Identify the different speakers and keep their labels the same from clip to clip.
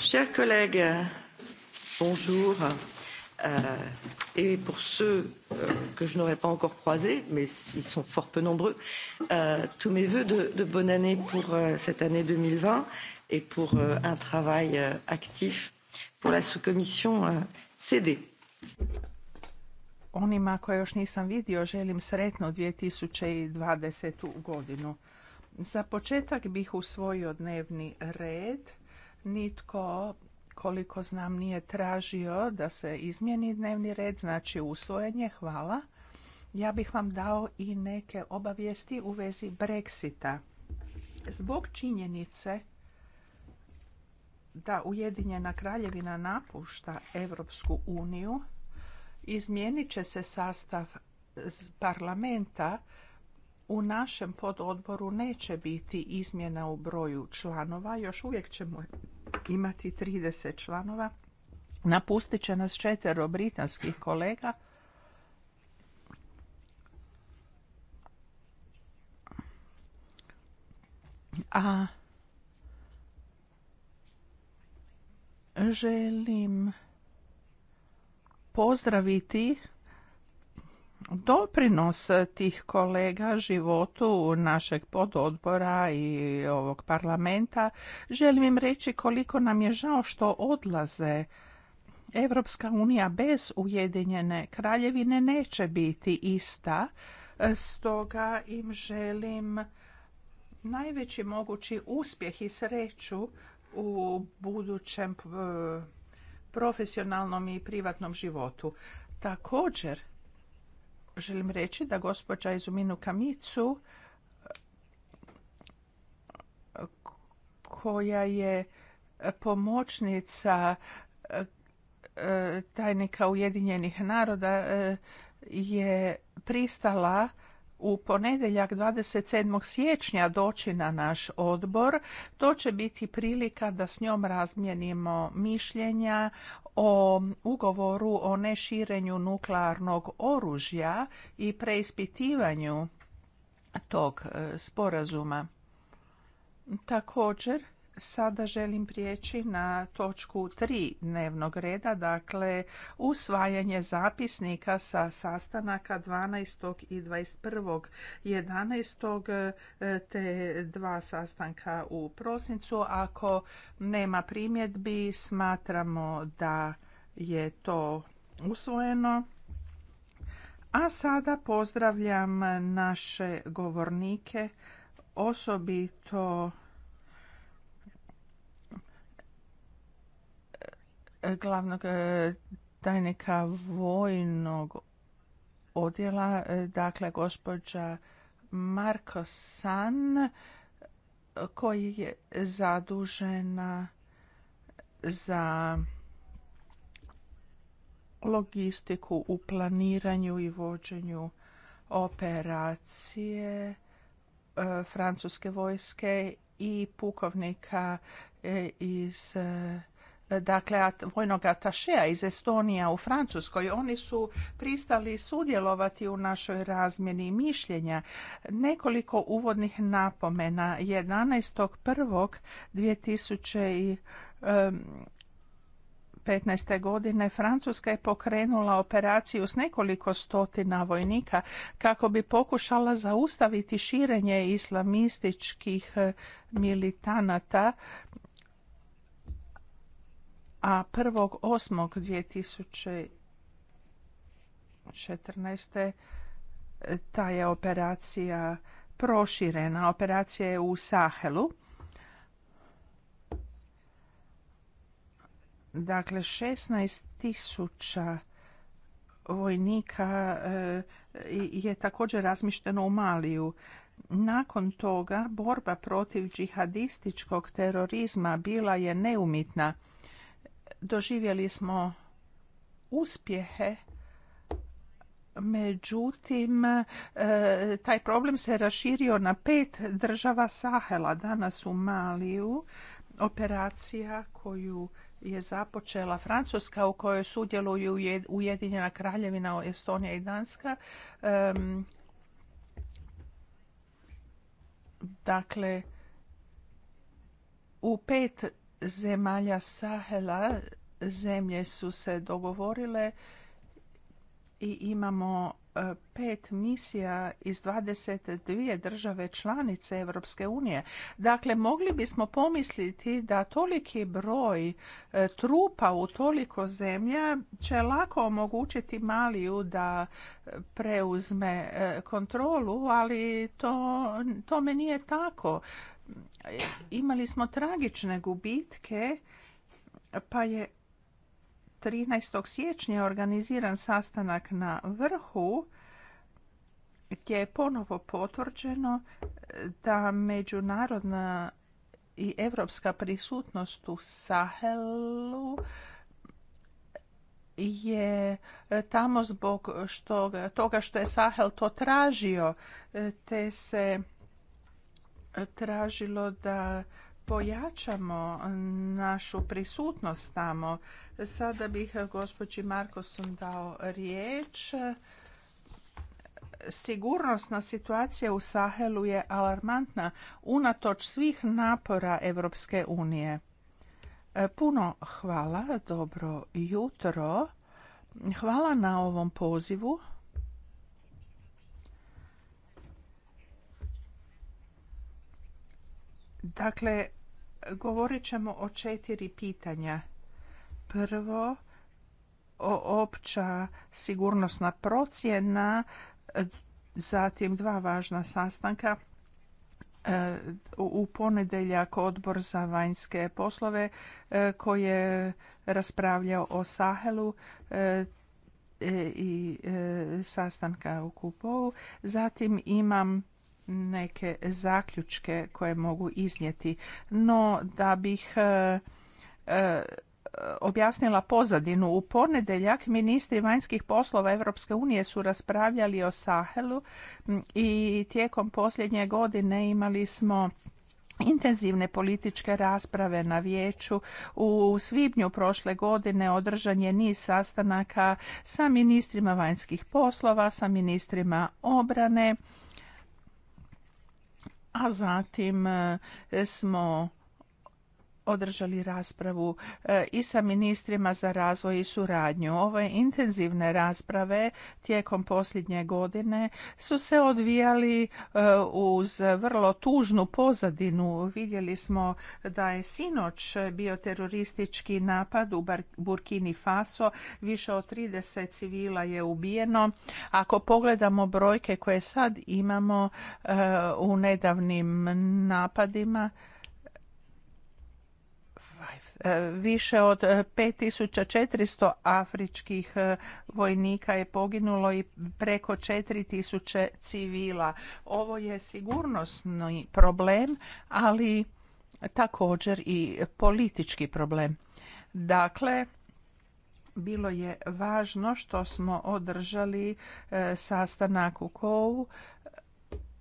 Speaker 1: Chers collègues, bonjour. Euh, et pour ceux euh, que je n'aurais pas encore croisés, mais ils sont fort peu nombreux, euh, tous mes vœux de, de bonne année pour euh, cette année 2020 et pour euh, un travail actif pour la sous-commission CD.
Speaker 2: Onima koje još nisam vidio, želim sretno 2020. godinu. Za početak bih usvojio dnevni red. Nitko, koliko znam, nije tražio da se izmjeni dnevni red, znači usvojenje, hvala. Ja bih vam dao i neke obavijesti u vezi Brexita. Zbog činjenice da Ujedinjena kraljevina napušta Europsku uniju, izmijenit će se sastav parlamenta u našem pododboru neće biti izmjena u broju članova, još uvijek ćemo imati 30 članova. Napustit će nas četvero britanskih kolega. A želim pozdraviti Doprinos tih kolega životu našeg pododbora i ovog parlamenta želim im reći koliko nam je žao što odlaze. Evropska unija bez Ujedinjene kraljevine neće biti ista, stoga im želim najveći mogući uspjeh i sreću u budućem eh, profesionalnom i privatnom životu. Također želim reći da gospođa Izuminu Kamicu koja je pomoćnica e, tajnika Ujedinjenih naroda e, je pristala u ponedjeljak 27. siječnja doći na naš odbor. To će biti prilika da s njom razmijenimo mišljenja o ugovoru o neširenju nuklearnog oružja i preispitivanju tog e, sporazuma. Također Sada želim prijeći na točku 3 dnevnog reda, dakle usvajanje zapisnika sa sastanaka 12. i 21. 11. te dva sastanka u prosincu. Ako nema primjedbi, smatramo da je to usvojeno. A sada pozdravljam naše govornike, osobito glavnog e, tajnika vojnog odjela, e, dakle gospođa Marko San, koji je zadužena za logistiku u planiranju i vođenju operacije e, francuske vojske i pukovnika iz dakle vojnog atašeja iz Estonija u Francuskoj. Oni su pristali sudjelovati u našoj razmjeni mišljenja. Nekoliko uvodnih napomena 11.1.2000 2015. godine Francuska je pokrenula operaciju s nekoliko stotina vojnika kako bi pokušala zaustaviti širenje islamističkih militanata a 1.8.2014. E, ta je operacija proširena. Operacija je u Sahelu. Dakle, 16.000 vojnika e, je također razmišteno u Maliju. Nakon toga borba protiv džihadističkog terorizma bila je neumitna doživjeli smo uspjehe Međutim, e, taj problem se raširio na pet država Sahela. Danas u Maliju operacija koju je započela Francuska u kojoj sudjeluju Ujedinjena kraljevina Estonija i Danska. Dakle, u pet zemalja Sahela zemlje su se dogovorile i imamo e, pet misija iz 22 države članice Europske unije. Dakle, mogli bismo pomisliti da toliki broj e, trupa u toliko zemlja će lako omogućiti Maliju da e, preuzme kontrolu, ali to, tome nije tako imali smo tragične gubitke, pa je 13. siječnja organiziran sastanak na vrhu gdje je ponovo potvrđeno da međunarodna i evropska prisutnost u Sahelu je tamo zbog toga što je Sahel to tražio, te se tražilo da pojačamo našu prisutnost tamo. Sada bih gospođi Markosom dao riječ. Sigurnosna situacija u Sahelu je alarmantna unatoč svih napora Europske unije. Puno hvala, dobro jutro. Hvala na ovom pozivu. Dakle, govorit ćemo o četiri pitanja. Prvo, o opća sigurnosna procjena, zatim dva važna sastanka e, u ponedeljak odbor za vanjske poslove e, koji je raspravljao o Sahelu e, i sastanka u Kupovu. Zatim imam neke zaključke koje mogu iznijeti. No, da bih e, e, objasnila pozadinu. U ponedeljak ministri vanjskih poslova Europske unije su raspravljali o Sahelu i tijekom posljednje godine imali smo intenzivne političke rasprave na vijeću. U svibnju prošle godine održan je niz sastanaka sa ministrima vanjskih poslova, sa ministrima obrane a zatim e, smo održali raspravu e, i sa ministrima za razvoj i suradnju. Ove intenzivne rasprave tijekom posljednje godine su se odvijali e, uz vrlo tužnu pozadinu. Vidjeli smo da je sinoć bio teroristički napad u Burkini Faso. Više od 30 civila je ubijeno. Ako pogledamo brojke koje sad imamo e, u nedavnim napadima, Više od 5400 e, afričkih e, vojnika je poginulo i preko 4000 civila. Ovo je sigurnosni problem, ali također i politički problem. Dakle, bilo je važno što smo održali e, sastanak u Kovu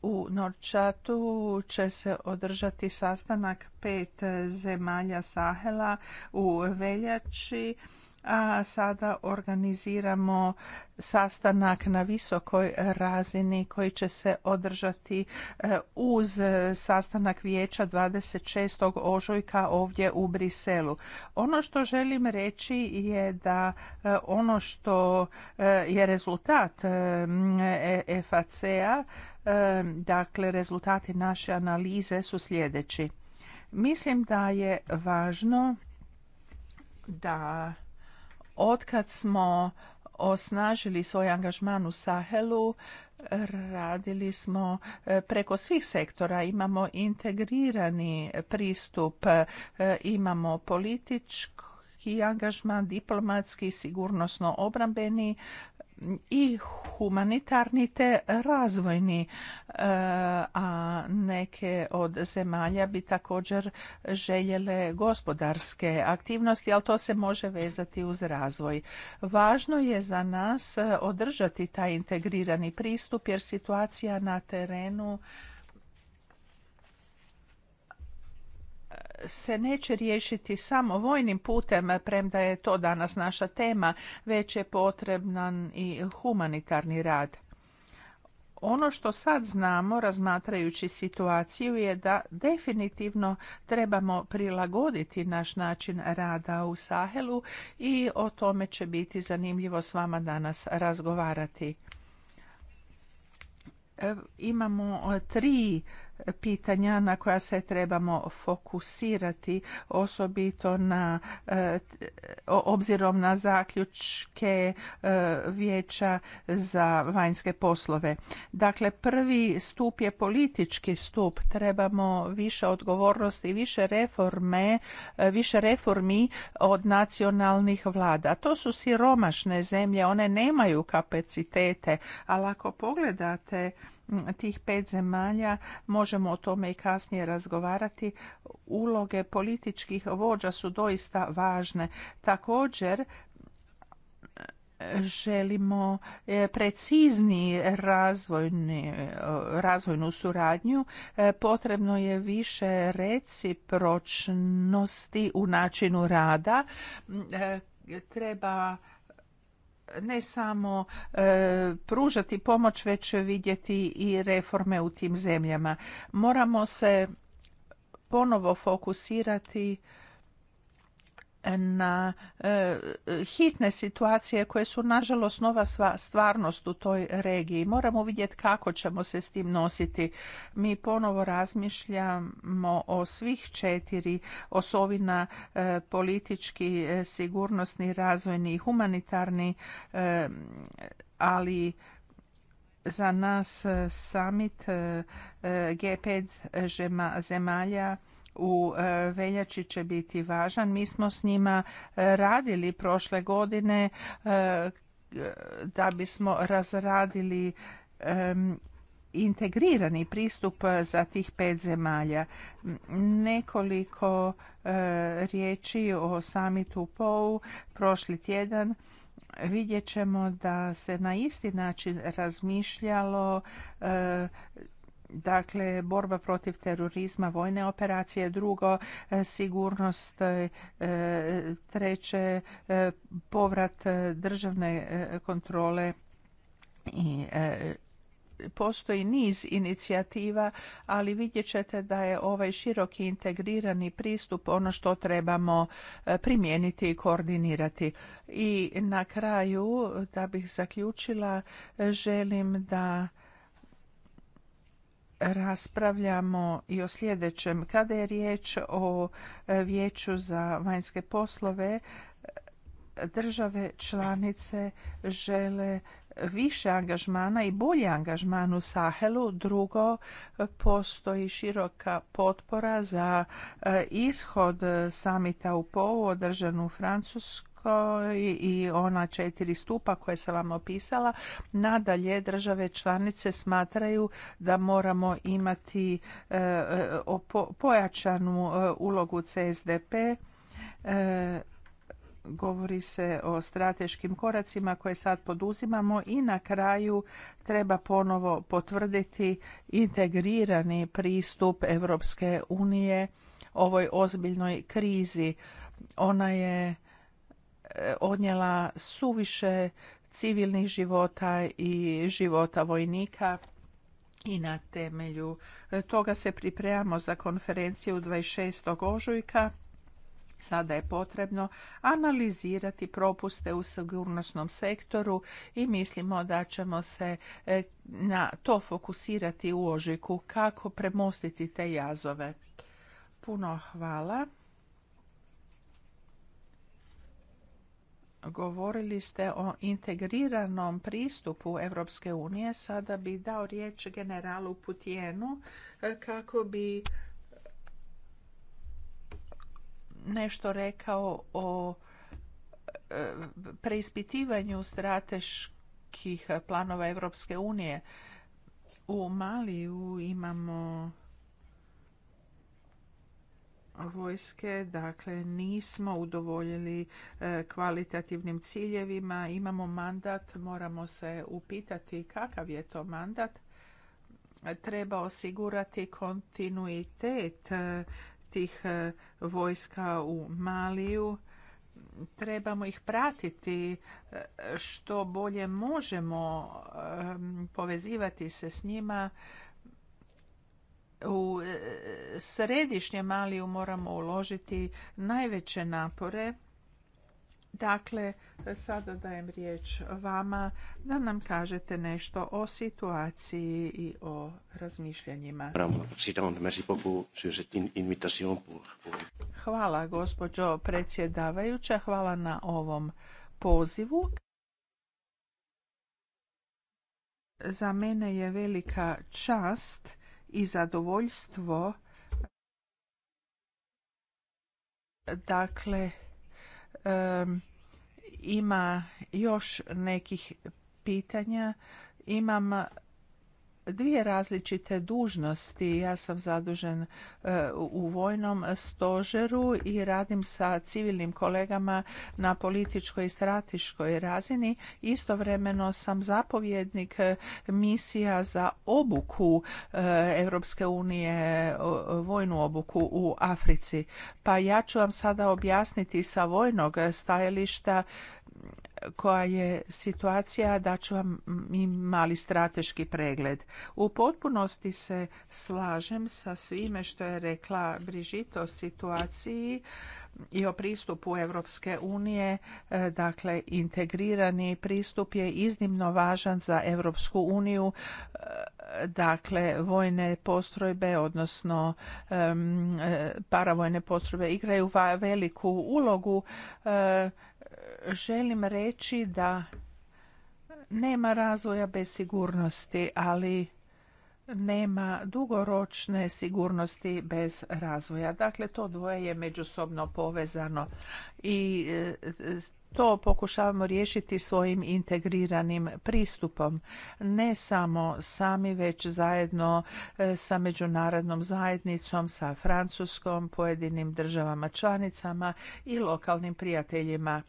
Speaker 2: u Norčatu će se održati sastanak pet zemalja Sahela u veljači, a sada organiziramo sastanak na visokoj razini koji će se održati e, uz sastanak vijeća 26. ožujka ovdje u Briselu. Ono što želim reći je da e, ono što e, je rezultat FAC-a Dakle, rezultati naše analize su sljedeći. Mislim da je važno da otkad smo osnažili svoj angažman u Sahelu, radili smo e, preko svih sektora, imamo integrirani pristup, e, imamo politički angažman, diplomatski, sigurnosno obrambeni, i humanitarni te razvojni, e, a neke od zemalja bi također željele gospodarske aktivnosti, ali to se može vezati uz razvoj. Važno je za nas održati taj integrirani pristup jer situacija na terenu se neće riješiti samo vojnim putem, premda je to danas naša tema, već je potreban i humanitarni rad. Ono što sad znamo razmatrajući situaciju je da definitivno trebamo prilagoditi naš način rada u Sahelu i o tome će biti zanimljivo s vama danas razgovarati. E, imamo tri pitanja na koja se trebamo fokusirati, osobito na e, obzirom na zaključke e, vijeća za vanjske poslove. Dakle, prvi stup je politički stup. Trebamo više odgovornosti, više reforme, e, više reformi od nacionalnih vlada. To su siromašne zemlje, one nemaju kapacitete, ali ako pogledate tih pet zemalja, možemo o tome i kasnije razgovarati, uloge političkih vođa su doista važne. Također, e, želimo e, precizni razvojni, e, razvojnu suradnju, potrebno je više recipročnosti u načinu rada, treba ne samo e, pružati pomoć već vidjeti i reforme u tim zemljama moramo se ponovo fokusirati na e, hitne situacije koje su nažalost nova stvarnost u toj regiji. Moramo vidjeti kako ćemo se s tim nositi. Mi ponovo razmišljamo o svih četiri osovina e, politički, e, sigurnosni, razvojni i humanitarni, ali za nas summit G5 zemalja u e, veljači će biti važan. Mi smo s njima e, radili prošle godine e, da bismo razradili integrirani pristup za tih pet zemalja. Nekoliko riječi o samitu POU prošli tjedan vidjet ćemo da se na isti način razmišljalo Dakle, borba protiv terorizma, vojne operacije, drugo, e, sigurnost, e, treće, e, povrat državne kontrole i postoji niz inicijativa, ali vidjet ćete da je ovaj široki integrirani pristup ono što trebamo primijeniti i koordinirati. I na kraju, da bih zaključila, želim da raspravljamo i o sljedećem. Kada je riječ o vijeću za vanjske poslove, države članice žele više angažmana i bolji angažman u Sahelu. Drugo, postoji široka potpora za e, ishod samita u pou održan u Francusku i ona četiri stupa koje sam vam opisala. Nadalje, države članice smatraju da moramo imati e, pojačanu e, ulogu CSDP e, govori se o strateškim koracima koje sad poduzimamo i na kraju treba ponovo potvrditi integrirani pristup Europske unije ovoj ozbiljnoj krizi. Ona je odnijela suviše civilnih života i života vojnika i na temelju toga se pripremamo za konferenciju 26. ožujka. Sada je potrebno analizirati propuste u sigurnosnom sektoru i mislimo da ćemo se e, na to fokusirati u ožujku kako premostiti te jazove. Puno hvala. Govorili ste o integriranom pristupu Europske unije. Sada bi dao riječ generalu Putijenu e, kako bi nešto rekao o e, preispitivanju strateških planova Europske unije. U Maliju imamo vojske, dakle nismo udovoljili e, kvalitativnim ciljevima, imamo mandat, moramo se upitati kakav je to mandat. Treba osigurati kontinuitet e, tih e, vojska u Maliju. Trebamo ih pratiti što bolje možemo povezivati se s njima u e, središnje Maliju moramo uložiti najveće napore. Dakle, sada dajem riječ vama da nam kažete nešto o situaciji i o razmišljanjima. Hvala gospođo predsjedavajuća, hvala na ovom pozivu. Za mene je velika čast i zadovoljstvo dakle ima još nekih pitanja imam dvije različite dužnosti. Ja sam zadužen e, u vojnom stožeru i radim sa civilnim kolegama na političkoj i strateškoj razini. Istovremeno sam zapovjednik e, misija za obuku Europske unije, vojnu obuku u Africi. Pa ja ću vam sada objasniti sa vojnog stajališta koja je situacija, da ću vam i mali strateški pregled. U potpunosti se slažem sa svime što je rekla Brižito o situaciji i o pristupu Europske unije. E, dakle, integrirani pristup je iznimno važan za Europsku uniju. E, dakle, vojne postrojbe, odnosno e, paravojne postrojbe igraju veliku ulogu želim reći da nema razvoja bez sigurnosti, ali nema dugoročne sigurnosti bez razvoja. Dakle, to dvoje je međusobno povezano i e, to pokušavamo riješiti svojim integriranim pristupom ne samo sami već zajedno e, sa međunarodnom zajednicom sa francuskom pojedinim državama članicama i lokalnim prijateljima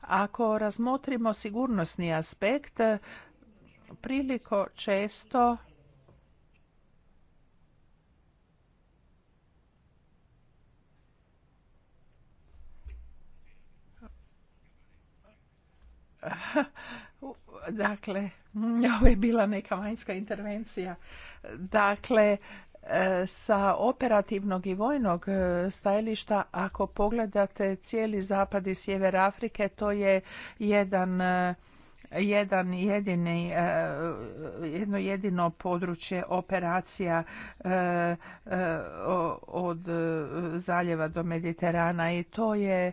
Speaker 2: ako razmotrimo sigurnosni aspekt e, priliko često Dakle, ovo je bila neka vanjska intervencija. Dakle, e, sa operativnog i vojnog e, stajališta, ako pogledate cijeli zapad i sjever Afrike, to je jedan e, jedan jedini, jedno jedino područje operacija od zaljeva do Mediterana i to je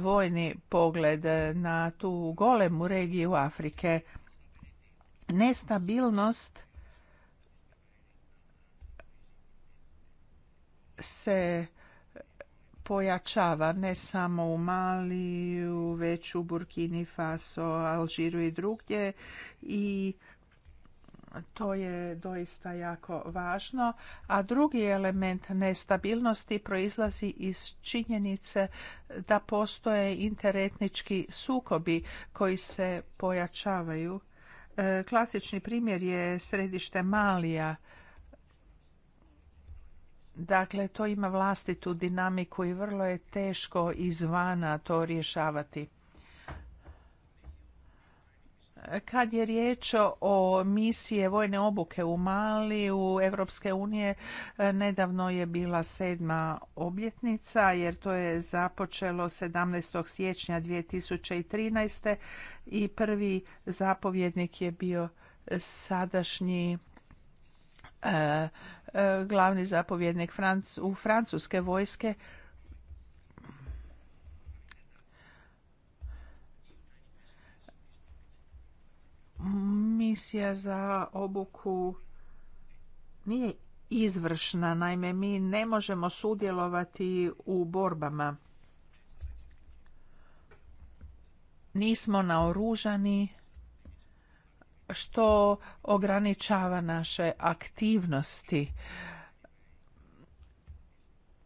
Speaker 2: vojni pogled na tu golemu regiju Afrike. Nestabilnost se pojačava ne samo u Maliju, već u Burkini Faso, Alžiru i drugdje i to je doista jako važno. A drugi element nestabilnosti proizlazi iz činjenice da postoje interetnički sukobi koji se pojačavaju. E, klasični primjer je središte Malija. Dakle, to ima vlastitu dinamiku i vrlo je teško izvana to rješavati. Kad je riječ o misije vojne obuke u Mali u Europske unije, nedavno je bila sedma obljetnica jer to je započelo 17. siječnja 2013. i prvi zapovjednik je bio sadašnji e, e, glavni zapovjednik u francuske vojske misija za obuku nije izvršna. Naime, mi ne možemo sudjelovati u borbama. Nismo naoružani, što ograničava naše aktivnosti.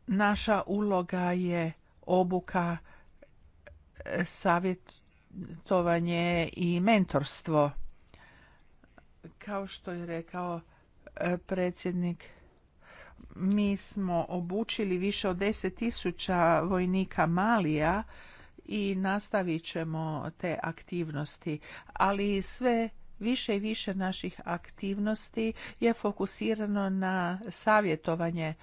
Speaker 2: Naša uloga je obuka, savjetovanje i mentorstvo. Kao što je rekao e, predsjednik, mi smo obučili više od 10.000 vojnika Malija i nastavit ćemo te aktivnosti, ali sve više i više naših aktivnosti je fokusirano na savjetovanje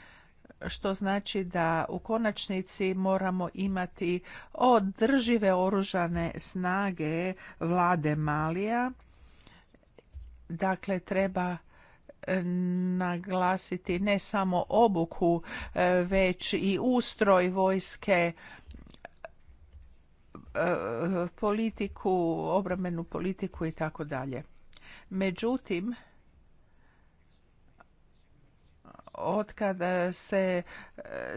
Speaker 2: što znači da u konačnici moramo imati održive oružane snage vlade Malija Dakle, treba e, naglasiti ne samo obuku, e, već i ustroj vojske, e, politiku, obrambenu politiku i tako dalje. Međutim, kada se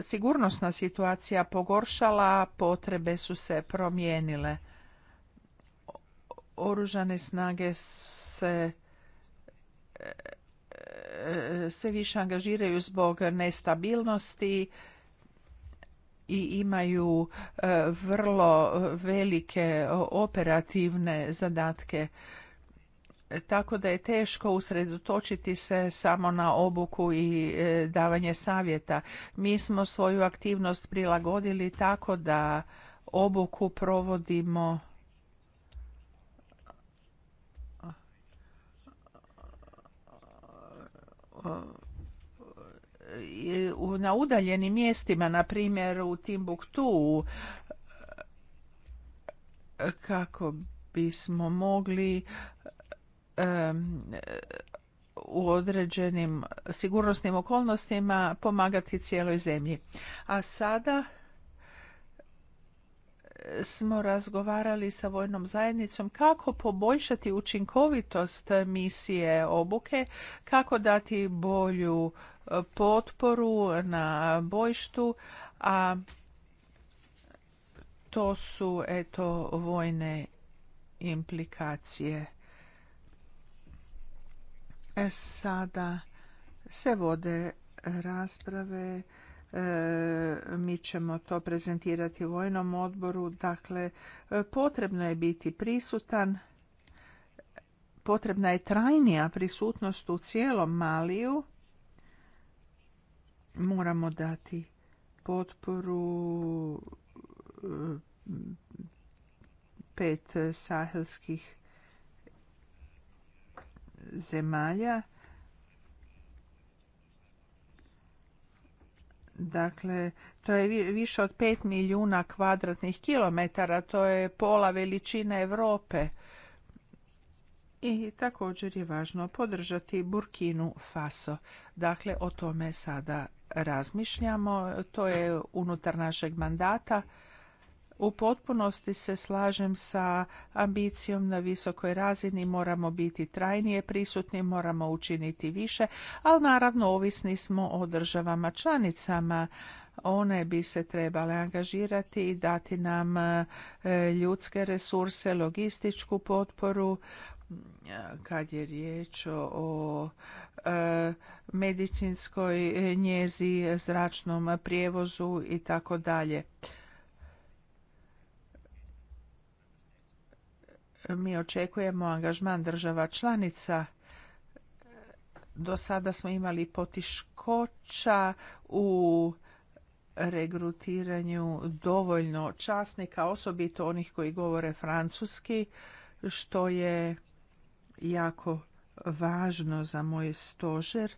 Speaker 2: sigurnosna situacija pogoršala, potrebe su se promijenile. Oružane snage se sve više angažiraju zbog nestabilnosti i imaju e, vrlo velike operativne zadatke tako da je teško usredotočiti se samo na obuku i e, davanje savjeta. Mi smo svoju aktivnost prilagodili tako da obuku provodimo na udaljenim mjestima, na primjer u Timbuktu, kako bismo mogli u određenim sigurnosnim okolnostima pomagati cijeloj zemlji. A sada smo razgovarali sa vojnom zajednicom kako poboljšati učinkovitost misije obuke, kako dati bolju e, potporu na bojštu, a to su eto vojne implikacije. E, sada se vode rasprave E, mi ćemo to prezentirati u vojnom odboru. Dakle, e, potrebno je biti prisutan, potrebna je trajnija prisutnost u cijelom Maliju. Moramo dati potporu e, pet sahelskih zemalja Dakle, to je više od 5 milijuna kvadratnih kilometara, to je pola veličine Europe. I također je važno podržati Burkinu Faso. Dakle, o tome sada razmišljamo, to je unutar našeg mandata u potpunosti se slažem sa ambicijom na visokoj razini, moramo biti trajnije prisutni, moramo učiniti više, ali naravno ovisni smo o državama članicama one bi se trebale angažirati i dati nam e, ljudske resurse, logističku potporu kad je riječ o e, medicinskoj njezi, zračnom prijevozu i tako dalje. mi očekujemo angažman država članica. Do sada smo imali potiškoća u regrutiranju dovoljno časnika, osobito onih koji govore francuski, što je jako važno za moj stožer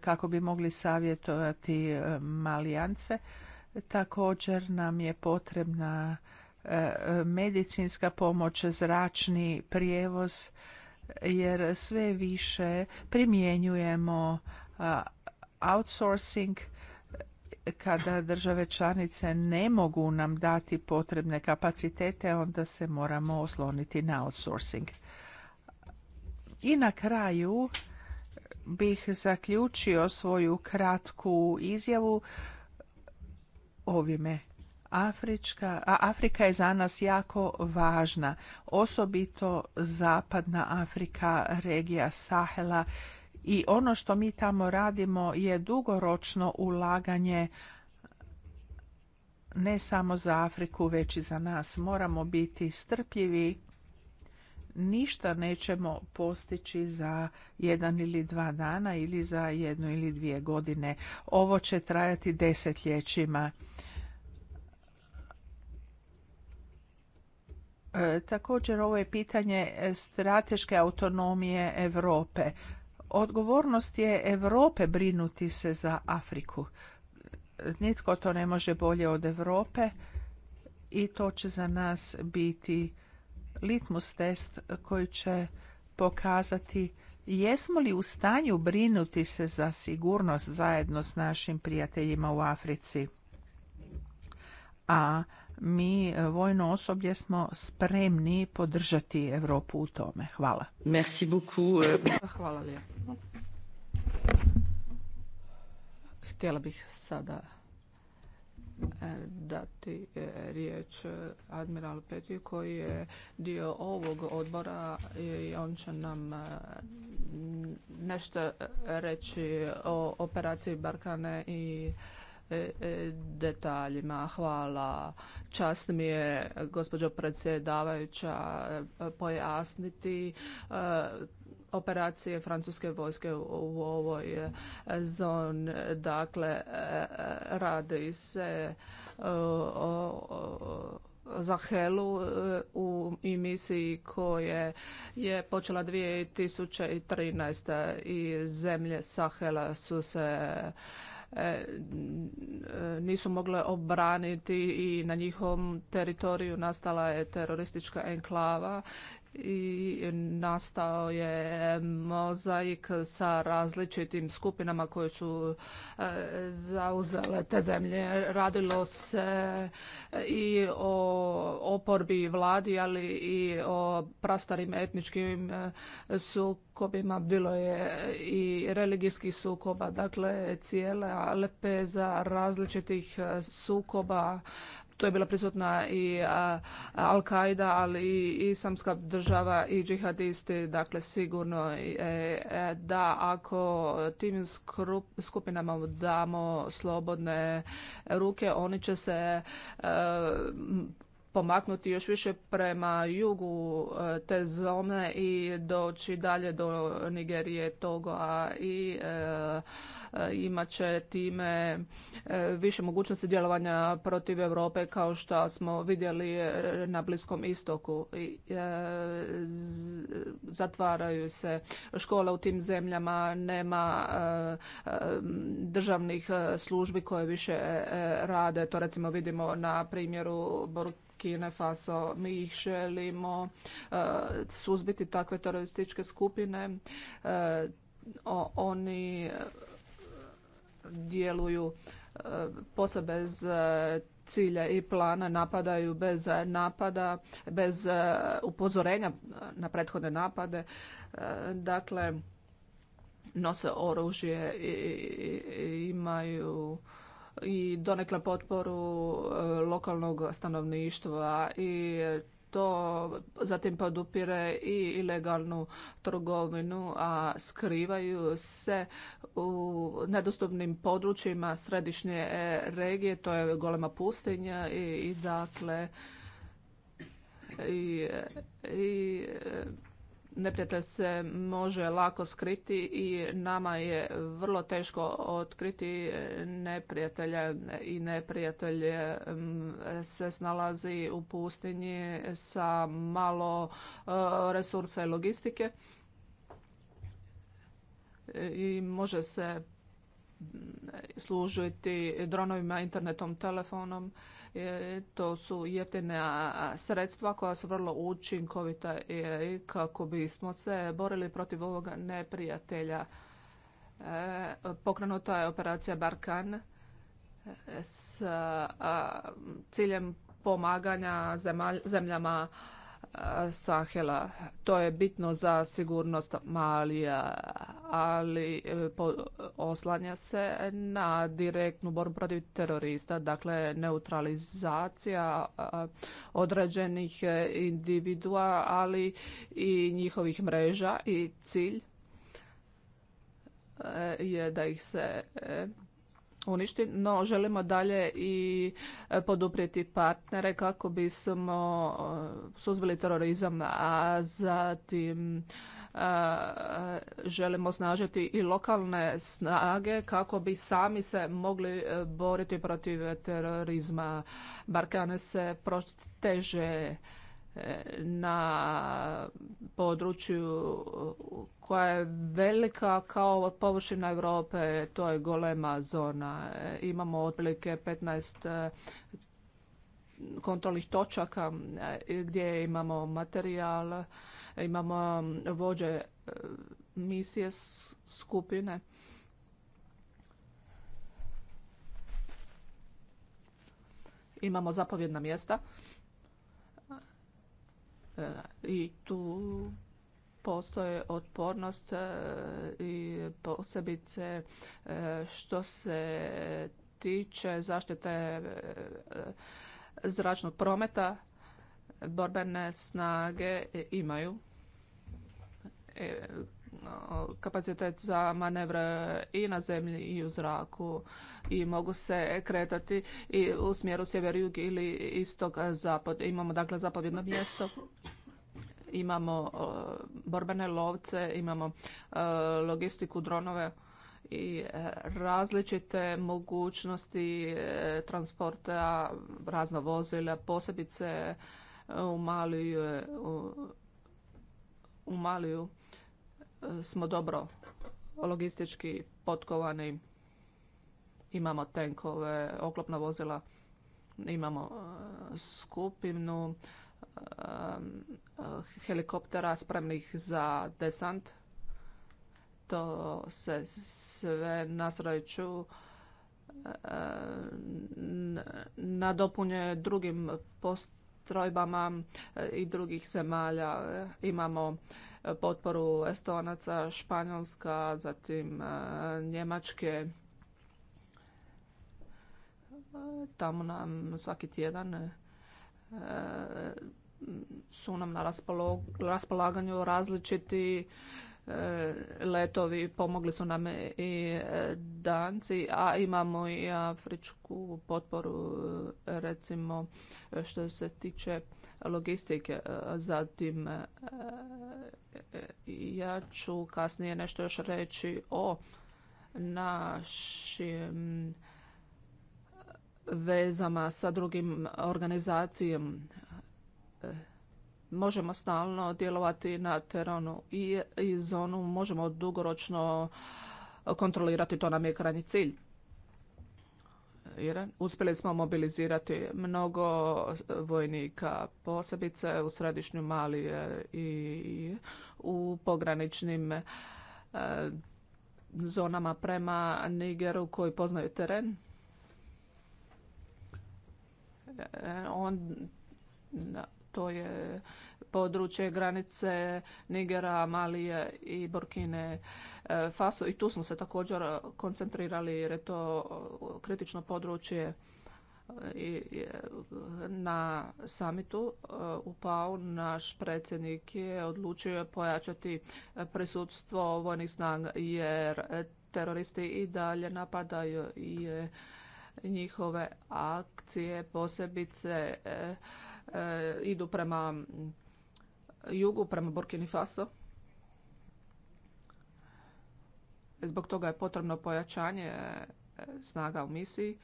Speaker 2: kako bi mogli savjetovati malijance. Također nam je potrebna medicinska pomoć, zračni prijevoz, jer sve više primjenjujemo outsourcing kada države članice ne mogu nam dati potrebne kapacitete, onda se moramo osloniti na outsourcing. I na kraju bih zaključio svoju kratku izjavu ovime. Afrička, Afrika je za nas jako važna, osobito zapadna Afrika, regija Sahela i ono što mi tamo radimo je dugoročno ulaganje ne samo za Afriku, već i za nas. Moramo biti strpljivi. Ništa nećemo postići za jedan ili dva dana ili za jednu ili dvije godine. Ovo će trajati desetljećima. E, također ovo je pitanje e, strateške autonomije Europe. Odgovornost je Europe brinuti se za Afriku. Nitko to ne može bolje od Europe i to će za nas biti litmus test koji će pokazati jesmo li u stanju brinuti se za sigurnost zajedno s našim prijateljima u Africi. A mi e, vojno osoblje smo spremni podržati Europu u
Speaker 1: tome. Hvala. Merci beaucoup. E.
Speaker 3: Hvala lijepo. Htjela bih sada e, dati riječ admiralu Petri koji je dio ovog odbora i on će nam nešto reći o operaciji Barkane i E, e, detaljima. Hvala. Čast mi je, gospođo predsjedavajuća, e, pojasniti operacije francuske vojske u ovoj zoni. Dakle, radi se o Zahelu u emisiji koje je počela 2013. i zemlje Sahela su se E, nisu mogle obraniti i na njihovom teritoriju nastala je teroristička enklava i nastao je mozaik sa različitim skupinama koje su e, zauzele te zemlje. Radilo se i o oporbi vladi, ali i o prastarim etničkim e, sukobima. Bilo je i religijskih sukoba, dakle cijela lepeza različitih e, sukoba to je bila prisutna i Al-Qaida, ali i islamska država i džihadisti. Dakle, sigurno e, e, da ako tim skupinama damo slobodne ruke, oni će se e, pomaknuti još više prema jugu e, te zone i doći dalje do Nigerije, Togoa i e, e, imat će time više mogućnosti djelovanja protiv Europe kao što smo vidjeli na Bliskom istoku. Zatvaraju se škole u tim zemljama, nema državnih službi koje više rade. To recimo vidimo na primjeru Burkina Burkina Faso. Mi ih želimo e, suzbiti takve terorističke skupine. E, oni e, djeluju posebez bez cilja i plana napadaju bez napada, bez upozorenja na prethodne napade. Dakle, nose oružje i imaju i donekle potporu e, lokalnog stanovništva i to zatim podupire i ilegalnu trgovinu, a skrivaju se u nedostupnim područjima središnje e, regije, to je golema pustinja i, i dakle i, i neprijatelj se može lako skriti i nama je vrlo teško otkriti neprijatelja i neprijatelje mm, se snalazi u pustinji sa malo e, resursa i logistike i može se mm, služiti dronovima, internetom, telefonom E, to su jeftina sredstva koja su vrlo učinkovita i e, kako bismo se borili protiv ovoga neprijatelja. E, pokrenuta je operacija Barkan s ciljem pomaganja zemljama Sahela. To je bitno za sigurnost Malija, ali oslanja se na direktnu borbu protiv terorista, dakle neutralizacija određenih e, individua, ali i njihovih mreža i cilj e, je da ih se e, uništi, no želimo dalje i poduprijeti partnere kako bismo suzbili terorizam, a zatim E, želimo snažiti i lokalne snage kako bi sami se mogli e, boriti protiv terorizma. Barkane se proteže e, na području koja je velika kao površina Europe, to je golema zona. Imamo otprilike 15 kontrolnih točaka gdje imamo materijal imamo um, vođe uh, misije skupine. Imamo zapovjedna mjesta uh, i tu postoje otpornost uh, i posebice što se tiče zaštite zračnog prometa borbene snage imaju e, kapacitet za manevre i na zemlji i u zraku i mogu se kretati i u smjeru sjever ili istog-zapad. Imamo dakle zapovjedno mjesto, imamo borbene lovce, imamo logistiku dronove i e, različite mogućnosti e, transporta razno vozila, posebice E, u Maliju, u e, Maliju smo dobro logistički potkovani. Imamo tenkove, oklopna vozila, imamo e, skupinu helikoptera spremnih za desant. To se sve nasreću nadopunje drugim post postrojbama e, i drugih zemalja. E, imamo e, potporu Estonaca, Španjolska, zatim Njemačke. Tamo nam svaki tjedan su nam na raspolaganju različiti E, letovi, pomogli su nam i e, Danci, a imamo i afričku potporu e, recimo što se tiče logistike. Zatim ja ću kasnije nešto još reći o našim vezama sa drugim organizacijama možemo stalno djelovati na terenu i, i zonu, možemo dugoročno kontrolirati, to nam je krajnji cilj. Jer uspjeli smo mobilizirati mnogo vojnika, posebice u središnju Malije i u pograničnim e, zonama prema Nigeru koji poznaju teren. E, on, to je područje granice Nigera, Malije i Burkine e, Faso i tu smo se također koncentrirali jer je to e, kritično područje e, na samitu u PAU naš predsjednik je odlučio pojačati prisutstvo vojnih snaga jer teroristi i dalje napadaju i njihove akcije posebice E, idu prema jugu, prema Burkini Faso. Zbog toga je potrebno pojačanje e, snaga u misiji.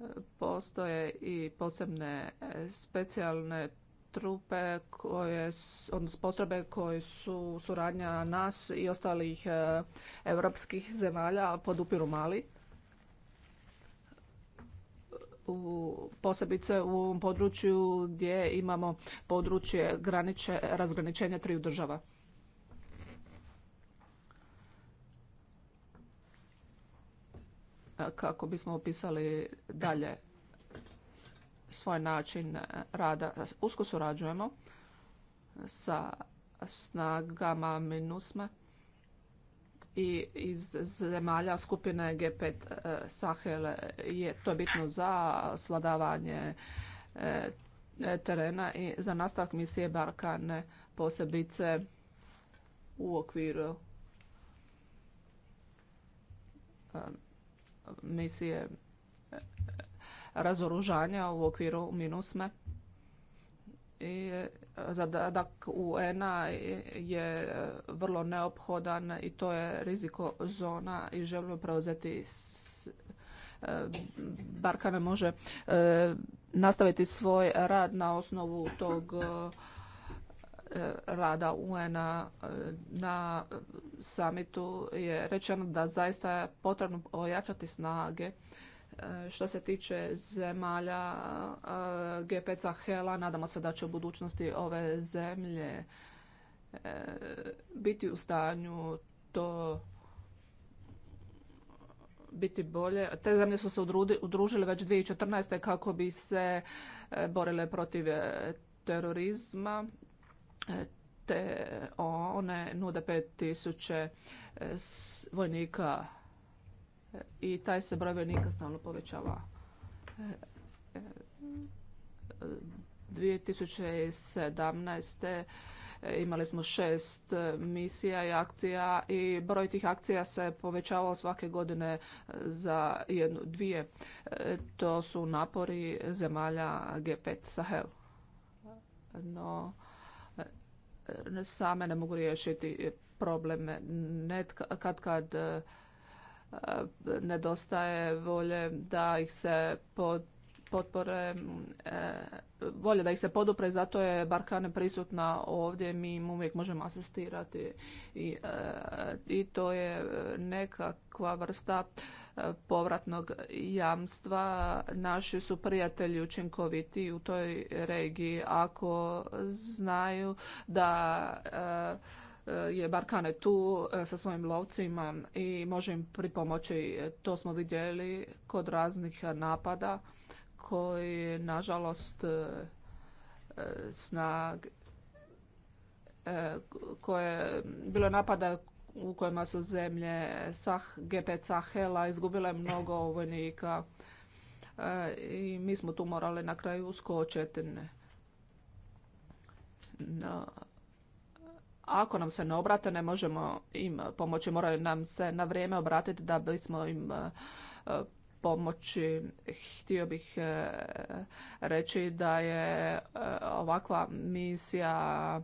Speaker 3: E, postoje i posebne specijalne trupe koje, odnosno potrebe koje su suradnja nas i ostalih europskih zemalja podupiru Mali u, posebice u ovom području gdje imamo područje graniče, razgraničenja triju država. E, kako bismo opisali dalje svoj način rada, usko surađujemo sa snagama MINUSME i iz zemalja skupine G5 eh, Sahel je to bitno za svladavanje eh, terena i za nastavak misije Barkane posebice u okviru eh, misije razoružanja u okviru minusme i zadatak UN-a je e, vrlo neophodan i to je riziko zona i želimo preuzeti e, Barkana može e, nastaviti svoj rad na osnovu tog rada UN-a na samitu je rečeno da zaista je potrebno ojačati snage E, što se tiče zemalja e, G5 Sahela, nadamo se da će u budućnosti ove zemlje e, biti u stanju to biti bolje. Te zemlje su se udružile već 2014. kako bi se borile protiv terorizma te one nude 5000 vojnika i taj se broj vojnika stalno povećava. 2017. imali smo šest misija i akcija i broj tih akcija se povećavao svake godine za jednu, dvije. To su napori zemalja G5 Sahel. No, same ne mogu riješiti probleme. kad kad nedostaje volje da ih se potpore, e, volje da ih se podupre, zato je Barkane prisutna ovdje, mi im uvijek možemo asistirati i, e, i to je nekakva vrsta e, povratnog jamstva. Naši su prijatelji učinkoviti u toj regiji ako znaju da je Barkane tu e, sa svojim lovcima i može im pripomoći. To smo vidjeli kod raznih napada koji, nažalost, e, e, snag koje bilo napada u kojima su zemlje Sah, GP Sahela izgubile mnogo vojnika i mi smo tu morali na kraju uskočiti. No, ako nam se ne obrate, ne možemo im pomoći. Moraju nam se na vrijeme obratiti da bismo im e, e, pomoći. Htio bih e, reći da je ovakva misija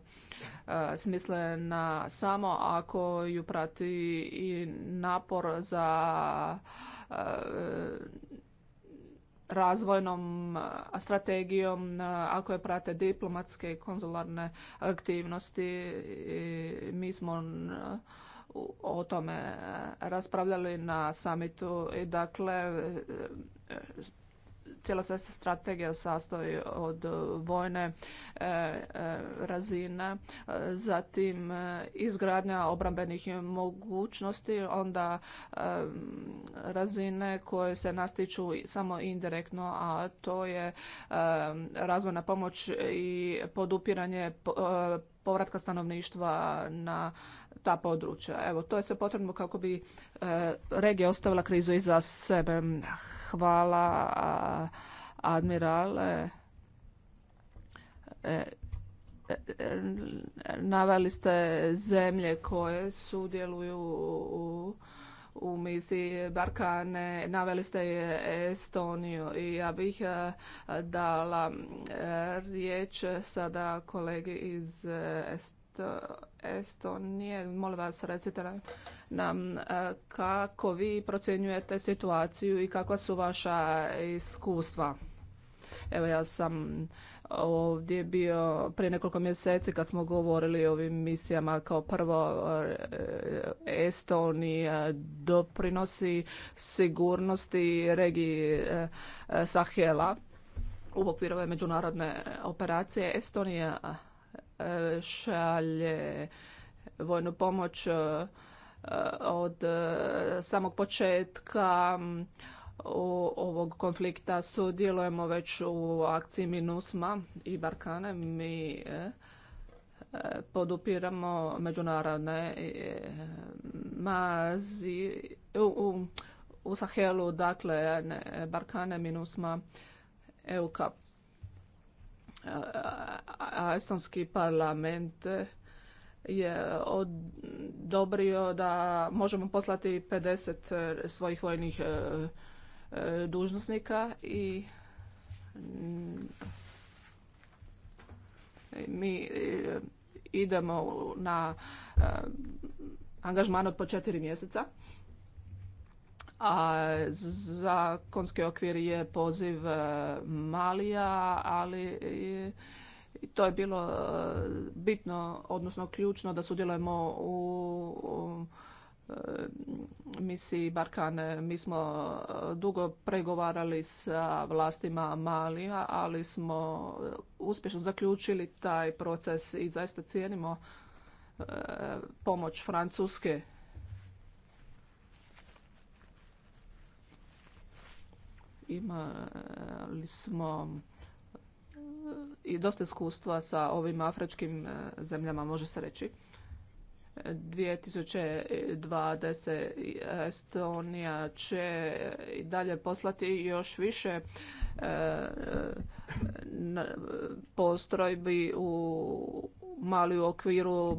Speaker 3: smislena samo ako ju prati i napor za razvojnom e, strategijom, e, ako je prate diplomatske i konzularne aktivnosti. Mi smo e, o tome raspravljali na samitu i dakle cijela se strategija sastoji od e, vojne e, e, razine, zatim izgradnja obrambenih mogućnosti, onda razine koje se nastiču samo indirektno, a to je razvojna pomoć i podupiranje povratka stanovništva na ta područja. Evo, to je sve potrebno kako bi e, regija ostavila krizu iza sebe. Hvala, admirale. E, e, naveli ste zemlje koje sudjeluju u u misiji Barkane, naveli ste je Estoniju i ja bih e, dala e, riječ sada kolegi iz e, Estonije. Molim vas, recite nam kako vi procjenjujete situaciju i kakva su vaša iskustva. Evo ja sam ovdje bio prije nekoliko mjeseci kad smo govorili o ovim misijama kao prvo e, Estonija e, doprinosi sigurnosti regiji e, Sahela u okviru ove međunarodne operacije. Estonija šalje vojnu pomoć od samog početka ovog konflikta sudjelujemo već u akciji MINUSMA i Barkane. Mi e, e, podupiramo međunarodne e, mazi u, Sahelu, dakle Barkane, MINUSMA, a Estonski parlament je odobrio da možemo poslati 50 svojih vojnih E, dužnosnika i mm, mi e, idemo na e, angažman od po četiri mjeseca. A zakonski okvir je poziv Malija, ali to je bilo bitno, odnosno ključno da sudjelujemo u E, misiji Barkane. Mi smo e, dugo pregovarali sa vlastima Malija, ali smo e, uspješno zaključili taj proces i zaista cijenimo pomoć Francuske imali smo i dosta iskustva sa ovim afričkim zemljama, može se reći. 2020 Estonija će i dalje poslati još više e, postrojbi u mali u okviru e,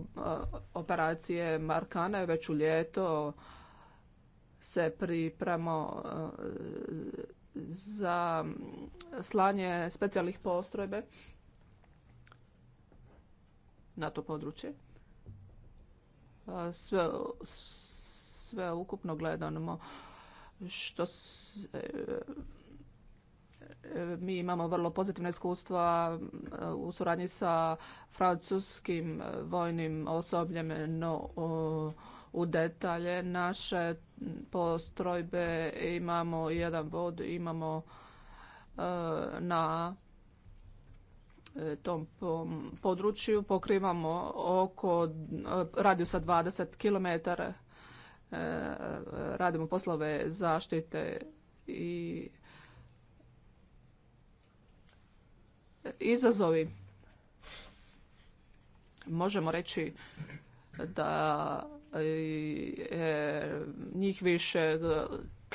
Speaker 3: operacije Markane već u ljeto se pripremo e, za slanje specijalnih postrojbe na to područje sve, sve ukupno gledano što e, e, mi imamo vrlo pozitivne iskustva e, u suradnji sa francuskim vojnim osobljem, no u detalje naše postrojbe imamo jedan vod, imamo na tom području pokrivamo oko radijusa 20 km. Radimo poslove zaštite i izazovi. Možemo reći da e, njih više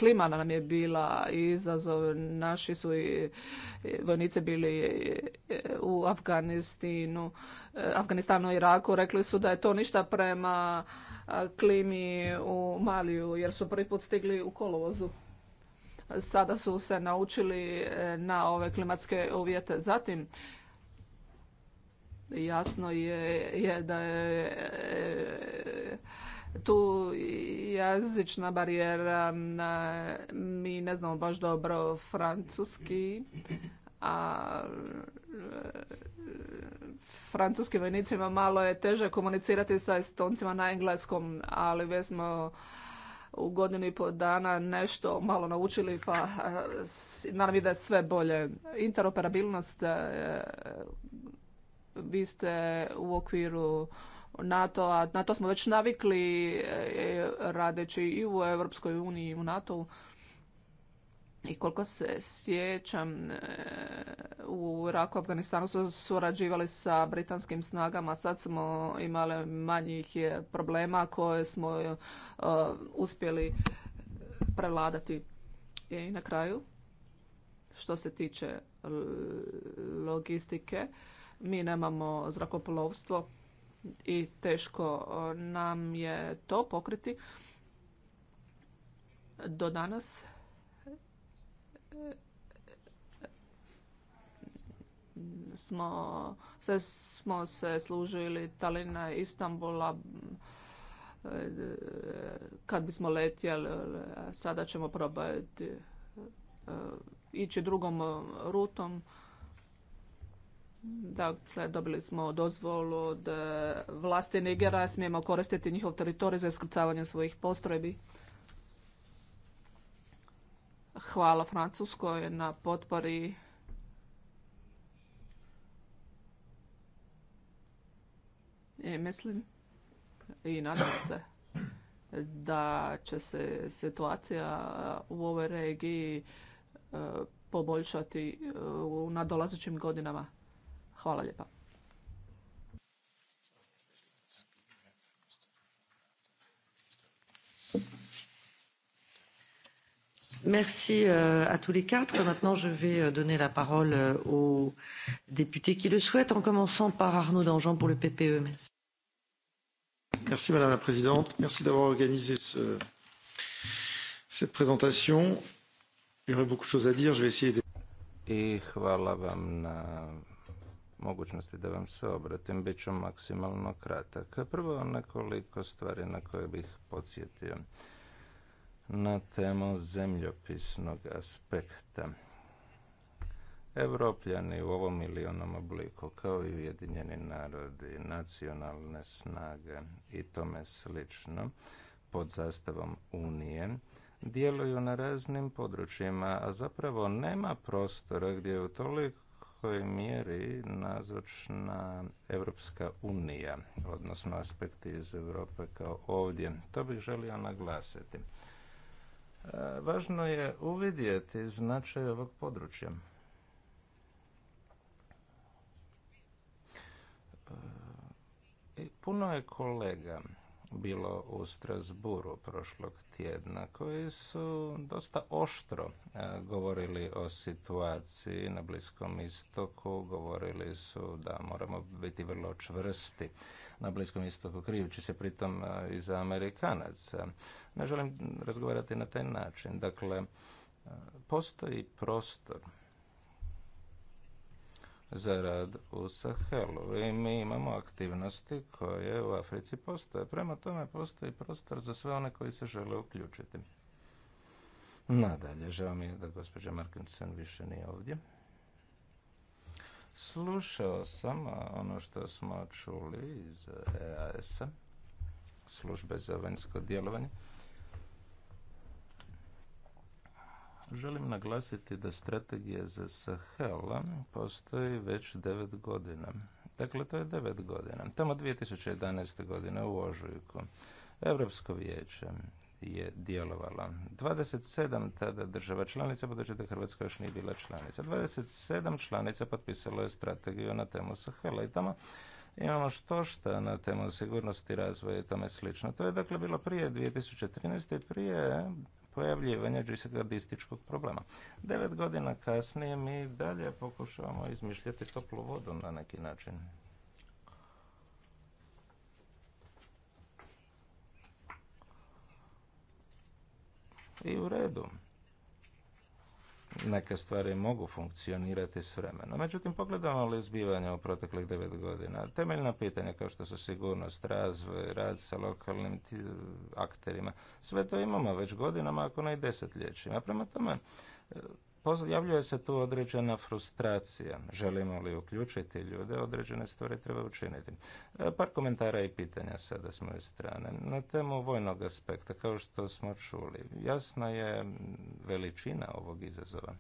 Speaker 3: klima nam je bila izazov. Naši su i vojnici bili u Afganistinu, e, Afganistanu i Iraku. Rekli su da je to ništa prema klimi u Maliju jer su prvi put stigli u kolovozu sada su se naučili e, na ove klimatske uvjete. Zatim, jasno je, je da je e, tu jezična barijera, mi ne znamo baš dobro francuski, a francuskim vojnicima malo je teže komunicirati sa estoncima na engleskom, ali već smo u godinu i pol dana nešto malo naučili, pa naravno ide sve bolje. Interoperabilnost, e, vi ste u okviru NATO-a. Na to smo već navikli e, radeći i u Europskoj uniji i u NATO-u. I koliko se sjećam, e, u Iraku Afganistanu su surađivali sa britanskim snagama, sad smo imali manjih e, problema koje smo uspjeli prevladati. I na kraju, što se tiče logistike, mi nemamo zrakoplovstvo i teško e, nam je to pokriti. Do danas e, smo se, smo se služili Talina, Istambula, e, kad bismo letjeli, sada ćemo probati ići drugom rutom Dakle, dobili smo dozvolu od e, vlasti Nigera, smijemo koristiti njihov teritorij za iskrcavanje svojih postrojbi. Hvala Francuskoj na potpori I mislim i nadam se da će se situacija u ovoj regiji e, poboljšati u nadolazećim godinama. Hvala lijepa.
Speaker 1: Merci euh, à tous les quatre. Maintenant, je vais euh, donner la parole euh, aux députés qui le souhaitent, en commençant par Arnaud Dangean pour le PPE. Merci.
Speaker 4: Merci Madame la Présidente. Merci d'avoir organisé ce,
Speaker 5: cette présentation. Il y aurait beaucoup de choses à dire. Je vais essayer de... Et hvala vam na mogućnosti da vam se obratim, bit ću maksimalno kratak. Prvo nekoliko stvari na koje bih podsjetio na temu zemljopisnog aspekta. Evropljani u ovom ili onom obliku, kao i Ujedinjeni narodi, nacionalne snage i tome slično, pod zastavom Unije, djeluju na raznim područjima, a zapravo nema prostora gdje u toliko kojoj mjeri nazočna Evropska unija, odnosno aspekti iz Europe kao ovdje. To bih želio naglasiti. E, važno je uvidjeti značaj ovog područja. E, puno je kolega bilo u Strasburu prošlog tjedna koji su dosta oštro e, govorili o situaciji na Bliskom istoku, govorili su da moramo biti vrlo čvrsti na Bliskom istoku, krijući se pritom e, i za Amerikanaca. Ne želim razgovarati na taj način. Dakle, e, postoji prostor za rad u Sahelu i mi imamo aktivnosti koje u Africi postoje. Prema tome postoji prostor za sve one koji se žele uključiti. Nadalje, žao mi je da gospođa Markinson više nije ovdje. Slušao sam ono što smo čuli iz EAS-a, službe za vanjsko djelovanje. Želim naglasiti da strategija za Sahel postoji već devet godina. Dakle, to je devet godina. Tamo 2011. godine u Ožujku Europsko vijeće je djelovala. 27 tada država članica, budući da Hrvatska još nije bila članica. 27 članica potpisalo je strategiju na temu Sahela i tamo imamo što šta na temu sigurnosti, razvoja i tome slično. To je dakle bilo prije 2013. i prije pojavljivanja džisegardističkog problema. Devet godina kasnije mi dalje pokušavamo izmišljati toplu vodu na neki način. I u redu, neke stvari mogu funkcionirati s vremenom. Međutim, pogledamo li zbivanja u proteklih devet godina, temeljna pitanja kao što su sigurnost, razvoj, rad sa lokalnim akterima, sve to imamo već godinama, ako ne i desetljećima. Prema tome, Pojavljuje se tu određena frustracija. Želimo li uključiti ljude, određene stvari treba učiniti. E, par komentara i pitanja sada s moje strane. Na temu vojnog aspekta, kao što smo čuli, jasna je veličina ovog izazova.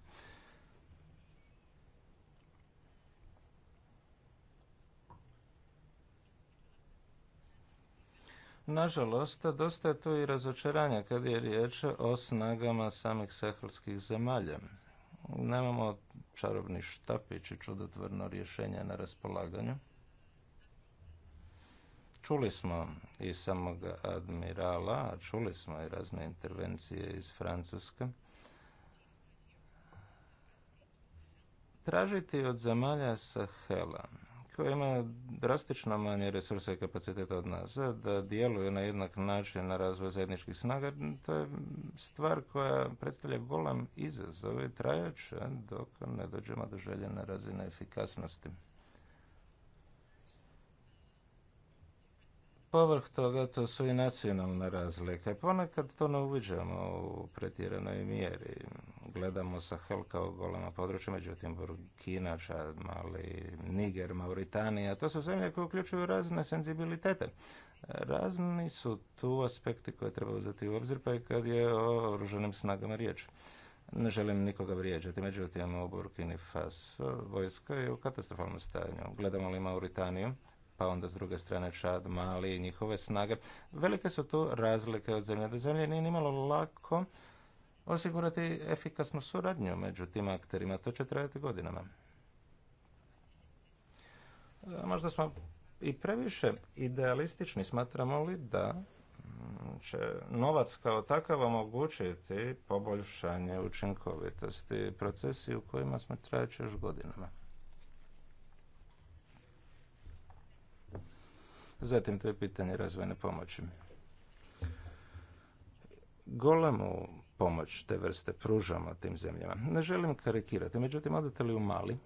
Speaker 5: Nažalost, dosta je tu i razočaranja kad je riječ o snagama samih sahelskih zemalja nemamo čarobni štapić i čudotvorno rješenje na raspolaganju. Čuli smo i samog admirala, a čuli smo i razne intervencije iz Francuske. Tražiti od zemalja Sahela ima drastično manje resursa i kapaciteta od nas, da djeluju na jednak način na razvoj zajedničkih snaga, to je stvar koja predstavlja golem izazov i trajaće dok ne dođemo do željene razine efikasnosti. Povrh toga to su i nacionalne razlike. Ponekad to ne uviđamo u pretjeranoj mjeri. Gledamo sa Helka kao golema područja, međutim Burkina, Čad, Mali, Niger, Mauritanija, to su zemlje koje uključuju razne senzibilitete. Razni su tu aspekti koje treba uzeti u obzir, pa i kad je o oružanim snagama riječ. Ne želim nikoga vrijeđati, međutim u Burkini Faso vojska je u katastrofalnom stanju. Gledamo li Mauritaniju, pa onda s druge strane Čad, Mali i njihove snage. Velike su tu razlike od zemlje do zemlje. Nije nimalo lako osigurati efikasnu suradnju među tim akterima. To će trajati godinama. E, možda smo i previše idealistični. Smatramo li da mm, će novac kao takav omogućiti poboljšanje učinkovitosti procesi u kojima smo trajući još godinama. Zatim to je pitanje razvojne pomoći. Golemu pomoć te vrste pružamo tim zemljama. Ne želim karikirati, međutim, odete li u Mali,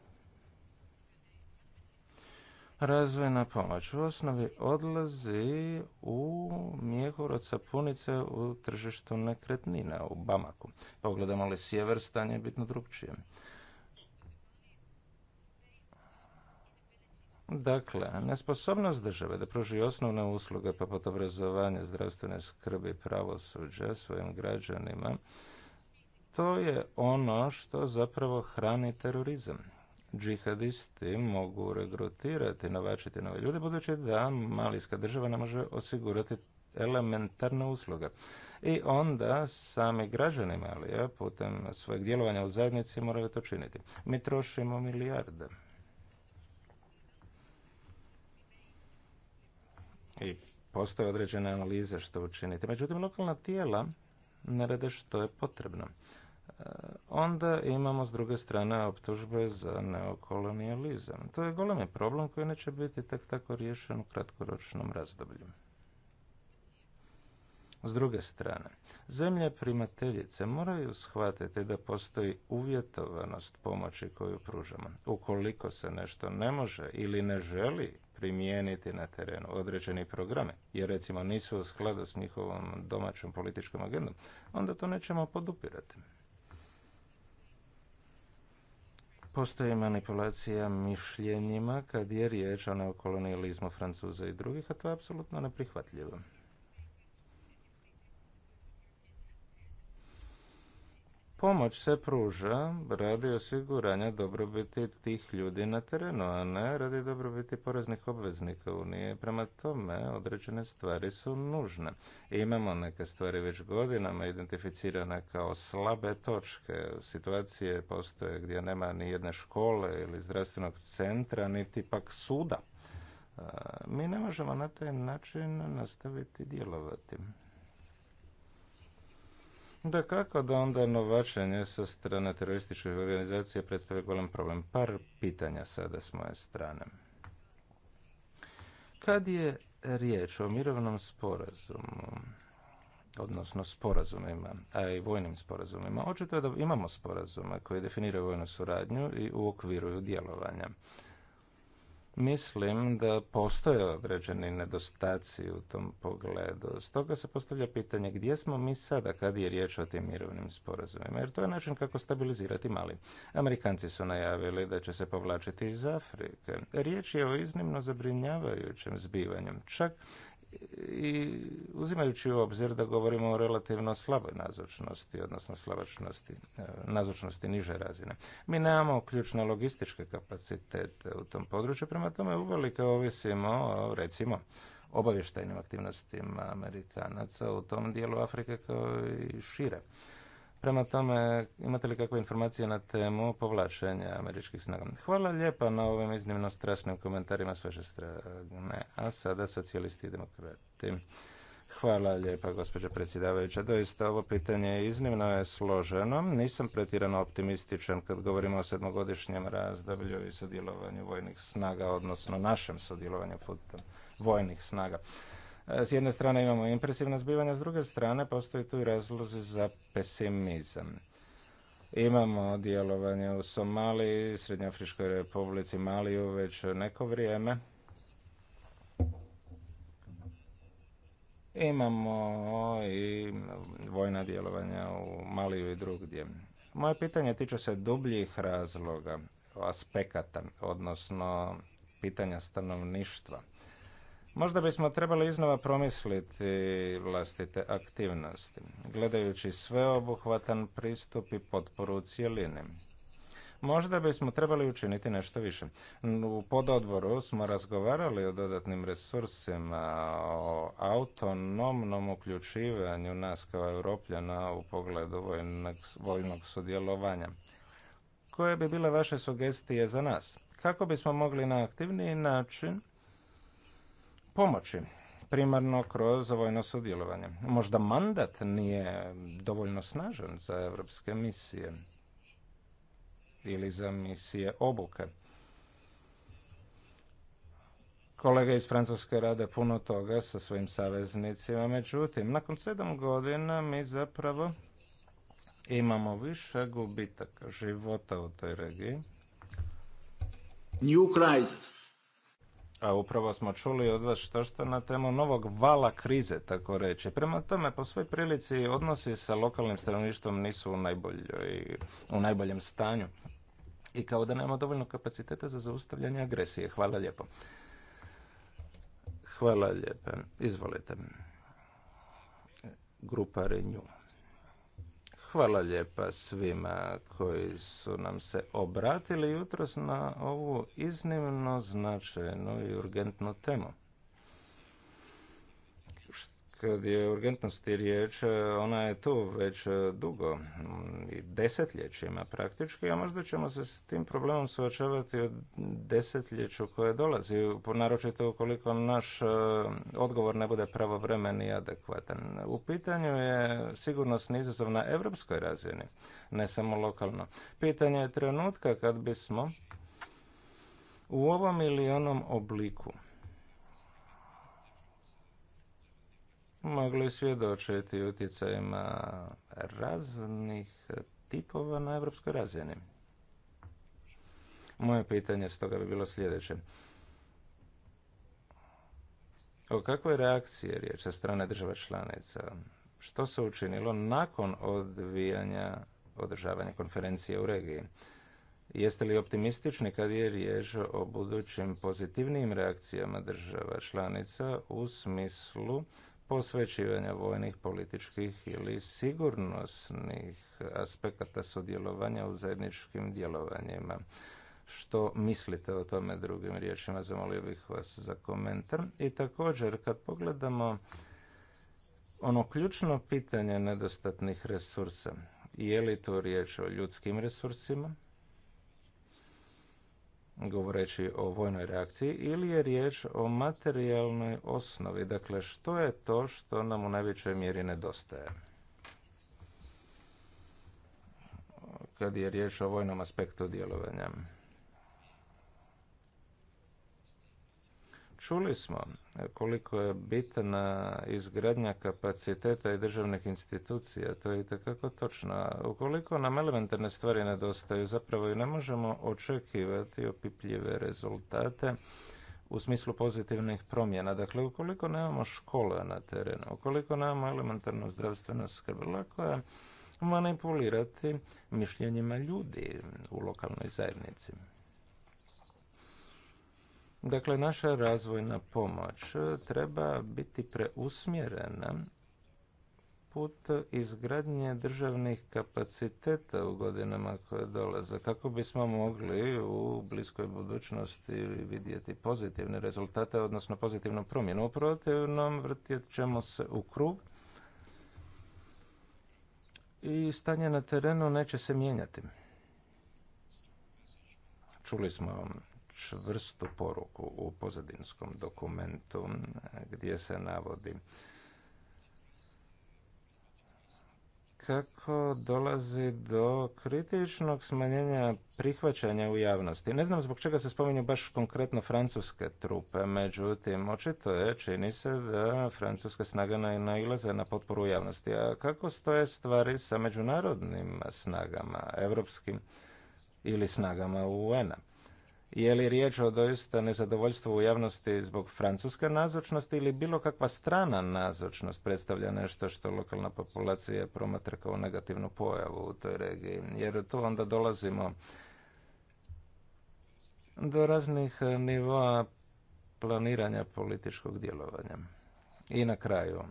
Speaker 5: razvojna pomoć u osnovi odlazi u mjehur od sapunice u tržištu nekretnina u Bamaku. Pogledamo li sjever, stanje je bitno drugčije. Dakle, nesposobnost države da pruži osnovne usluge poput obrazovanja, zdravstvene skrbi i pravosuđa svojim građanima, to je ono što zapravo hrani terorizam. Džihadisti mogu regrutirati, navačiti nove ljude, budući da malijska država ne može osigurati elementarne usluge. I onda sami građani Malija putem svojeg djelovanja u zajednici moraju to činiti. Mi trošimo milijarde i postoje određene analize što učiniti. Međutim, lokalna tijela ne rade što je potrebno. E, onda imamo s druge strane optužbe za neokolonijalizam. To je golemi problem koji neće biti tek tako riješen u kratkoročnom razdoblju. S druge strane, zemlje primateljice moraju shvatiti da postoji uvjetovanost pomoći koju pružamo. Ukoliko se nešto ne može ili ne želi primijeniti na terenu određeni programe, jer recimo nisu u skladu s njihovom domaćom političkom agendom, onda to nećemo podupirati. Postoji manipulacija mišljenjima kad je riječ o neokolonijalizmu Francuza i drugih, a to je apsolutno neprihvatljivo. Pomoć se pruža radi osiguranja dobrobiti tih ljudi na terenu, a ne radi dobrobiti poreznih obveznika Unije. Prema tome, određene stvari su nužne. Imamo neke stvari već godinama identificirane kao slabe točke. Situacije postoje gdje nema ni jedne škole ili zdravstvenog centra, niti pak suda. Mi ne možemo na taj način nastaviti djelovati. Da kako da onda novačenje sa strane terorističkih organizacija predstavlja golem problem? Par pitanja sada s moje strane. Kad je riječ o mirovnom sporazumu, odnosno sporazumima, a i vojnim sporazumima, očito je da imamo sporazume koji definiraju vojnu suradnju i u okviru djelovanja. Mislim da postoje određeni nedostaci u tom pogledu. Stoga se postavlja pitanje gdje smo mi sada kad je riječ o tim mirovnim sporazumima. Jer to je način kako stabilizirati mali. Amerikanci su najavili da će se povlačiti iz Afrike. Riječ je o iznimno zabrinjavajućem zbivanju. Čak i uzimajući u obzir da govorimo o relativno slaboj nazočnosti, odnosno slabačnosti, e, nazočnosti niže razine. Mi nemamo ključno logističke kapacitete u tom području, prema tome uvelike ovisimo, recimo, obavještajnim aktivnostima Amerikanaca u tom dijelu Afrike kao i šire. Prema tome, imate li kakve informacije na temu povlačenja američkih snaga? Hvala lijepa na ovim iznimno strašnim komentarima s vaše strane. A sada socijalisti i demokrati. Hvala lijepa, gospođo predsjedavajuća. Doista, ovo pitanje iznimno je složeno. Nisam pretirano optimističan kad govorimo o sedmogodišnjem razdoblju i sudjelovanju vojnih snaga, odnosno našem sudjelovanju putom vojnih snaga. E, s jedne strane imamo impresivna zbivanja, s druge strane postoji tu i razlozi za pesimizam. Imamo djelovanje u Somaliji, Srednjoafričkoj republici, Maliju već neko vrijeme. Imamo i vojna djelovanja u Maliju i drugdje. Moje pitanje tiče se dubljih razloga, aspekata, odnosno pitanja stanovništva. Možda bismo trebali iznova promisliti vlastite aktivnosti, gledajući sveobuhvatan pristup i potporu u cijelini. Možda bismo trebali učiniti nešto više. U pododboru smo razgovarali o dodatnim resursima, o autonomnom uključivanju nas kao europljana u pogledu vojnog, vojnog sudjelovanja. Koje bi bile vaše sugestije za nas? Kako bismo mogli na aktivniji način pomoći primarno kroz vojno sudjelovanje. Možda mandat nije dovoljno snažan za evropske misije ili za misije obuke. Kolega iz Francuske rade puno toga sa svojim saveznicima, međutim, nakon sedam godina mi zapravo imamo više gubitaka života u toj regiji. New crisis a upravo smo čuli od vas što što na temu novog vala krize, tako reći. Prema tome, po svoj prilici odnosi sa lokalnim stanovništvom nisu u, najboljoj, u najboljem stanju i kao da nema dovoljno kapaciteta za zaustavljanje agresije. Hvala lijepo. Hvala lijepo. Izvolite. Grupa Renew. Hvala lijepa svima koji su nam se obratili jutros na ovu iznimno značajnu i urgentnu temu kad je urgentnosti riječ, e, ona je tu već e, dugo, mm, i desetljećima praktički, a možda ćemo se s tim problemom suočavati od desetljeću koje dolazi, naročito ukoliko naš e, odgovor ne bude pravovremen i adekvatan. U pitanju je sigurnosni izazov na evropskoj razini, ne samo lokalno. Pitanje je trenutka kad bismo u ovom ili onom obliku mogli svjedočiti utjecajima raznih tipova na evropskoj razini. Moje pitanje stoga bi bilo sljedeće. O kakvoj reakciji je riječ sa strane država članica? Što se učinilo nakon odvijanja održavanja konferencije u regiji? Jeste li optimistični kad je riječ o budućim pozitivnim reakcijama država članica u smislu posvećivanja vojnih, političkih ili sigurnosnih aspekata sudjelovanja u zajedničkim djelovanjima. Što mislite o tome drugim riječima? Zamolio bih vas za komentar. I također, kad pogledamo ono ključno pitanje nedostatnih resursa, je li to riječ o ljudskim resursima, govoreći o vojnoj reakciji ili je riječ o materijalnoj osnovi, dakle što je to što nam u najvećoj mjeri nedostaje. Kad je riječ o vojnom aspektu djelovanja. Čuli smo koliko je bitna izgradnja kapaciteta i državnih institucija, to je itekako točno. Ukoliko nam elementarne stvari nedostaju, zapravo i ne možemo očekivati opipljive rezultate u smislu pozitivnih promjena. Dakle, ukoliko nemamo škole na terenu, ukoliko nemamo elementarnu zdravstvenu skrb, lako je manipulirati mišljenjima ljudi u lokalnoj zajednici. Dakle, naša razvojna pomoć e, treba biti preusmjerena put izgradnje državnih kapaciteta u godinama koje dolaze, kako bismo mogli u bliskoj budućnosti vidjeti pozitivne rezultate, odnosno pozitivnu promjenu. U protivnom vrtjet ćemo se u krug i stanje na terenu neće se mijenjati. Čuli smo čvrstu poruku u pozadinskom dokumentu e, gdje se navodi kako dolazi do kritičnog smanjenja prihvaćanja u javnosti. Ne znam zbog čega se spominju baš konkretno francuske trupe, međutim, očito je, čini se da francuske snaga nailaze na potporu javnosti. A kako stoje stvari sa međunarodnim snagama, evropskim ili snagama UN-a? Je li riječ o doista nezadovoljstvu u javnosti zbog francuske nazočnosti ili bilo kakva strana nazočnost predstavlja nešto što lokalna populacija promatra kao negativnu pojavu u toj regiji? Jer tu onda dolazimo do raznih nivoa planiranja političkog djelovanja. I na kraju,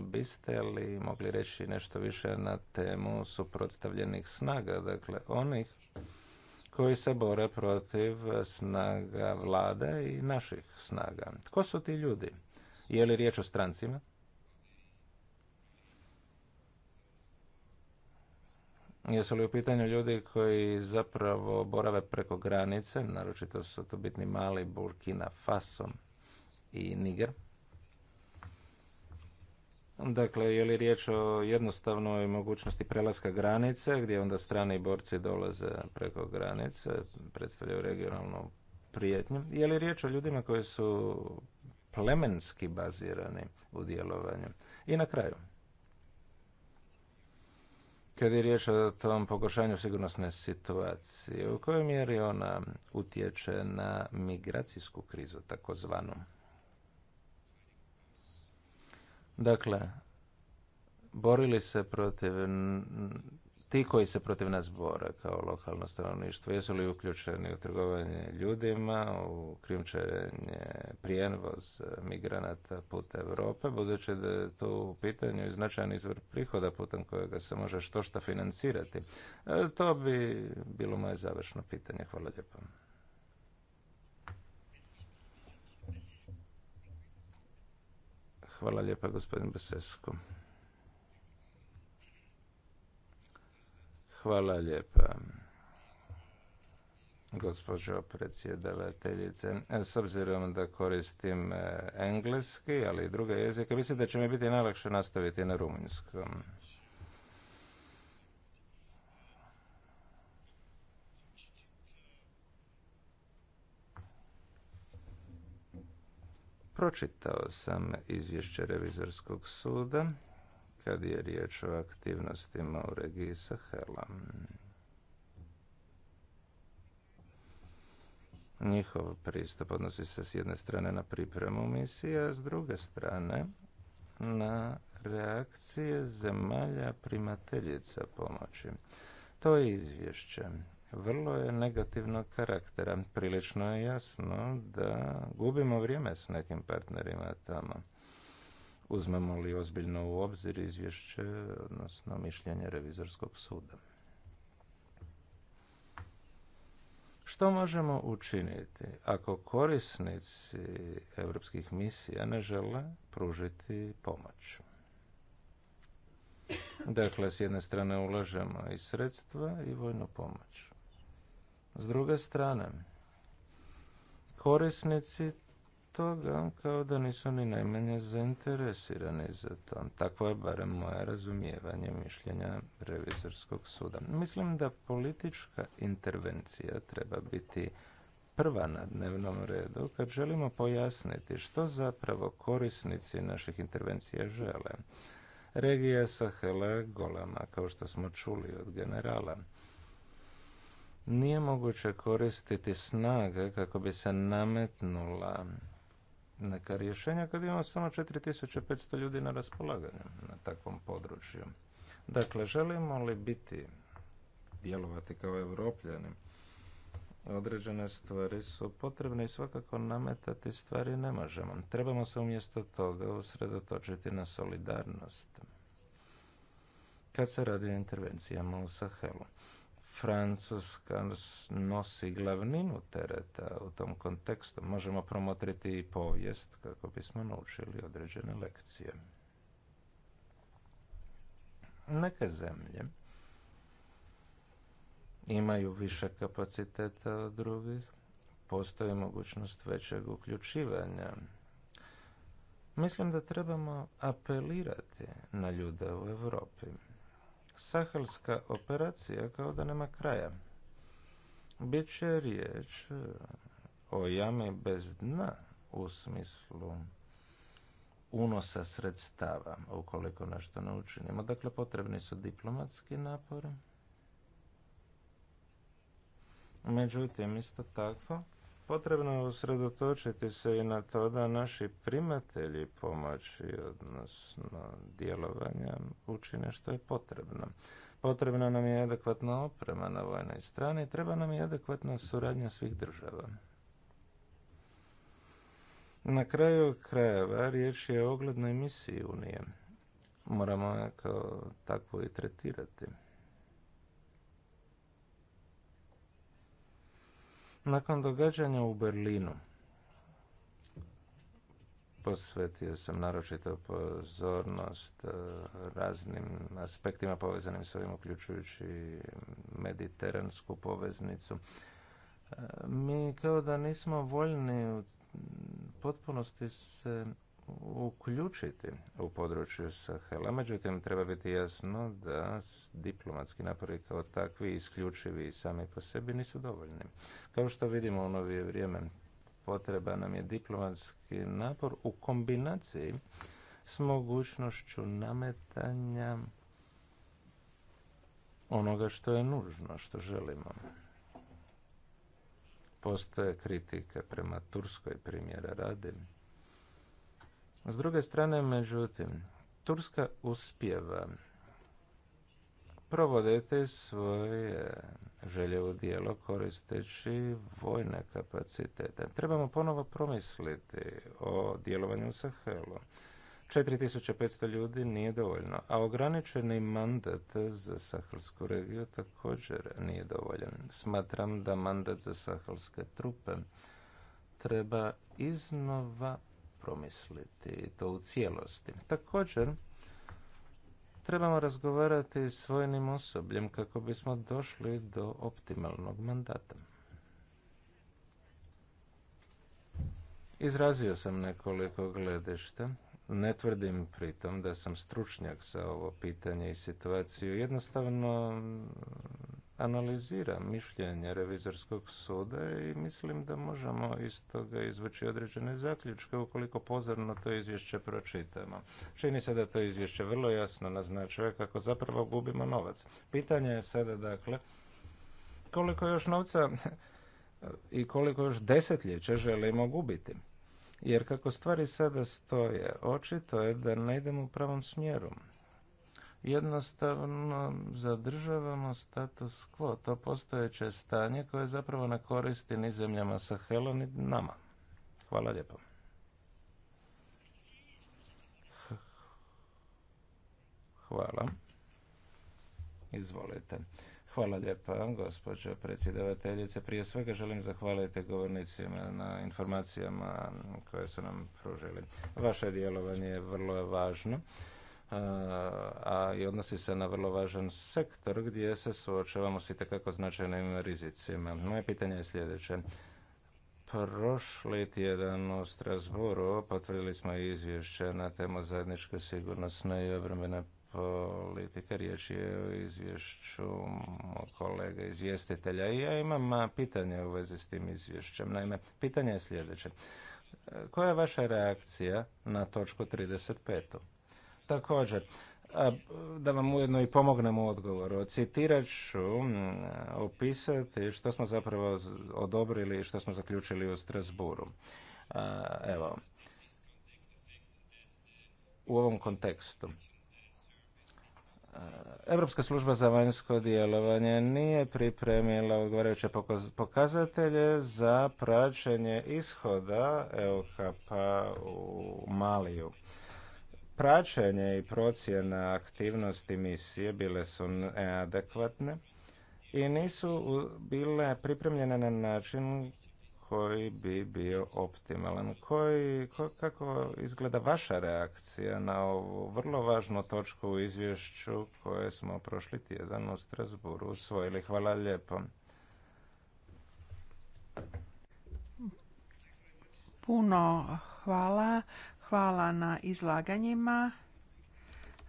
Speaker 5: biste li mogli reći nešto više na temu suprotstavljenih snaga, dakle onih koji se bore protiv snaga vlade i naših snaga. Tko su ti ljudi? Je li riječ o strancima? Jesu li u pitanju ljudi koji zapravo borave preko granice, naročito su to bitni mali Burkina Faso i Niger? Dakle, je li riječ o jednostavnoj mogućnosti prelaska granice, gdje onda strani borci dolaze preko granice, predstavljaju regionalnu prijetnju? Je li riječ o ljudima koji su plemenski bazirani u djelovanju? I na kraju, kad je riječ o tom pogošanju sigurnosne situacije, u kojoj mjeri ona utječe na migracijsku krizu, takozvanu? Dakle, borili se protiv ti koji se protiv nas bore kao lokalno stanovništvo, jesu li uključeni u trgovanje ljudima, u krijumčarenje prijenvoz e, migranata put Europe, budući da je to u pitanju i značajan izvor prihoda putem kojega se može što šta financirati. E, to bi bilo moje završno pitanje. Hvala lijepo. Hvala lijepa, gospodin Besesko. Hvala lijepa, gospođo predsjedavateljice. E, s obzirom da koristim e, engleski, ali i druge jezike, mislim da će mi biti najlakše nastaviti na rumunjskom. Pročitao sam izvješće revizorskog suda kad je riječ o aktivnostima u regiji Sahela. Njihov pristup odnosi se s jedne strane na pripremu misije, a s druge strane na reakcije zemalja primateljica pomoći. To je izvješće vrlo je negativnog karaktera. Prilično je jasno da gubimo vrijeme s nekim partnerima tamo. Uzmemo li ozbiljno u obzir izvješće, odnosno mišljenje revizorskog suda. Što možemo učiniti ako korisnici europskih misija ne žele pružiti pomoć? Dakle, s jedne strane ulažemo i sredstva i vojnu pomoć. S druge strane, korisnici toga kao da nisu ni najmanje zainteresirani za to. Takvo je barem moje razumijevanje mišljenja revizorskog suda. Mislim da politička intervencija treba biti prva na dnevnom redu kad želimo pojasniti što zapravo korisnici naših intervencija žele. Regija Sahela golama golema, kao što smo čuli od generala nije moguće koristiti snage kako bi se nametnula neka rješenja kad imamo samo 4500 ljudi na raspolaganju na takvom području. Dakle, želimo li biti, djelovati kao evropljani, određene stvari su potrebne i svakako nametati stvari ne možemo. Trebamo se umjesto toga usredotočiti na solidarnost kad se radi o intervencijama u Sahelu. Francuska nosi glavninu tereta u tom kontekstu. Možemo promotriti i povijest kako bismo naučili određene lekcije. Neke zemlje imaju više kapaciteta od drugih, postoji mogućnost većeg uključivanja. Mislim da trebamo apelirati na ljude u Europi sahelska operacija kao da nema kraja. će riječ eh, o jami bez dna u smislu unosa sredstava ukoliko nešto ne učinimo. Dakle, potrebni su diplomatski napori. Međutim, isto tako, Potrebno je usredotočiti se i na to da naši primatelji pomoći, odnosno djelovanja, učine što je potrebno. Potrebna nam je adekvatna oprema na vojnoj strani i treba nam je adekvatna suradnja svih država. Na kraju krajeva riječ je o oglednoj misiji Unije. Moramo je kao takvu i tretirati. Nakon događanja u Berlinu posvetio sam naročito pozornost e, raznim aspektima povezanim s ovim, uključujući mediteransku poveznicu. E, mi kao da nismo voljni u potpunosti se uključiti u području Sahela. Međutim, treba biti jasno da diplomatski napori kao takvi isključivi i sami po sebi nisu dovoljni. Kao što vidimo u novije vrijeme, potreba nam je diplomatski napor u kombinaciji s mogućnošću nametanja onoga što je nužno, što želimo. Postoje kritike prema Turskoj primjera radi s druge strane, međutim, Turska uspjeva provoditi svoje želje u dijelo koristeći vojne kapacitete. Trebamo ponovo promisliti o djelovanju u Sahelu. 4500 ljudi nije dovoljno, a ograničeni mandat za Sahelsku regiju također nije dovoljan. Smatram da mandat za Sahelske trupe treba iznova promisliti to u cijelosti. Također, trebamo razgovarati s vojnim osobljem kako bismo došli do optimalnog mandata. Izrazio sam nekoliko gledešta. Ne tvrdim pritom da sam stručnjak za ovo pitanje i situaciju. Jednostavno Analiziram mišljenje revizorskog suda i mislim da možemo iz toga izvući određene zaključke ukoliko pozorno to izvješće pročitamo. Čini se da to izvješće vrlo jasno naznačuje kako zapravo gubimo novac. Pitanje je sada dakle koliko još novca i koliko još desetljeća želimo gubiti. Jer kako stvari sada stoje, očito je da ne idemo u pravom smjeru jednostavno zadržavamo status quo. To postojeće stanje koje zapravo ne koristi ni zemljama Sahela ni nama. Hvala lijepo. Hvala. Izvolite. Hvala lijepa, gospođo predsjedavateljice. Prije svega želim zahvaliti govornicima na informacijama koje su nam pružili. Vaše djelovanje je vrlo važno a i odnosi se na vrlo važan sektor gdje se suočavamo s itekako značajnim rizicima. Moje pitanje je sljedeće. Prošli tjedan u Strasburu potvrdili smo izvješće na temu zajedničke sigurnosne i obrambene politike. Riječ je o izvješću kolega izvjestitelja i ja imam pitanje u vezi s tim izvješćem. Naime, pitanje je sljedeće. Koja je vaša reakcija na točku 35. Također, da vam ujedno i pomognem u odgovoru. Citirat ću, opisati što smo zapravo odobrili i što smo zaključili u Strasburu. Evo, u ovom kontekstu. Europska služba za vanjsko djelovanje nije pripremila odgovarajuće pokazatelje za praćenje ishoda EUH-a p-a u Maliju praćenje i procjena aktivnosti misije bile su neadekvatne i nisu bile pripremljene na način koji bi bio optimalan. Koji, ko, kako izgleda vaša reakcija na ovu vrlo važnu točku u izvješću koje smo prošli tjedan u Strasburu usvojili? Hvala lijepo.
Speaker 2: Puno hvala. Hvala na izlaganjima.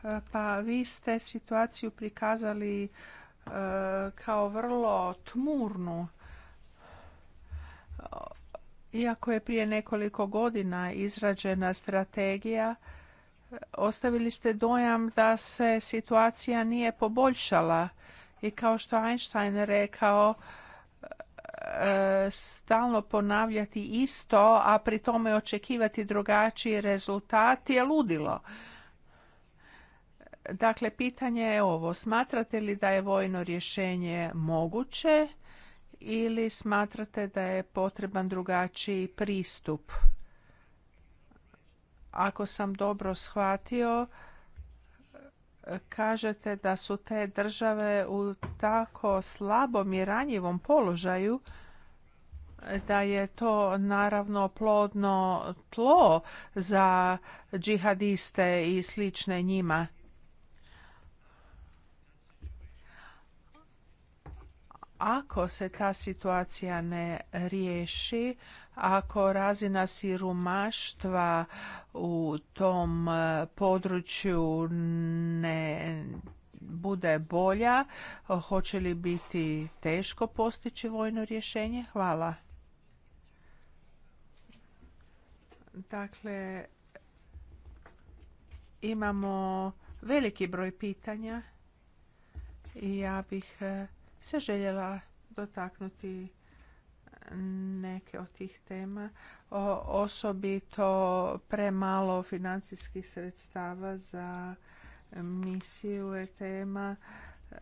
Speaker 2: E, pa vi ste situaciju prikazali e, kao vrlo tmurnu. Iako je prije nekoliko godina izrađena strategija, ostavili ste dojam da se situacija nije poboljšala. I kao što Einstein rekao, E, stalno ponavljati isto, a pri tome očekivati drugačiji rezultat je ludilo. Dakle, pitanje je ovo. Smatrate li da je vojno rješenje moguće ili smatrate da je potreban drugačiji pristup? Ako sam dobro shvatio, kažete da su te države u tako slabom i ranjivom položaju da je to naravno plodno tlo za džihadiste i slične njima. Ako se ta situacija ne riješi, ako razina siromaštva u tom e, području ne bude bolja, hoće li biti teško postići vojno rješenje? Hvala. Dakle, imamo veliki broj pitanja i ja bih e, se željela dotaknuti neke od tih tema. osobito premalo financijskih sredstava za misiju je tema. E,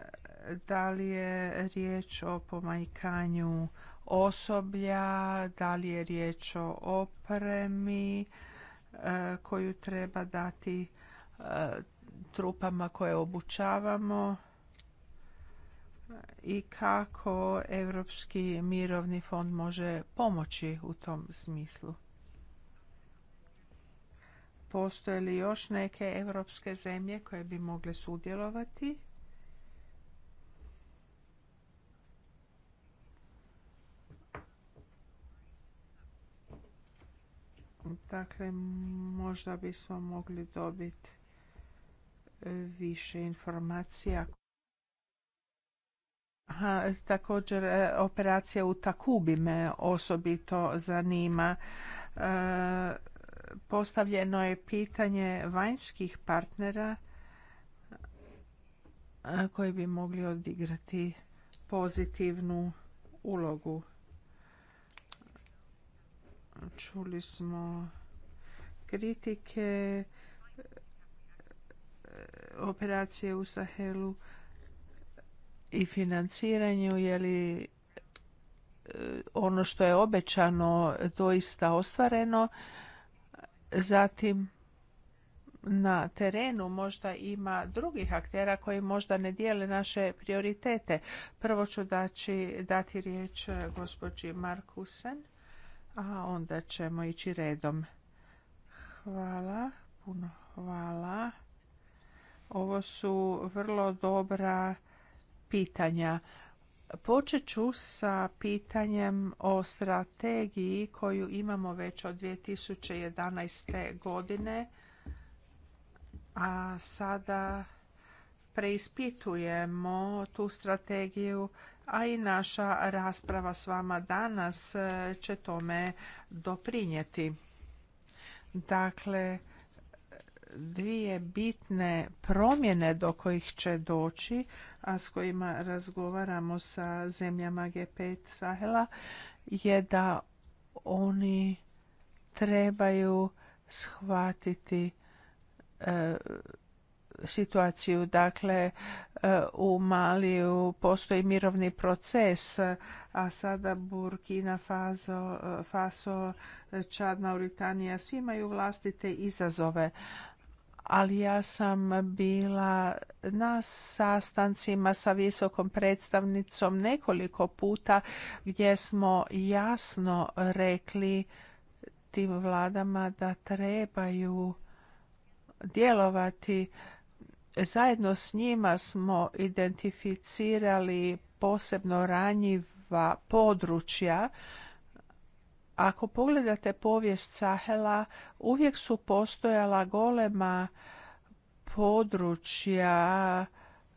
Speaker 2: da li je riječ o pomanjkanju osoblja, da li je riječ o opremi e, koju treba dati e, trupama koje obučavamo i kako Europski mirovni fond može pomoći u tom smislu. Postoje li još neke europske zemlje koje bi mogle sudjelovati? Dakle, možda bismo mogli dobiti e, više informacija. Aha, također, e, operacija u Takubi me osobito zanima. E, postavljeno je pitanje vanjskih partnera koji bi mogli odigrati pozitivnu ulogu. Čuli smo kritike eh, operacije u Sahelu i financiranju, je li eh, ono što je obećano doista ostvareno. Zatim na terenu možda ima drugih aktera koji možda ne dijele naše prioritete. Prvo ću daći, dati riječ eh, gospođi Markusen a onda ćemo ići redom. Hvala, puno hvala. Ovo su vrlo dobra pitanja. Počet ću sa pitanjem o strategiji koju imamo već od 2011. godine, a sada preispitujemo tu strategiju a i naša rasprava s vama danas e, će tome doprinijeti. Dakle, dvije bitne promjene do kojih će doći, a s kojima razgovaramo sa zemljama G5 Sahela, je da oni trebaju shvatiti e, situaciju. Dakle, e, u Maliju postoji mirovni proces, a sada Burkina Faso, Faso Čad, Mauritanija, svi imaju vlastite izazove ali ja sam bila na sastancima sa visokom predstavnicom nekoliko puta gdje smo jasno rekli tim vladama da trebaju djelovati Zajedno s njima smo identificirali posebno ranjiva područja. Ako pogledate povijest Sahela, uvijek su postojala golema područja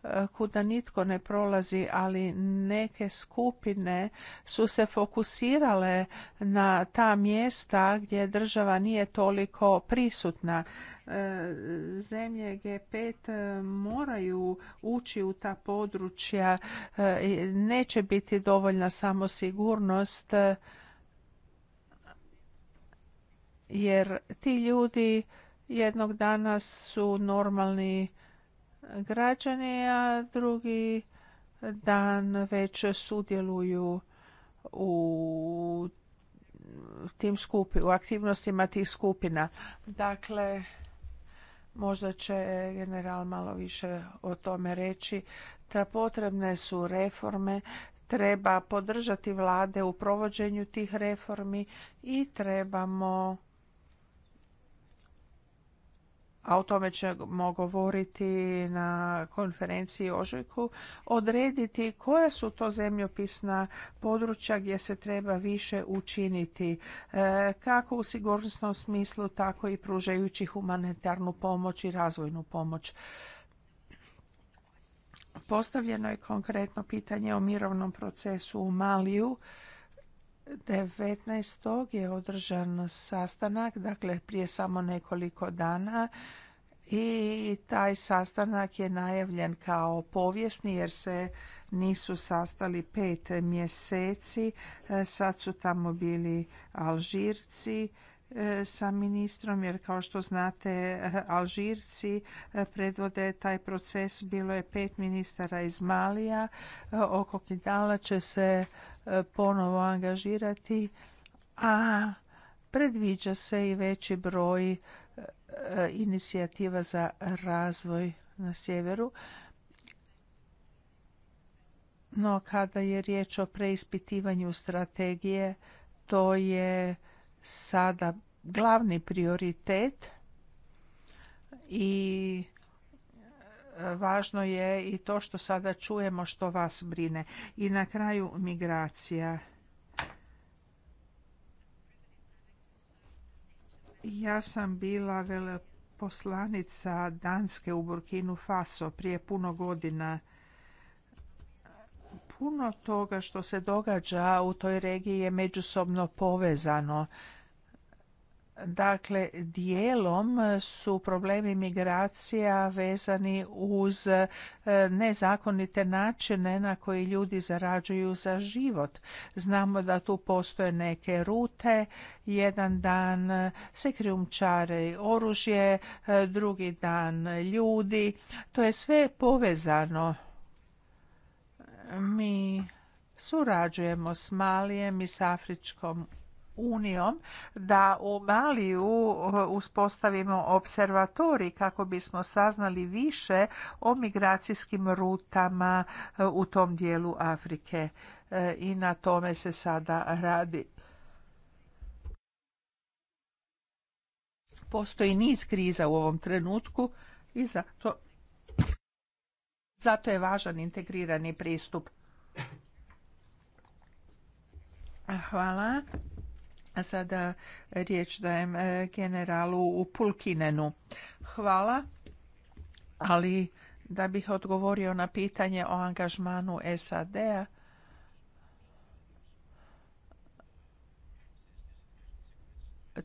Speaker 2: e, kuda nitko ne prolazi, ali neke skupine su se fokusirale na ta mjesta gdje država nije toliko prisutna zemlje G5 e, moraju ući u ta područja. E, neće biti dovoljna samo sigurnost e, jer ti ljudi jednog dana su normalni građani, a drugi dan već sudjeluju u tim skupi, u aktivnostima tih skupina. Dakle, Možda će general malo više o tome reći. da potrebne su reforme, treba podržati vlade u provođenju tih reformi i trebamo a o tome ćemo govoriti na konferenciji Ožujku, odrediti koja su to zemljopisna područja gdje se treba više učiniti, e, kako u sigurnosnom smislu, tako i pružajući humanitarnu pomoć i razvojnu pomoć. Postavljeno je konkretno pitanje o mirovnom procesu u Maliju. 19. je održan sastanak, dakle prije samo nekoliko dana i taj sastanak je najavljen kao povijesni jer se nisu sastali pet mjeseci. E, sad su tamo bili Alžirci e, sa ministrom jer kao što znate e, Alžirci predvode taj proces. Bilo je pet ministara iz Malija. Oko Kidala će se ponovo angažirati, a predviđa se i veći broj e, inicijativa za razvoj na sjeveru. No kada je riječ o preispitivanju strategije, to je sada glavni prioritet i važno je i to što sada čujemo što vas brine. I na kraju migracija. Ja sam bila veleposlanica Danske u Burkinu Faso prije puno godina. Puno toga što se događa u toj regiji je međusobno povezano. Dakle, dijelom su problemi migracija vezani uz e, nezakonite načine na koji ljudi zarađuju za život. Znamo da tu postoje neke rute, jedan dan e, se krijumčare oružje, e, drugi dan ljudi. To je sve povezano. Mi surađujemo s Malijem i s Afričkom unijom da u Maliju eh, uspostavimo observatori kako bismo saznali više o migracijskim rutama eh, u tom dijelu Afrike. Eh, I na tome se sada radi. Postoji niz kriza u ovom trenutku i zato, zato je važan integrirani pristup. Hvala. A sada riječ dajem e, generalu Pulkinenu. Hvala, ali da bih odgovorio na pitanje o angažmanu SAD-a,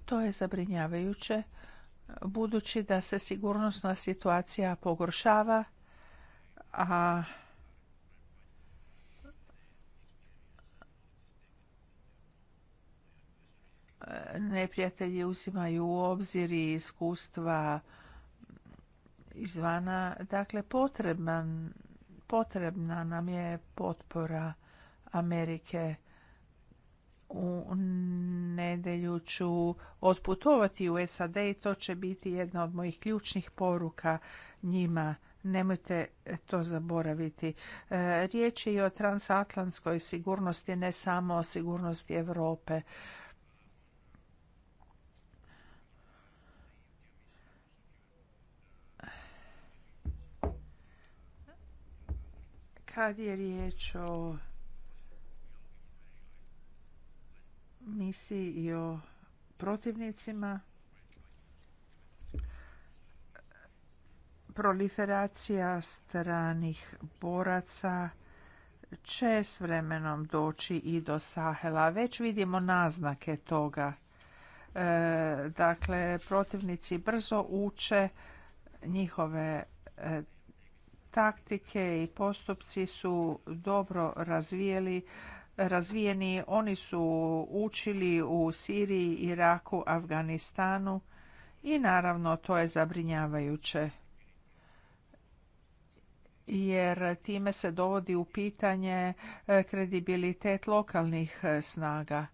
Speaker 2: to je zabrinjavajuće budući da se sigurnosna situacija pogoršava, a neprijatelji uzimaju u obzir i iskustva izvana. Dakle, potrebna nam je potpora Amerike. U nedelju ću otputovati u SAD i to će biti jedna od mojih ključnih poruka njima. Nemojte to zaboraviti. E, riječ je i o transatlantskoj sigurnosti, ne samo o sigurnosti Europe. Kad je riječ o misiji i o protivnicima, proliferacija stranih boraca će s vremenom doći i do Sahela. Već vidimo naznake toga. E, dakle, protivnici brzo uče njihove e, taktike i postupci su dobro razvijeli razvijeni. Oni su učili u Siriji, Iraku, Afganistanu i naravno to je zabrinjavajuće. Jer time se dovodi u pitanje e, kredibilitet lokalnih snaga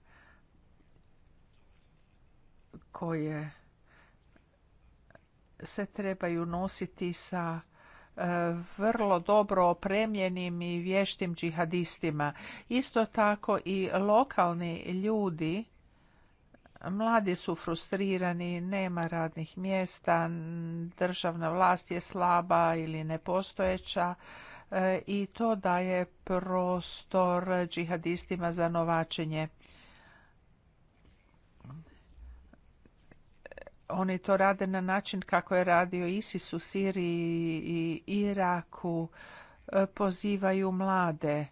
Speaker 2: koje se trebaju nositi sa E, vrlo dobro opremljenim i vještim džihadistima. Isto tako i lokalni ljudi Mladi su frustrirani, nema radnih mjesta, državna vlast je slaba ili nepostojeća e, i to daje prostor džihadistima za novačenje. oni to rade na način kako je radio ISIS u Siriji i Iraku, e, pozivaju mlade.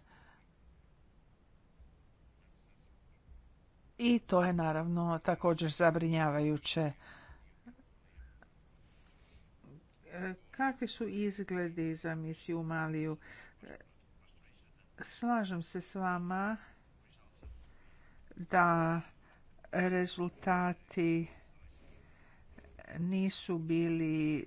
Speaker 2: I to je naravno također zabrinjavajuće. E, kakvi su izgledi za misiju u Maliju? Slažem se s vama da rezultati nisu bili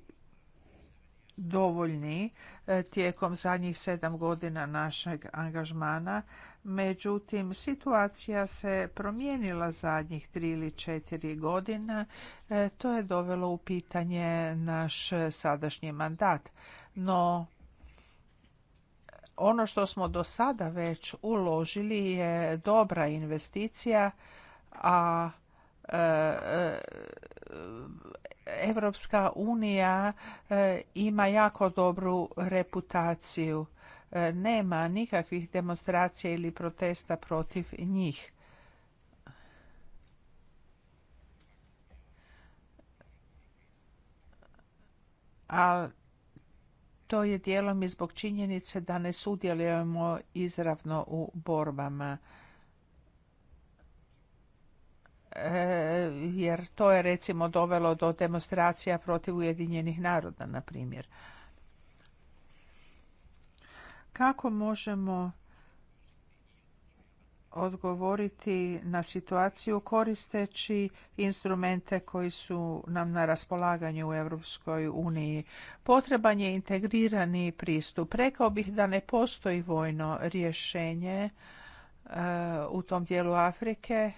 Speaker 2: dovoljni e, tijekom zadnjih sedam godina našeg angažmana. Međutim, situacija se promijenila zadnjih tri ili četiri godina. E, to je dovelo u pitanje naš sadašnji mandat. No, ono što smo do sada već uložili je dobra investicija, a e, Evropska unija e, ima jako dobru reputaciju. E, nema nikakvih demonstracija ili protesta protiv njih. Ali to je dijelom i zbog činjenice da ne sudjelujemo izravno u borbama. E, jer to je recimo dovelo do demonstracija protiv Ujedinjenih naroda, na primjer. Kako možemo odgovoriti na situaciju koristeći instrumente koji su nam na raspolaganju u Europskoj uniji. Potreban je integrirani pristup. Rekao bih da ne postoji vojno rješenje e, u tom dijelu Afrike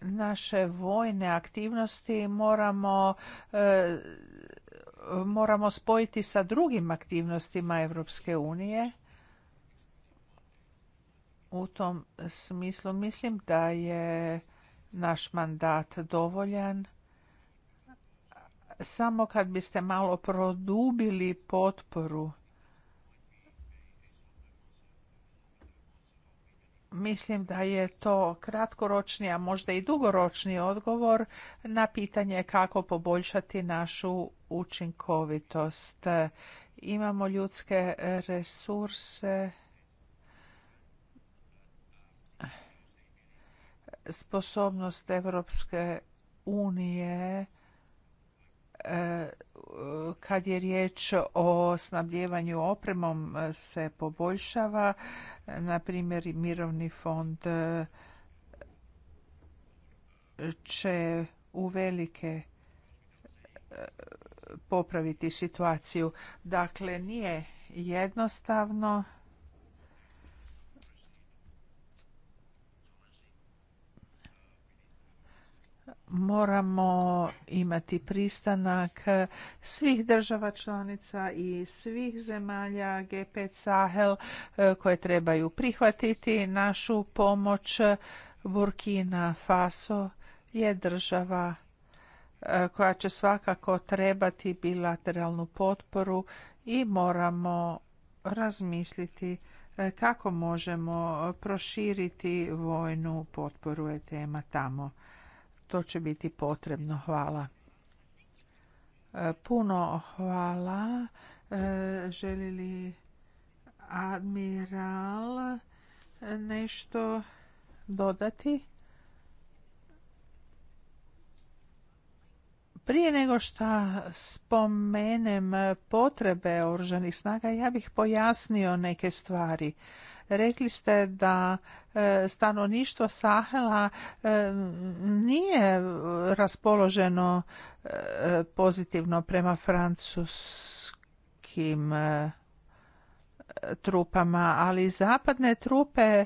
Speaker 2: naše vojne aktivnosti moramo e, moramo spojiti sa drugim aktivnostima Europske unije. U tom smislu mislim da je naš mandat dovoljan. Samo kad biste malo produbili potporu Mislim da je to kratkoročni, a možda i dugoročni odgovor na pitanje kako poboljšati našu učinkovitost. Imamo ljudske resurse, sposobnost Evropske unije kad je riječ o snabdjevanju opremom e, se poboljšava, na primjer mirovni fond e, će uvelike e, popraviti situaciju. Dakle, nije jednostavno moramo imati pristanak svih država članica i svih zemalja G5 Sahel e, koje trebaju prihvatiti našu pomoć. Burkina Faso je država e, koja će svakako trebati bilateralnu potporu i moramo razmisliti e, kako možemo proširiti vojnu potporu etema tamo to će biti potrebno. Hvala. E, puno hvala. E, želi li admiral nešto dodati? Prije nego što spomenem potrebe oružanih snaga, ja bih pojasnio neke stvari. Rekli ste da e, stanovništvo Sahela e, nije raspoloženo e, pozitivno prema francuskim trupama, ali zapadne trupe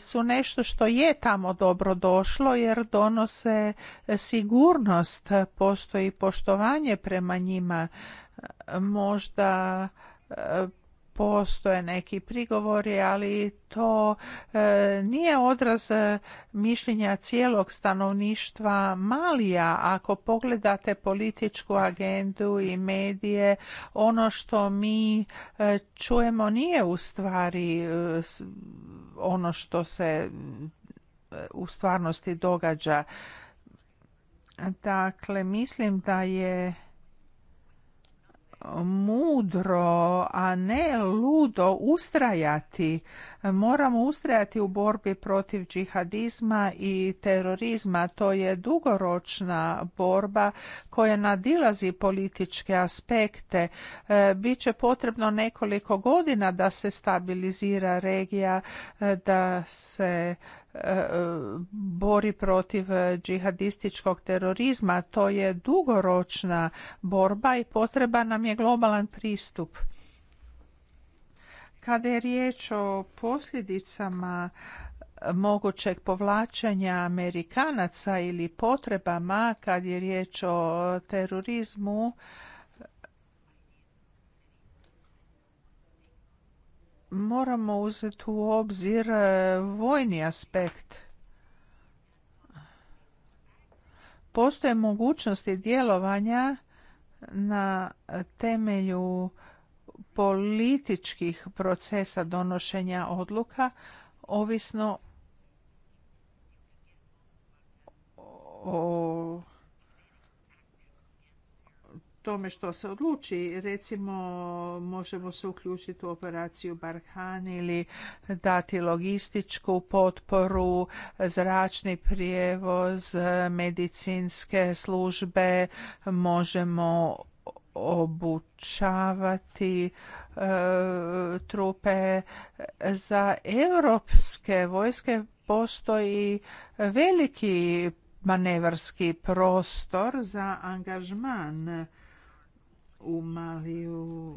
Speaker 2: su nešto što je tamo dobro došlo jer donose sigurnost, postoji poštovanje prema njima. Možda postoje neki prigovori, ali to e, nije odraz e, mišljenja cijelog stanovništva Malija. Ako pogledate političku agendu i medije, ono što mi e, čujemo nije u stvari ono što se u stvarnosti događa. Dakle, mislim da je mudro, a ne ludo ustrajati. Moramo ustrajati u borbi protiv džihadizma i terorizma. To je dugoročna borba koja nadilazi političke aspekte. E, Biće potrebno nekoliko godina da se stabilizira regija, e, da se bori protiv džihadističkog terorizma. To je dugoročna borba i potreba nam je globalan pristup. Kada je riječ o posljedicama mogućeg povlačenja Amerikanaca ili potrebama kad je riječ o terorizmu, moramo uzeti u obzir e, vojni aspekt. Postoje mogućnosti djelovanja na temelju političkih procesa donošenja odluka ovisno o tome što se odluči. Recimo, možemo se uključiti u operaciju Barhan ili dati logističku potporu, zračni prijevoz, medicinske službe, možemo obučavati e, trupe za europske vojske postoji veliki manevarski prostor za angažman u Maliju.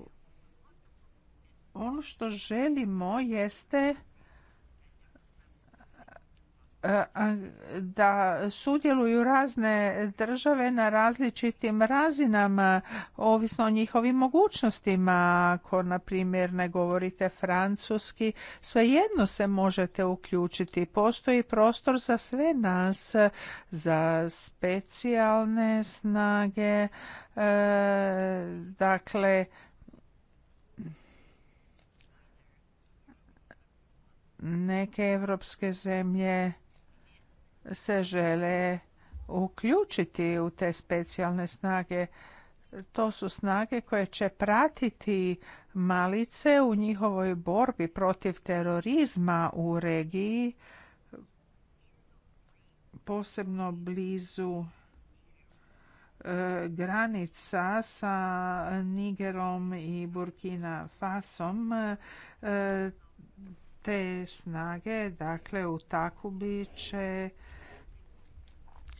Speaker 2: Ono što želimo jeste e, da sudjeluju razne države na različitim razinama, ovisno o njihovim mogućnostima. Ako, na primjer, ne govorite francuski, svejedno se možete uključiti. Postoji prostor za sve nas, za specijalne snage, E, dakle neke evropske zemlje se žele uključiti u te specijalne snage. To su snage koje će pratiti malice u njihovoj borbi protiv terorizma u regiji, posebno blizu E, granica sa Nigerom i Burkina Fasom e, te snage, dakle u Takubi će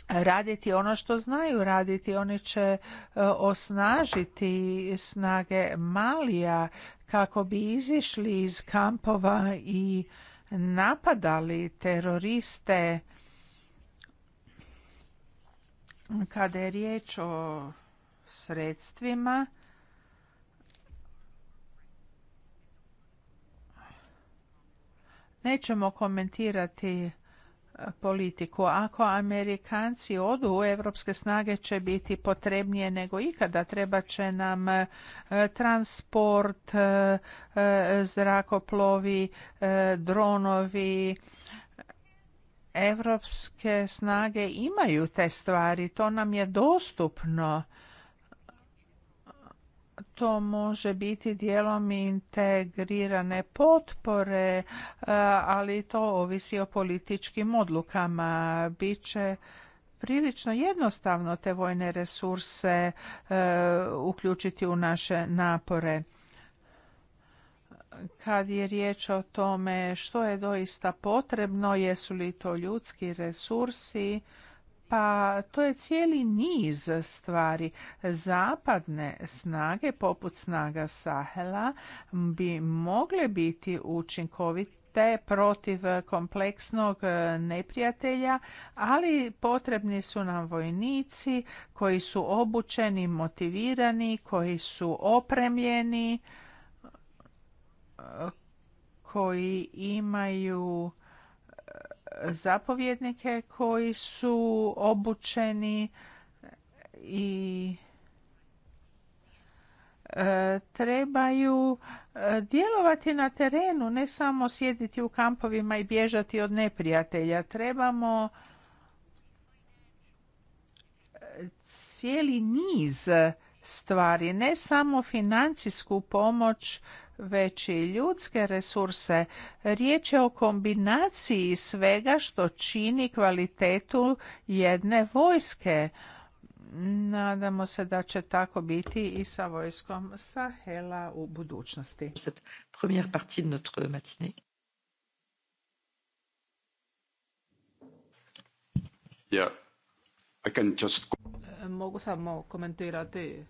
Speaker 2: raditi ono što znaju raditi. Oni će e, osnažiti snage Malija kako bi izišli iz kampova i napadali teroriste kada je riječ o sredstvima, nećemo komentirati e, politiku. Ako Amerikanci odu, u evropske snage će biti potrebnije nego ikada. Treba će nam e, transport, e, zrakoplovi, dronovi, Evropske snage imaju te stvari, to nam je dostupno. To može biti dijelom integrirane potpore, e, ali to ovisi o političkim odlukama. Biće prilično jednostavno te vojne resurse e, uključiti u naše napore kad je riječ o tome što je doista potrebno, jesu li to ljudski resursi, pa to je cijeli niz stvari. Zapadne snage, poput snaga Sahela, bi mogle biti učinkovite protiv kompleksnog neprijatelja, ali potrebni su nam vojnici koji su obučeni, motivirani, koji su opremljeni koji imaju e, zapovjednike koji su obučeni i e, trebaju e, djelovati na terenu, ne samo sjediti u kampovima i bježati od neprijatelja. Trebamo cijeli niz stvari, ne samo financijsku pomoć već ljudske resurse. Riječ je o kombinaciji svega što čini kvalitetu jedne vojske. Nadamo se da će tako biti i sa vojskom Sahela u budućnosti.
Speaker 1: Mogu samo
Speaker 3: komentirati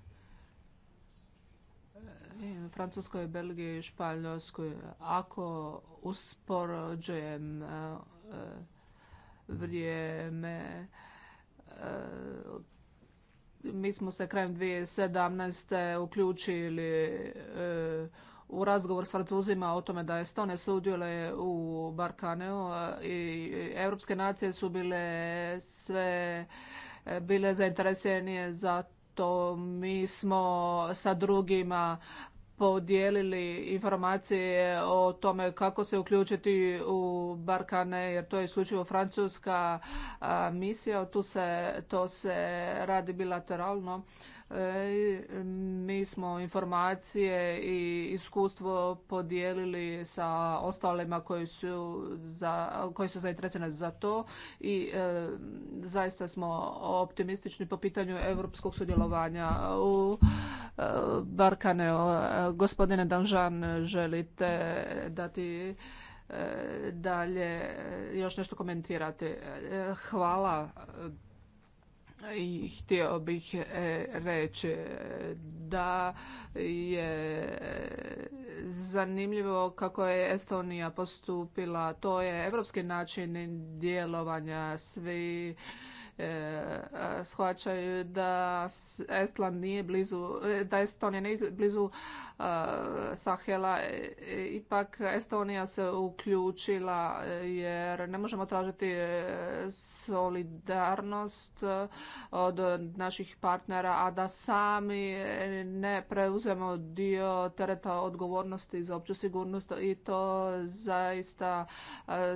Speaker 3: Francuskoj, Belgiji i Španjolskoj. Ako usporođujem eh, vrijeme eh, mi smo se krajem 2017. uključili eh, u razgovor s Francuzima o tome da Estone sudjele u Barkaneu i europske nacije su bile sve bile zainteresenije za to. Mi smo sa drugima podijelili informacije o tome kako se uključiti u Barkane, jer to je isključivo francuska misija. Tu se, to se radi bilateralno mi smo informacije i iskustvo podijelili sa ostalima koji su, za, zainteresirani za to i e, zaista smo optimistični po pitanju europskog sudjelovanja u e, Barkane. Gospodine Danžan, želite dati e, dalje još nešto komentirati. Hvala i htio bih e, reći da je zanimljivo kako je Estonija postupila. To je evropski način djelovanja. Svi E, shvaćaju da Estland nije blizu, e, da Estonija nije blizu e, Sahela. Ipak Estonija se uključila jer ne možemo tražiti solidarnost od naših partnera, a da sami ne preuzemo dio tereta odgovornosti za opću sigurnost i to zaista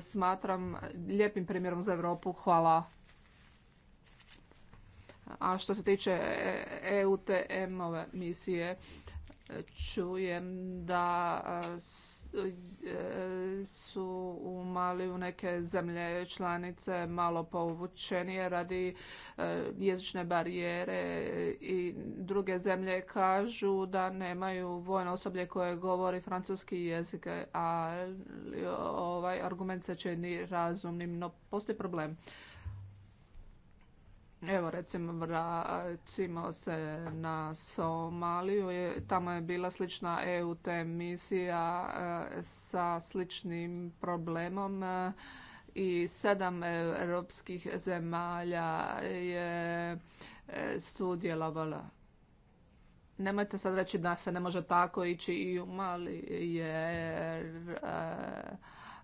Speaker 3: smatram lijepim primjerom za Europu. Hvala. A što se tiče EUTM-ove misije, čujem da e, su u Maliju neke zemlje članice malo povučenije radi e, jezične barijere i druge zemlje kažu da nemaju vojno osoblje koje govori francuski jezik, a ovaj argument se čini razumnim, no postoji problem Evo recimo vracimo se na Somaliju, tamo je bila slična EUT misija e, sa sličnim problemom e, i sedam europskih zemalja je e, sudjelovala. Nemojte sad reći da se ne može tako ići i u Mali jer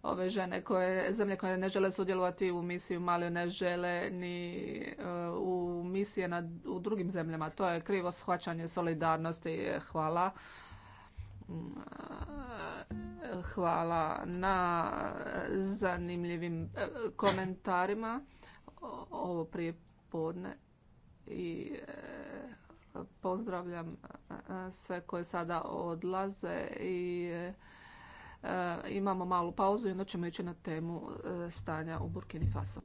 Speaker 3: ove žene koje, zemlje koje ne žele sudjelovati u misiji mali ne žele ni e, u misije na, u drugim zemljama. To je krivo shvaćanje solidarnosti. Hvala. Mm, e, hvala na zanimljivim e, komentarima ovo prije podne i pozdravljam sve koje sada odlaze i imamo malu pauzu i onda ćemo ići na temu e, stanja u Burkini Faso.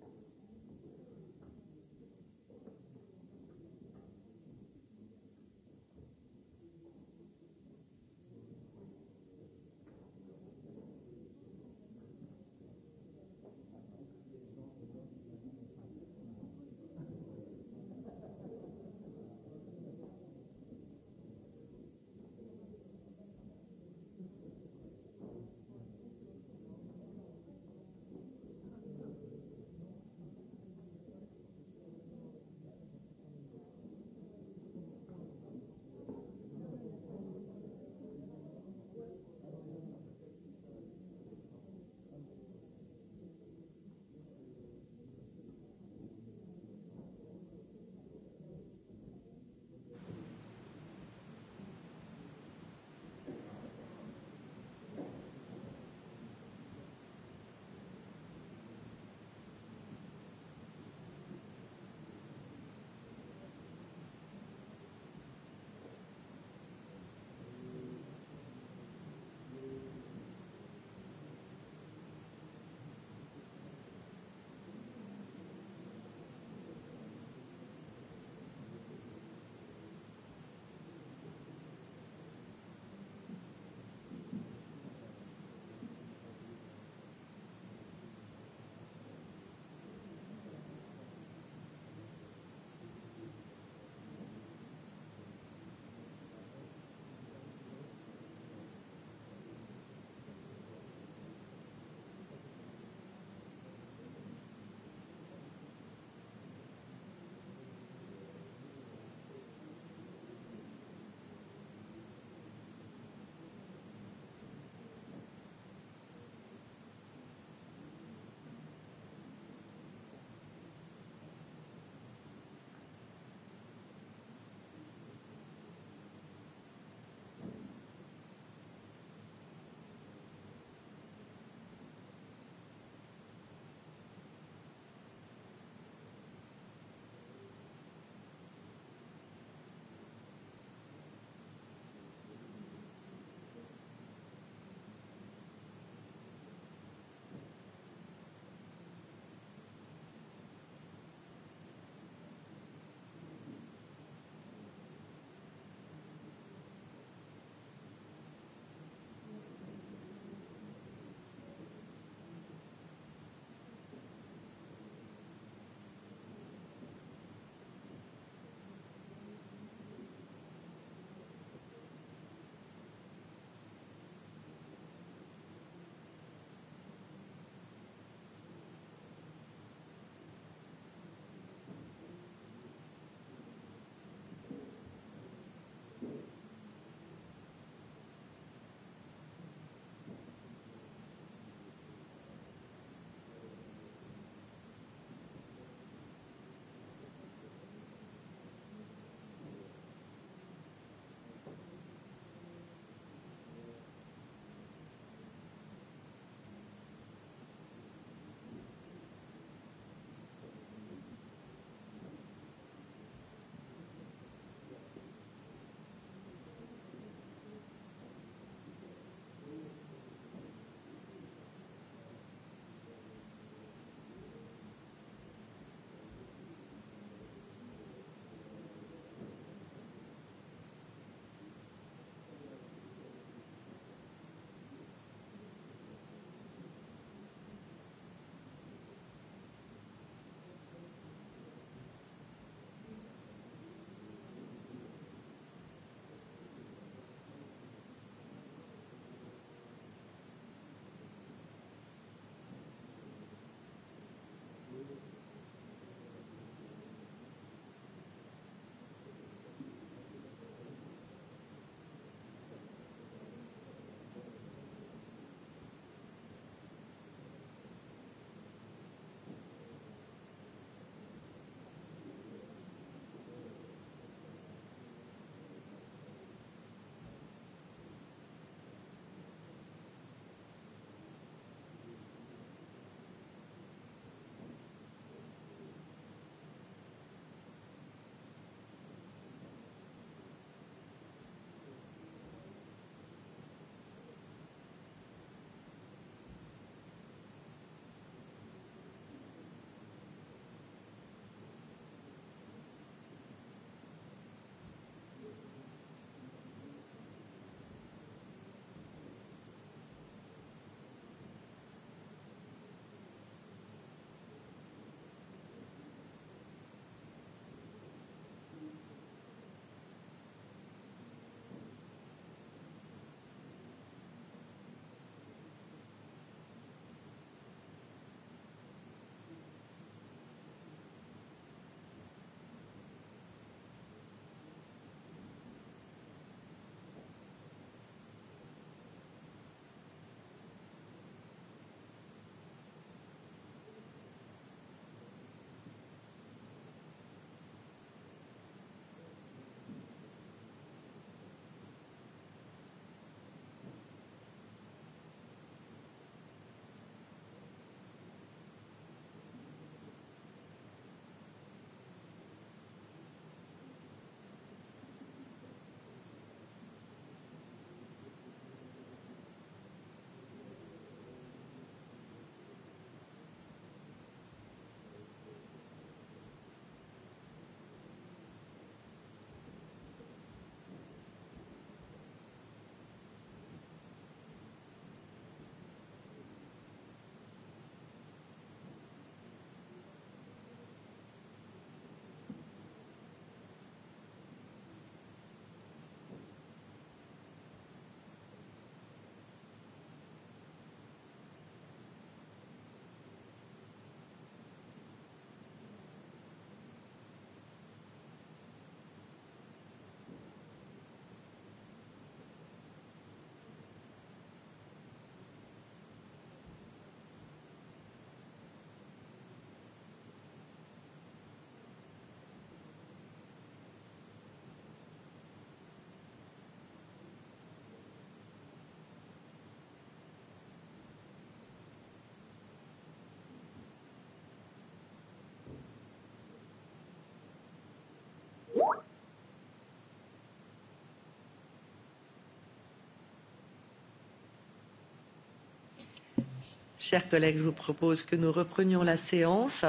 Speaker 1: Chers collègues, je vous propose que nous reprenions la séance.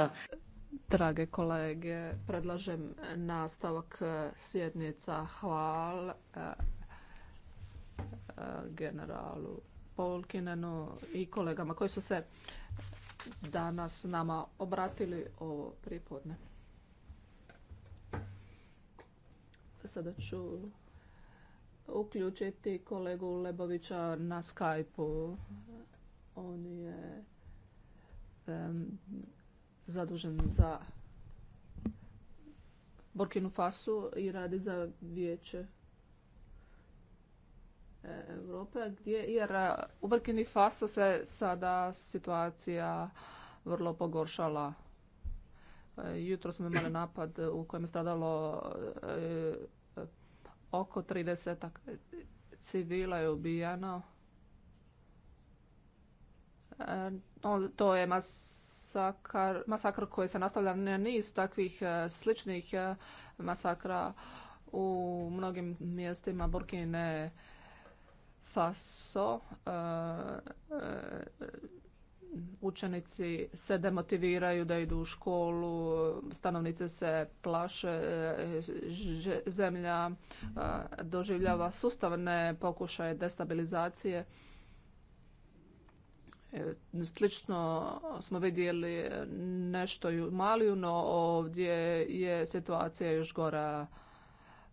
Speaker 3: Drage kolege, predlažem nastavak eh, sjednica. Hvala eh, eh, generalu Polkinenu i kolegama koji su se danas nama obratili ovo pripodne. Sada ću uključiti kolegu Lebovića na Skype-u. On je zadužen za Borkinu Fasu i radi za vijeće e, Europe, gdje, jer e, u Burkini Faso se sada situacija vrlo pogoršala. E, jutro smo imali napad u kojem je stradalo oko 30 civila je ubijano E, to je masakar, masakr koji se nastavlja na niz takvih e, sličnih e, masakra u mnogim mjestima Burkine Faso. Učenici se demotiviraju da idu u školu, stanovnice se plaše, zemlja doživljava sustavne pokušaje destabilizacije E, slično smo vidjeli nešto i u Maliju, no ovdje je situacija još gora.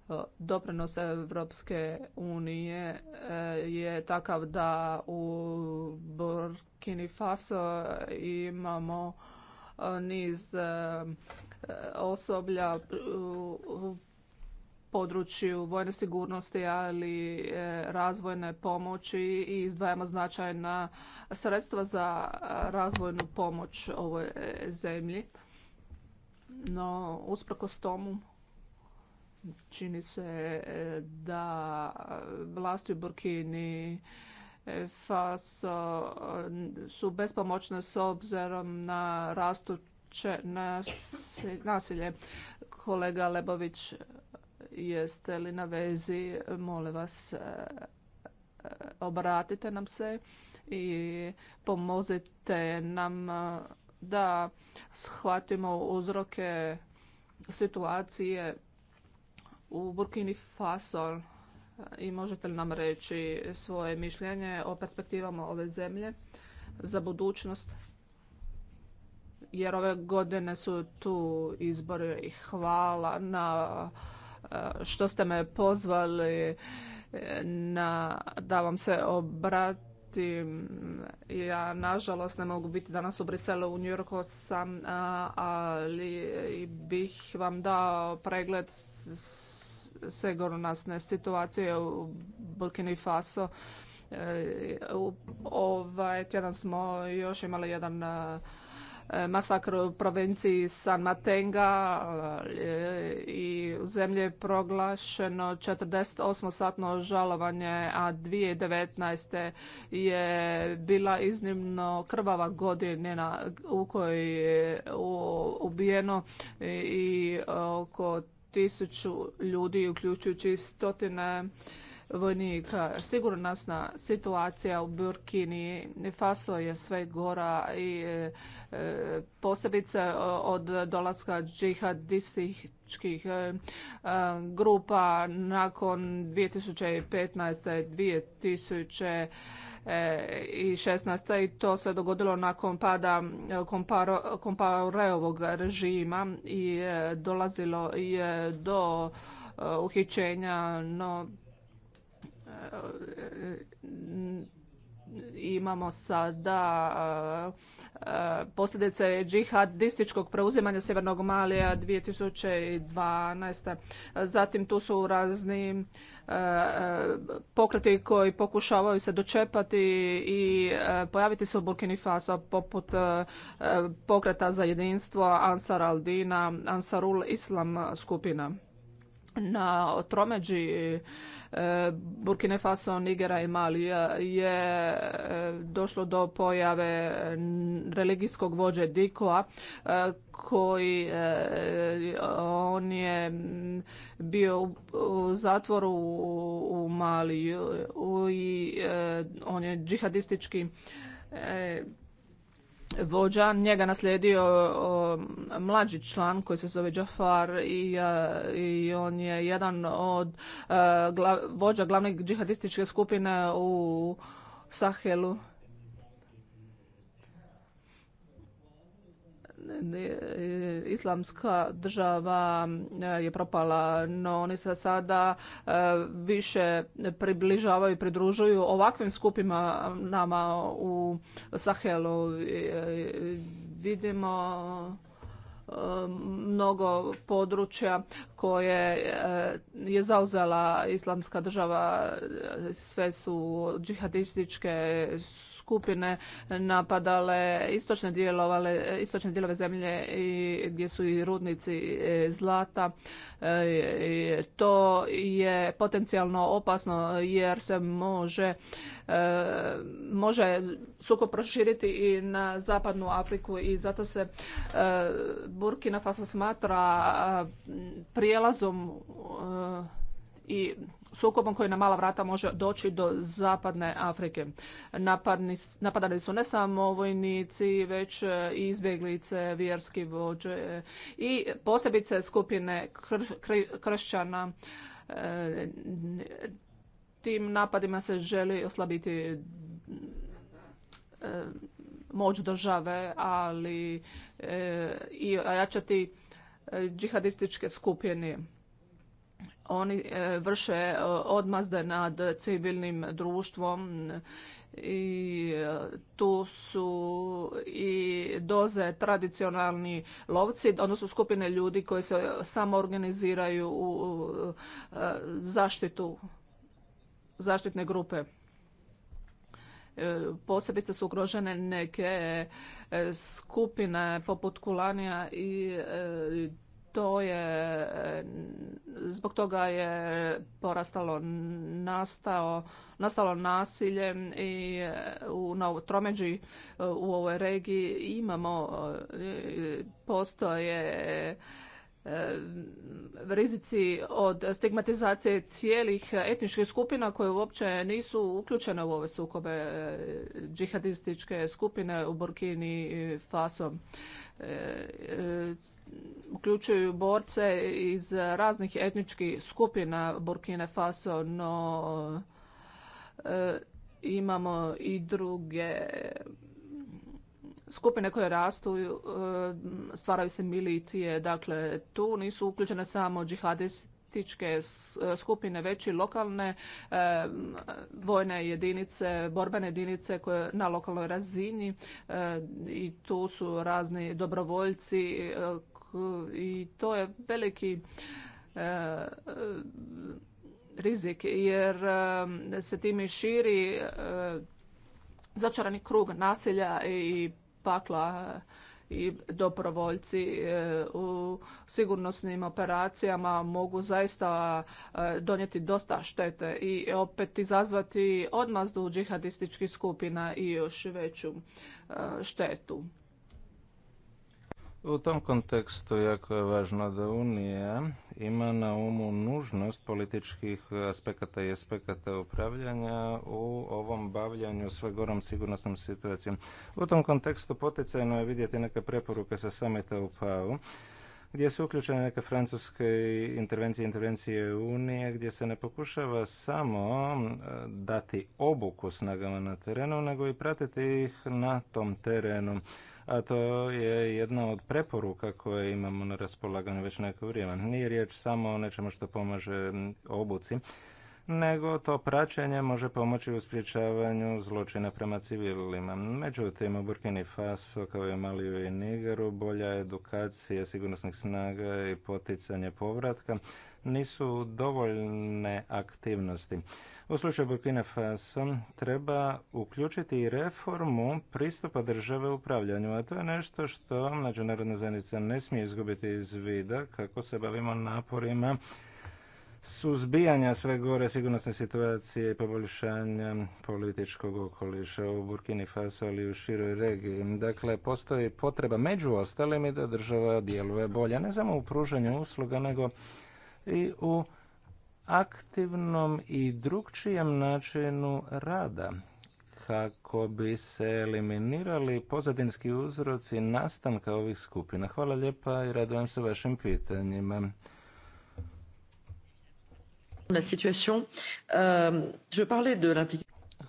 Speaker 3: E, doprinos Evropske unije e, je takav da u Burkini Faso imamo niz osoblja području vojne sigurnosti, ali e, razvojne pomoći i izdvajamo značajna sredstva za e, razvojnu pomoć ovoj e, zemlji. No, usprkos tomu, čini se da vlasti u Burkini Faso su bespomoćne s obzirom na rastuće nasilje. Kolega Lebović jeste li na vezi, molim vas, e, e, obratite nam se i pomozite nam e, da shvatimo uzroke situacije u Burkini Faso i možete li nam reći svoje mišljenje o perspektivama ove zemlje za budućnost? Jer ove godine su tu izbori i hvala na što ste me pozvali e, na, da vam se obratim. Ja, nažalost, ne mogu biti danas u Briselu, u New sam, ali bih vam dao pregled sigurnosne situacije u Burkini Faso. E, ovaj tjedan smo još imali jedan E, masakr u provinciji San Matenga e, i u zemlji je proglašeno 48-satno žalovanje, a 2019. je bila iznimno krvava godina u kojoj je ubijeno i oko tisuću ljudi, uključujući stotine vojnika. Sigurnosna situacija u Burkini Faso je sve gora i e, e, posebice e, od dolaska džihadističkih grupa nakon 2015. 2016. i to se dogodilo nakon pada komparoreovog režima i dolazilo je do uhićenja, no E, e, imamo sada e, posljedice džihadističkog preuzimanja Sjevernog Malija 2012. Zatim tu su razni pokreti koji pokušavaju se dočepati i pojaviti se u Burkini Faso poput pokreta za jedinstvo Ansar Aldina, Ansarul Islam skupina. Na tromeđi Burkine Faso, Nigera i Mali je e, došlo do pojave religijskog vođe Dikoa e, koji e, on je bio u zatvoru u Maliju i on je džihadistički vođa, njega naslijedio o, mlađi član koji se zove Jafar i, i on je jedan od vođa glavne džihadističke skupine u Sahelu islamska država e, je propala, no oni se sada e, više približavaju i pridružuju ovakvim skupima nama u Sahelu. E, vidimo mnogo područja koje je zauzela islamska država, sve su džihadističke skupine napadale istočne dijelove, istočne dijelove zemlje i gdje su i rudnici e, zlata. E, to je potencijalno opasno jer se može e, može suko proširiti i na zapadnu Afriku i zato se Burkina Faso smatra prijelazom i sukobom koji na mala vrata može doći do zapadne Afrike. Napadni, napadali su ne samo vojnici, već e, i izbjeglice, vjerski vođe i posebice skupine kr kršćana. E, tim napadima se želi oslabiti e, moć države, ali i ojačati džihadističke skupine. Oni e, vrše e, odmazde nad civilnim društvom i e, tu su i doze tradicionalni lovci, odnosno skupine ljudi koji se samo organiziraju u zaštitu, zaštitne grupe. Posebice su ugrožene neke skupine poput Kulanija i to je, zbog toga je porastalo nastao, nastalo nasilje i u na tromeđi u ovoj regiji imamo, postoje rizici od stigmatizacije cijelih etničkih skupina koje uopće nisu uključene u ove sukobe e, džihadističke skupine u Burkini Faso e, e, uključuju borce iz raznih etničkih skupina Burkine Faso, no e, imamo i druge skupine koje rastu, e, stvaraju se milicije. Dakle, tu nisu uključene samo džihadističke e, skupine, već i lokalne vojne jedinice, borbene jedinice koje na lokalnoj razini i tu su razni dobrovoljci Uh, i to je veliki uh, rizik jer um, se time širi uh, začarani krug nasilja i pakla i dobrovoljci u sigurnosnim operacijama mogu zaista donijeti dosta štete i opet izazvati odmazdu džihadističkih skupina i još veću štetu.
Speaker 5: U tom kontekstu jako je važno da Unija ima na umu nužnost političkih aspekata i aspekata upravljanja u ovom bavljanju sve gorom sigurnosnom situacijom. U tom kontekstu poticajno je vidjeti neke preporuke sa samita u PAU gdje su uključene neke francuske intervencije, intervencije Unije, gdje se ne pokušava samo e, dati obuku snagama na terenu, nego i pratiti ih na tom terenu a to je jedna od preporuka koje imamo na raspolaganju već neko vrijeme. Nije riječ samo o nečemu što pomaže obuci, nego to praćenje može pomoći u sprječavanju zločina prema civilima. Međutim, u Burkini Faso, kao i Maliju i Nigeru, bolja edukacija sigurnosnih snaga i poticanje povratka nisu dovoljne aktivnosti. U slučaju Burkina Faso treba uključiti i reformu pristupa države upravljanju, a to je nešto što međunarodna zajednica ne smije izgubiti iz vida kako se bavimo naporima suzbijanja sve gore sigurnosne situacije i poboljšanja političkog okoliša u Burkini Faso ali i u široj regiji. Dakle, postoji potreba među ostalim i da država djeluje bolje, ne samo u pružanju usluga, nego i u aktivnom i drugčijem načinu rada kako bi se eliminirali pozadinski uzroci nastanka ovih skupina. Hvala lijepa i radujem se vašim pitanjima. Euh,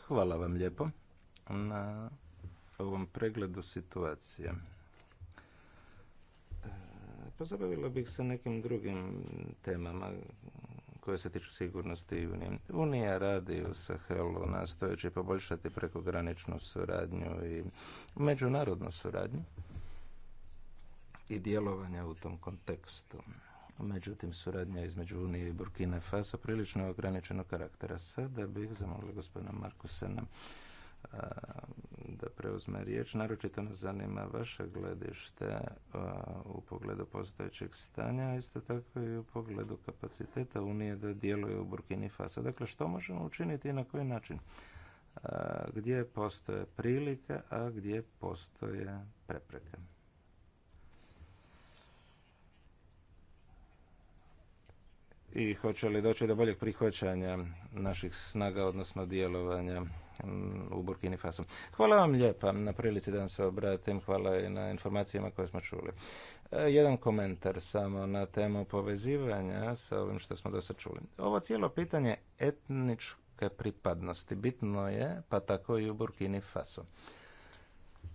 Speaker 5: Hvala vam lijepo na ovom pregledu situacije. Pozabavila bih se nekim drugim temama koje se tiču sigurnosti Unije. Unija radi u Sahelu nastojeći poboljšati prekograničnu suradnju i međunarodnu suradnju i djelovanja u tom kontekstu. Međutim, suradnja između Unije i Burkina Faso prilično je ograničenog karaktera. Sada bih zamolio gospodina Markusa da preuzme riječ. Naročito nas zanima vaše gledište u pogledu postojećeg stanja, a isto tako i u pogledu kapaciteta Unije da djeluje u Burkini Faso. Dakle, što možemo učiniti i na koji način? Gdje postoje prilike, a gdje postoje prepreke? I hoće li doći do boljeg prihvaćanja naših snaga, odnosno djelovanja u Burkini Faso. Hvala vam lijepa na prilici da vam se obratim, hvala i na informacijama koje smo čuli. E, jedan komentar samo na temu povezivanja sa ovim što smo do sad čuli. Ovo cijelo pitanje etničke pripadnosti bitno je, pa tako i u Burkini Faso.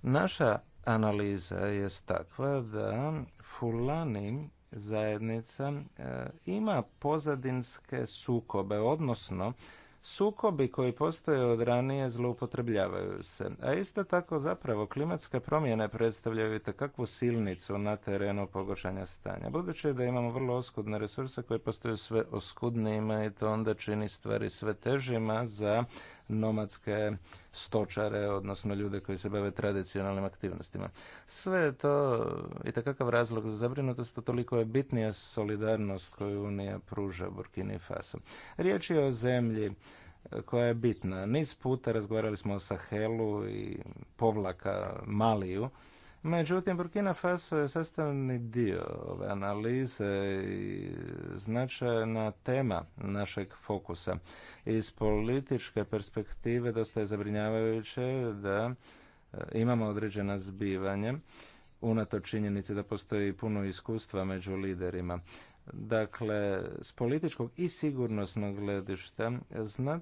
Speaker 5: Naša analiza je takva da fulani zajednica e, ima pozadinske sukobe, odnosno sukobi koji postoje od ranije zloupotrebljavaju se. A isto tako zapravo klimatske promjene predstavljaju itekakvu silnicu na terenu pogoršanja stanja. Budući da imamo vrlo oskudne resurse koje postaju sve oskudnijima i to onda čini stvari sve težima za nomadske stočare, odnosno ljude koji se bave tradicionalnim aktivnostima. Sve je to i takav razlog za zabrinutost, toliko je bitnija solidarnost koju Unija pruža Burkini Faso. Riječ je o zemlji e, koja je bitna. Niz puta razgovarali smo o Sahelu i povlaka Maliju, Međutim, Burkina Faso je sastavni dio ove analize i značajna tema našeg fokusa. Iz političke perspektive dosta je zabrinjavajuće da e, imamo određena zbivanja unato činjenici da postoji puno iskustva među liderima. Dakle, s političkog i sigurnosnog gledišta znat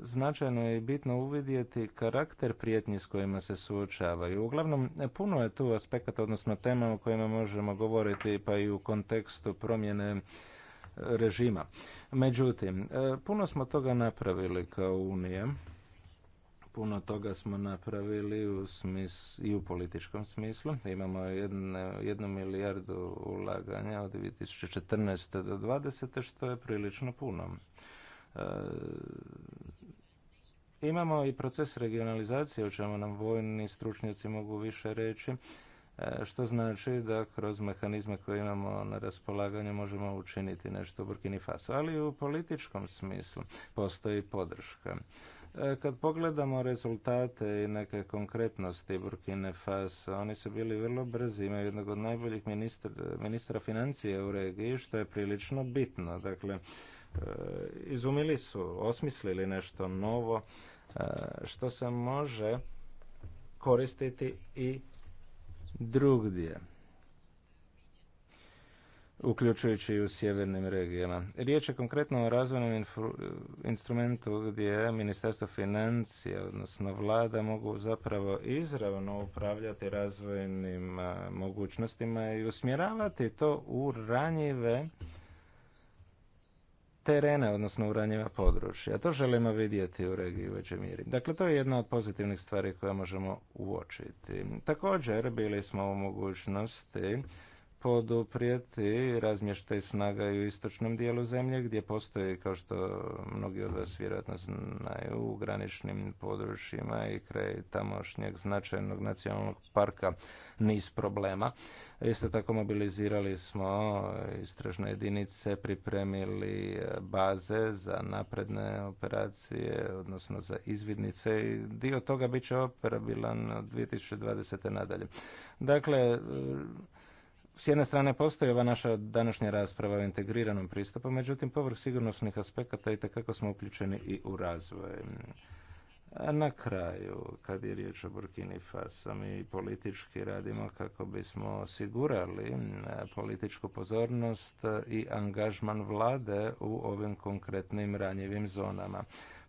Speaker 5: značajno je bitno uvidjeti karakter prijetnji s kojima se suočavaju. Uglavnom, puno je tu aspekata, odnosno tema o kojima možemo govoriti, pa i u kontekstu promjene e, režima. Međutim, e, puno smo toga napravili kao Unija. Puno toga smo napravili u smis, i u političkom smislu. Imamo jednu milijardu ulaganja od 2014. do 2020. što je prilično puno. E, imamo i proces regionalizacije o čemu nam vojni stručnjaci mogu više reći, e, što znači da kroz mehanizme koje imamo na raspolaganju možemo učiniti nešto u Burkini Faso, ali i u političkom smislu postoji podrška. E, kad pogledamo rezultate i neke konkretnosti Burkine Faso, oni su bili vrlo brzi, imaju jednog od najboljih ministra financije u regiji, što je prilično bitno. Dakle, E, izumili su, osmislili nešto novo e, što se može koristiti i drugdje uključujući i u sjevernim regijama. Riječ je konkretno o razvojnom instrumentu gdje Ministarstvo financija, odnosno vlada, mogu zapravo izravno upravljati razvojnim e, mogućnostima i usmjeravati to u ranjive terene, odnosno u ranjiva područja. To želimo vidjeti u regiji u miri. Dakle, to je jedna od pozitivnih stvari koje možemo uočiti. Također, bili smo u mogućnosti poduprijeti razmještaj snaga u istočnom dijelu zemlje gdje postoji, kao što mnogi od vas vjerojatno znaju, u graničnim područjima i kraj tamošnjeg značajnog nacionalnog parka niz problema. Isto tako mobilizirali smo istražne jedinice, pripremili baze za napredne operacije, odnosno za izvidnice i dio toga bit će operabilan od 2020. nadalje. Dakle, s jedne strane postoji ova naša današnja rasprava o integriranom pristupu, međutim povrh sigurnosnih aspekata i takako smo uključeni i u razvoj. na kraju, kad je riječ o Burkini Faso, mi politički radimo kako bismo osigurali političku pozornost i angažman vlade u ovim konkretnim ranjivim zonama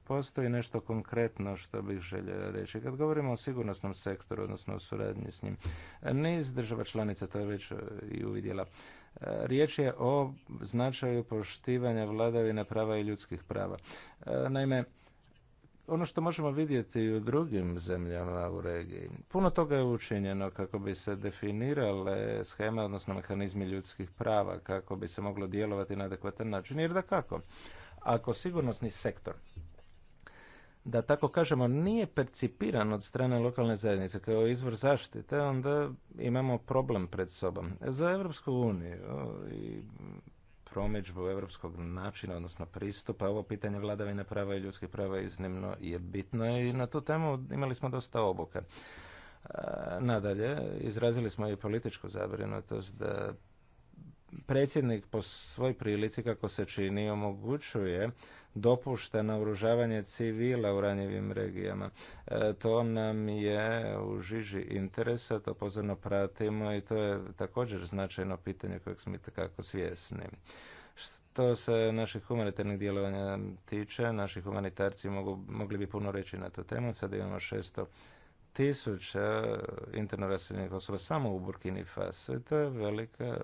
Speaker 5: postoji nešto konkretno što bih željela reći. Kad govorimo o sigurnosnom sektoru, odnosno o suradnji s njim, niz država članica to je već e, i uvidjela. E, riječ je o značaju poštivanja vladavine prava i ljudskih prava. E, naime, ono što možemo vidjeti i u drugim zemljama u regiji, puno toga je učinjeno kako bi se definirale scheme, odnosno mehanizmi ljudskih prava, kako bi se moglo djelovati na adekvatan način, jer da kako, ako sigurnosni sektor da tako kažemo, nije percipiran od strane lokalne zajednice kao izvor zaštite, onda imamo problem pred sobom. Za Europsku uniju i promidžbu europskog načina, odnosno pristupa, ovo pitanje vladavine prava i ljudskih prava je iznimno je bitno i na tu temu imali smo dosta obuka. E, nadalje, izrazili smo i političku zabrinutost da predsjednik po svoj prilici, kako se čini, omogućuje dopušta naoružavanje civila u ranjivim regijama. E, to nam je u žiži interesa, to pozorno pratimo i to je također značajno pitanje kojeg smo itekako svjesni. Što se naših humanitarnih djelovanja tiče, naši humanitarci mogu, mogli bi puno reći na tu temu. Sada imamo 600 tisuća interno osoba samo u Burkini Faso i to je velika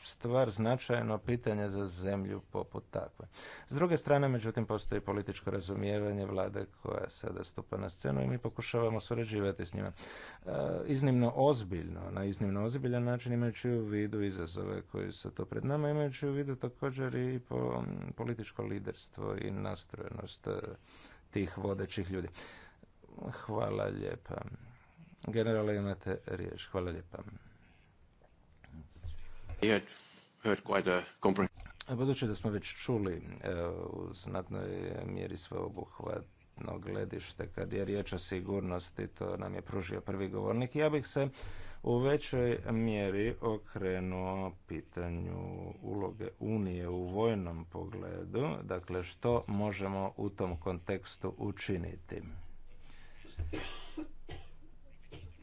Speaker 5: stvar značajno pitanje za zemlju poput takve. S druge strane, međutim, postoji političko razumijevanje vlade koja sada stupa na scenu i mi pokušavamo surađivati s njima. E, iznimno ozbiljno, na iznimno ozbiljan način imajući u vidu izazove koji su to pred nama, imajući u vidu također i političko liderstvo i nastrojenost e, tih vodećih ljudi. Hvala lijepa. Generale, imate riječ. Hvala lijepa. Budući da smo već čuli e, u znatnoj mjeri sveobuhvatno gledište kad je riječ o sigurnosti, to nam je pružio prvi govornik. Ja bih se u većoj mjeri okrenuo pitanju uloge Unije u vojnom pogledu, dakle što možemo u tom kontekstu učiniti.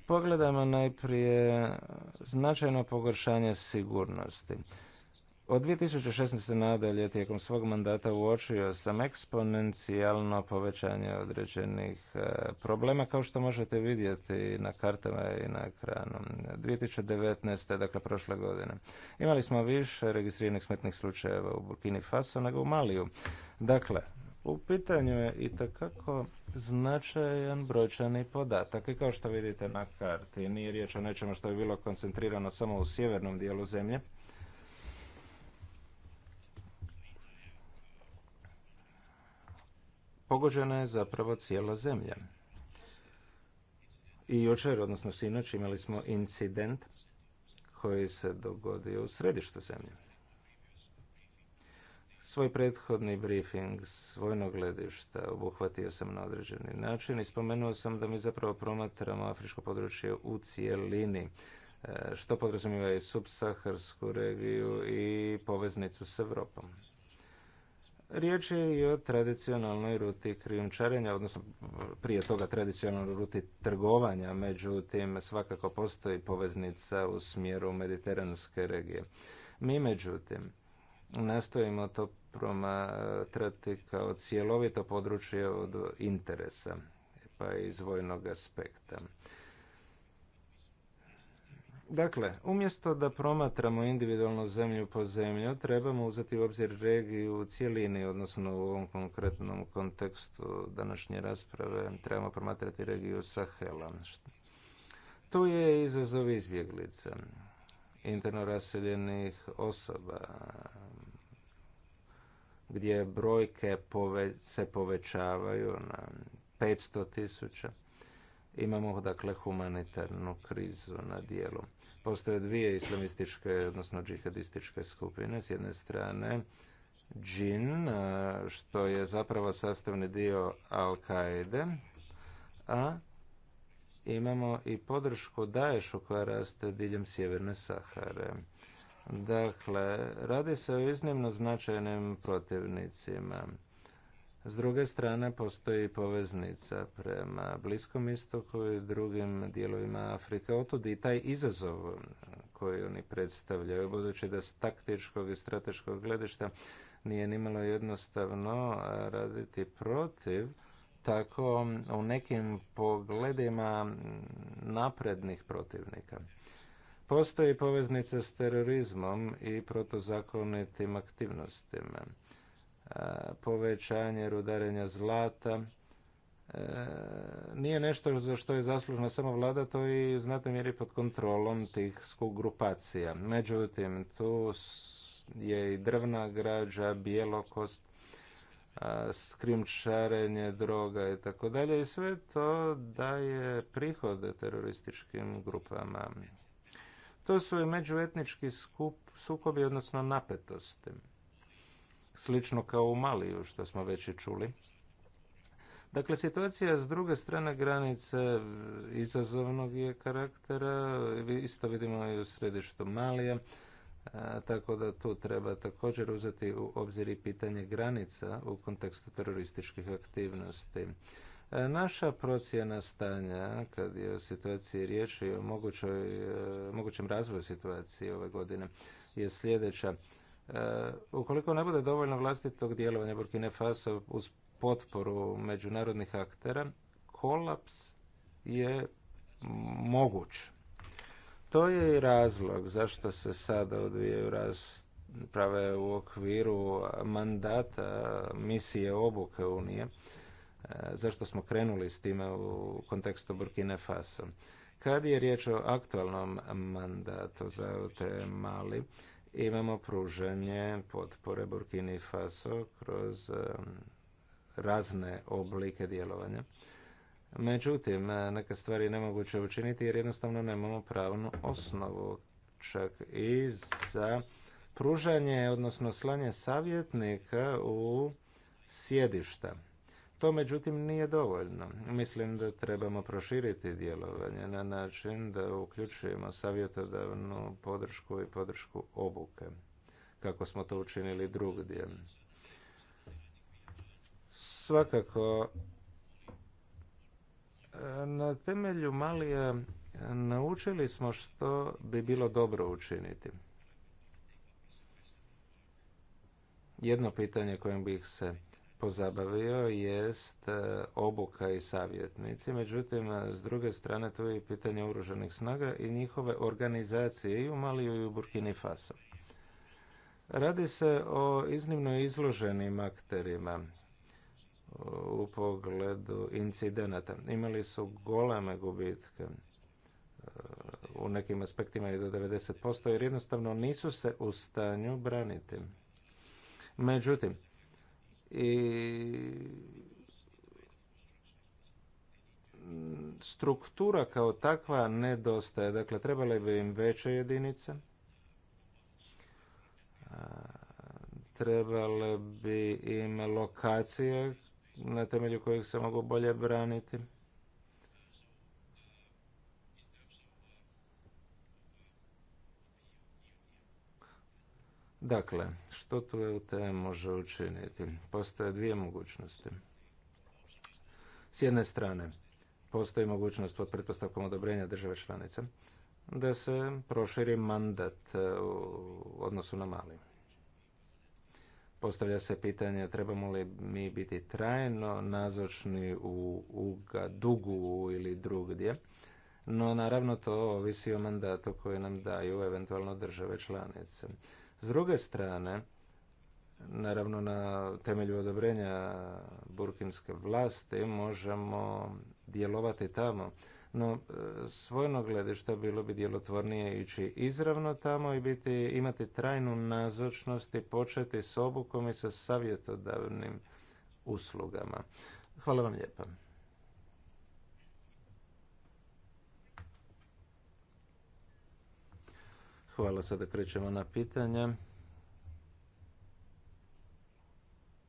Speaker 5: Pogledajmo najprije značajno pogoršanje sigurnosti. Od 2016. nadalje tijekom svog mandata uočio sam eksponencijalno povećanje određenih e, problema kao što možete vidjeti na kartama i na ekranu. 2019. dakle prošle godine imali smo više registriranih smetnih slučajeva u Burkini Faso nego u Maliju. Dakle, u pitanju je i značajan brojčani podatak i kao što vidite na karti nije riječ o nečemu što je bilo koncentrirano samo u sjevernom dijelu zemlje. Pogođena je zapravo cijela zemlja. I jučer, odnosno sinoć, imali smo incident koji se dogodio u središtu zemlje. Svoj prethodni briefing s gledišta obuhvatio sam na određeni način i spomenuo sam da mi zapravo promatramo afričko područje u cijelini, e, što podrazumijeva i subsaharsku regiju i poveznicu s Europom. Riječ je i o tradicionalnoj ruti krijumčarenja, odnosno prije toga tradicionalnoj ruti trgovanja, međutim svakako postoji poveznica u smjeru mediteranske regije. Mi međutim nastojimo to promatrati kao cjelovito područje od interesa, pa iz vojnog aspekta. Dakle, umjesto da promatramo individualnu zemlju po zemlju, trebamo uzeti u obzir regiju u cijelini, odnosno u ovom konkretnom kontekstu današnje rasprave trebamo promatrati regiju Sahela. Tu je izazov izbjeglica, interno raseljenih osoba, gdje brojke se povećavaju na 500 tisuća. Imamo dakle humanitarnu krizu na dijelu. Postoje dvije islamističke, odnosno džihadističke skupine. S jedne strane džin, što je zapravo sastavni dio al kaide a imamo i podršku Daješu koja raste diljem Sjeverne Sahare. Dakle, radi se o iznimno značajnim protivnicima. S druge strane postoji poveznica prema Bliskom istoku i drugim dijelovima Afrike. Otud i taj izazov koji oni predstavljaju, budući da s taktičkog i strateškog gledišta nije nimalo jednostavno raditi protiv tako u nekim pogledima naprednih protivnika. Postoji poveznica s terorizmom i protuzakonitim aktivnostima. E, povećanje rudarenja zlata e, nije nešto za što je zaslužna samo vlada, to i u znatnoj mjeri pod kontrolom tih grupacija. Međutim, tu je i drvna građa, bijelokost, e, skrimčarenje droga i tako dalje i sve to daje prihode terorističkim grupama to su i međuetnički skup, sukobi, odnosno napetosti. Slično kao u Maliju, što smo već i čuli. Dakle, situacija s druge strane granice izazovnog je karaktera, isto vidimo i u središtu Malije, e, tako da tu treba također uzeti u obzir i pitanje granica u kontekstu terorističkih aktivnosti. E, naša procjena stanja, kad je o situaciji riječ i o e, mogućem razvoju situacije ove godine, je sljedeća. E, ukoliko ne bude dovoljno vlastitog djelovanja Burkine Faso uz potporu međunarodnih aktera, kolaps je moguć. To je i razlog zašto se sada odvijaju rasprave u okviru mandata misije obuke Unije E, zašto smo krenuli s time u kontekstu Burkine Faso. Kad je riječ o aktualnom mandatu za te mali, imamo pruženje potpore Burkini Faso kroz e, razne oblike djelovanja. Međutim, e, neke stvari nemoguće učiniti jer jednostavno nemamo pravnu osnovu čak i za pružanje, odnosno slanje savjetnika u sjedišta to međutim nije dovoljno. Mislim da trebamo proširiti djelovanje na način da uključujemo savjetodavnu podršku i podršku obuke, kako smo to učinili drugdje. Svakako, na temelju Malija naučili smo što bi bilo dobro učiniti. Jedno pitanje kojem bih se pozabavio jest e, obuka i savjetnici. Međutim, e, s druge strane tu je i pitanje oružanih snaga i njihove organizacije i u Maliju i u Burkini Faso. Radi se o iznimno izloženim akterima e, u pogledu incidenata. Imali su goleme gubitke u nekim aspektima i do 90% jer jednostavno nisu se u stanju braniti. Međutim, i struktura kao takva nedostaje. Dakle, trebale bi im veće jedinice, trebale bi im lokacije na temelju kojih se mogu bolje braniti. Dakle, što tu EUT može učiniti? Postoje dvije mogućnosti. S jedne strane, postoji mogućnost pod pretpostavkom odobrenja države članice da se proširi mandat e, u odnosu na mali. Postavlja se pitanje trebamo li mi biti trajno nazočni u Uga, Dugu ili drugdje. No naravno to ovisi o mandatu koji nam daju eventualno države članice. S druge strane, naravno na temelju odobrenja burkinske vlasti možemo djelovati tamo. No, e, svojno što bilo bi djelotvornije ići izravno tamo i biti, imati trajnu nazočnost i početi s obukom i sa savjetodavnim uslugama. Hvala vam lijepa. Hvala, sada krećemo na pitanja.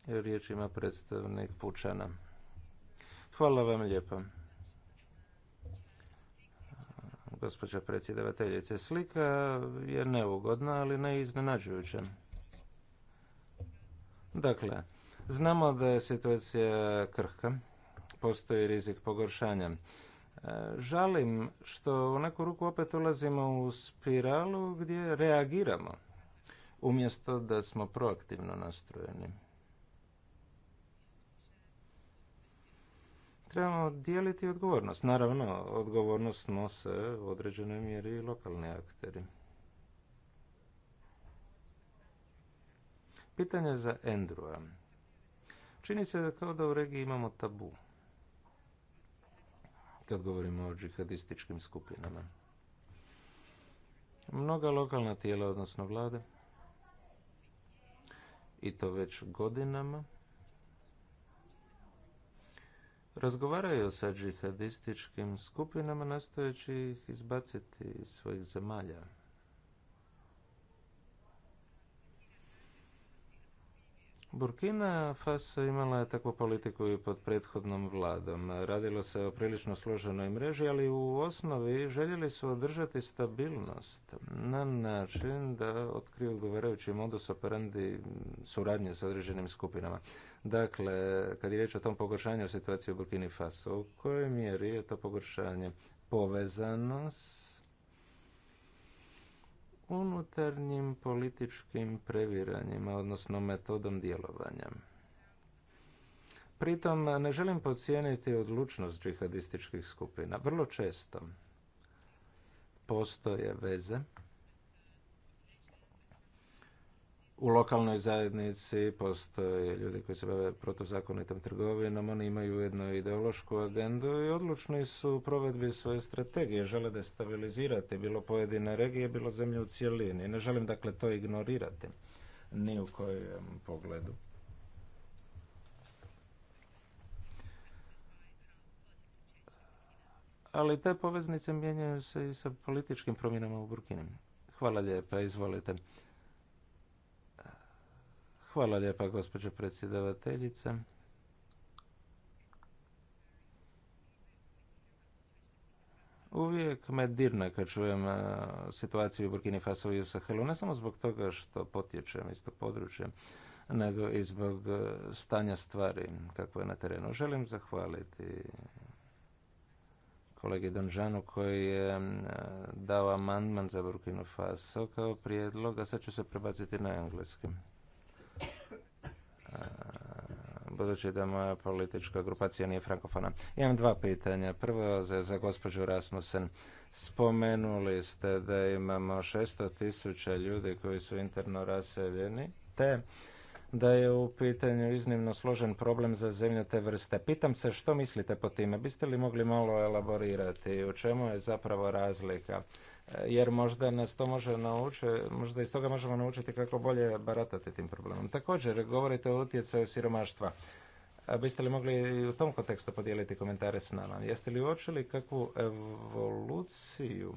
Speaker 5: Riječ ima predstavnik Pučana. Hvala vam lijepa. Gospođa predsjedavateljice, slika je neugodna, ali ne iznenađujuća. Dakle, znamo da je situacija krhka, postoji rizik pogoršanja. E, žalim što u neku ruku opet ulazimo u spiralu gdje reagiramo umjesto da smo proaktivno nastrojeni. Trebamo dijeliti odgovornost. Naravno, odgovornost nose u određenoj mjeri i lokalni akteri. Pitanje za Endrua. Čini se kao da u regiji imamo tabu kad govorimo o džihadističkim skupinama. Mnoga lokalna tijela, odnosno vlade, i to već godinama, razgovaraju sa džihadističkim skupinama nastojeći ih izbaciti iz svojih zemalja. Burkina Faso imala je takvu politiku i pod prethodnom vladom. Radilo se o prilično složenoj mreži, ali u osnovi željeli su održati stabilnost na način da otkriju odgovarajući modus operandi suradnje sa određenim skupinama. Dakle, kad je riječ o tom pogoršanju situacije u Burkini Faso, u kojoj mjeri je to pogoršanje povezano s unutarnjim političkim previranjima, odnosno metodom djelovanja. Pritom ne želim podcijeniti odlučnost džihadističkih skupina. Vrlo često postoje veze u lokalnoj zajednici postoje ljudi koji se bave protuzakonitom trgovinom, oni imaju jednu ideološku agendu i odlučni su u provedbi svoje strategije, žele destabilizirati bilo pojedine regije, bilo zemlje u cjelini. Ne želim dakle to ignorirati, ni u kojem pogledu. Ali te poveznice mijenjaju se i sa političkim promjenama u Burkini. Hvala lijepa, izvolite. Hvala lijepa, gospođo predsjedavateljice. Uvijek me dirne kad čujem e, situaciju u Burkini Faso i u Sahelu, ne samo zbog toga što potječem iz tog područja, nego i zbog e, stanja stvari kako je na terenu. Želim zahvaliti kolegi Donžanu koji je e, dao amandman za Burkinu Faso kao prijedlog, a sad ću se prebaciti na engleski budući da moja politička grupacija nije frankofona. Imam dva pitanja. Prvo za, za gospođu Rasmussen. Spomenuli ste da imamo 600 tisuća ljudi koji su interno raseljeni, te da je u pitanju iznimno složen problem za zemlje te vrste. Pitam se što mislite po time? Biste li mogli malo elaborirati? U čemu je zapravo razlika? Jer možda nas to može naučiti, možda iz toga možemo naučiti kako bolje baratati tim problemom. Također, govorite o utjecaju siromaštva. Biste li mogli u tom kontekstu podijeliti komentare s nama? Jeste li uočili kakvu evoluciju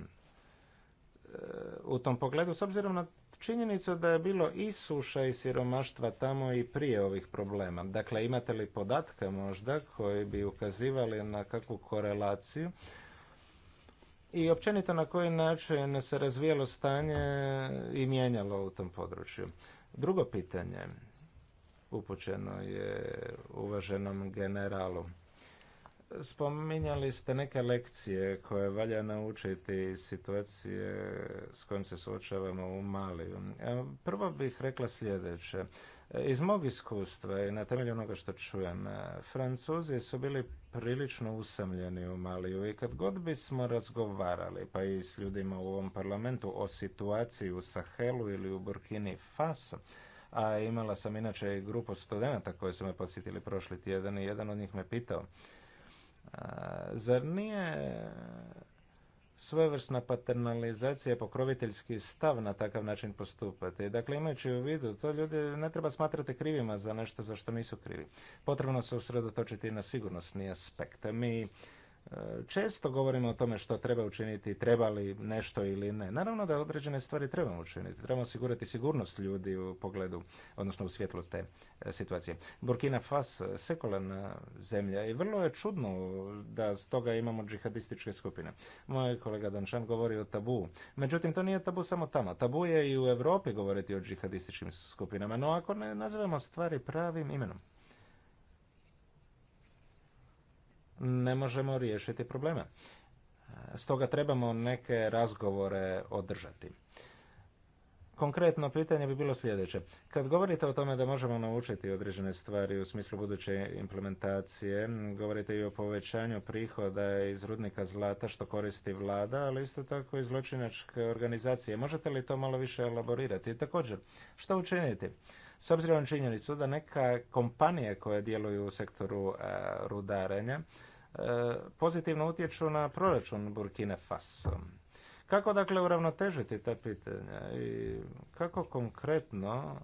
Speaker 5: u tom pogledu s obzirom na činjenicu da je bilo i suša i siromaštva tamo i prije ovih problema. Dakle, imate li podatke možda koji bi ukazivali na kakvu korelaciju i općenito na koji način se razvijalo stanje i mijenjalo u tom području. Drugo pitanje upućeno je uvaženom generalu. Spominjali ste neke lekcije koje valja naučiti iz situacije s kojom se suočavamo u Maliju. Prvo bih rekla sljedeće. Iz mog iskustva i na temelju onoga što čujem, Francuzi su bili prilično usamljeni u Maliju i kad god bismo razgovarali, pa i s ljudima u ovom parlamentu, o situaciji u Sahelu ili u Burkini Faso, a imala sam inače i grupu studenta koji su me posjetili prošli tjedan i jedan od njih me pitao Zar nije svojevrsna paternalizacija pokroviteljski stav na takav način postupati. Dakle, imajući u vidu, to ljudi ne treba smatrati krivima za nešto za što nisu krivi. Potrebno se usredotočiti na sigurnosni aspekt. Mi Često govorimo o tome što treba učiniti, treba li nešto ili ne. Naravno da određene stvari trebamo učiniti. Trebamo osigurati sigurnost ljudi u pogledu, odnosno u svjetlu te e, situacije. Burkina Fas, e, sekularna zemlja i vrlo je čudno da stoga imamo džihadističke skupine. Moj kolega Danšan govori o tabu. Međutim, to nije tabu samo tamo. Tabu je i u Europi govoriti o džihadističkim skupinama. No ako ne nazivamo stvari pravim imenom. ne možemo riješiti probleme. Stoga trebamo neke razgovore održati. Konkretno pitanje bi bilo sljedeće. Kad govorite o tome da možemo naučiti određene stvari u smislu buduće implementacije, govorite i o povećanju prihoda iz rudnika zlata što koristi vlada, ali isto tako i zločinačke organizacije. Možete li to malo više elaborirati? također, što učiniti? S obzirom činjenicu da neka kompanije koje djeluju u sektoru e, rudarenja pozitivno utječu na proračun Burkine Faso. Kako dakle uravnotežiti ta pitanja i kako konkretno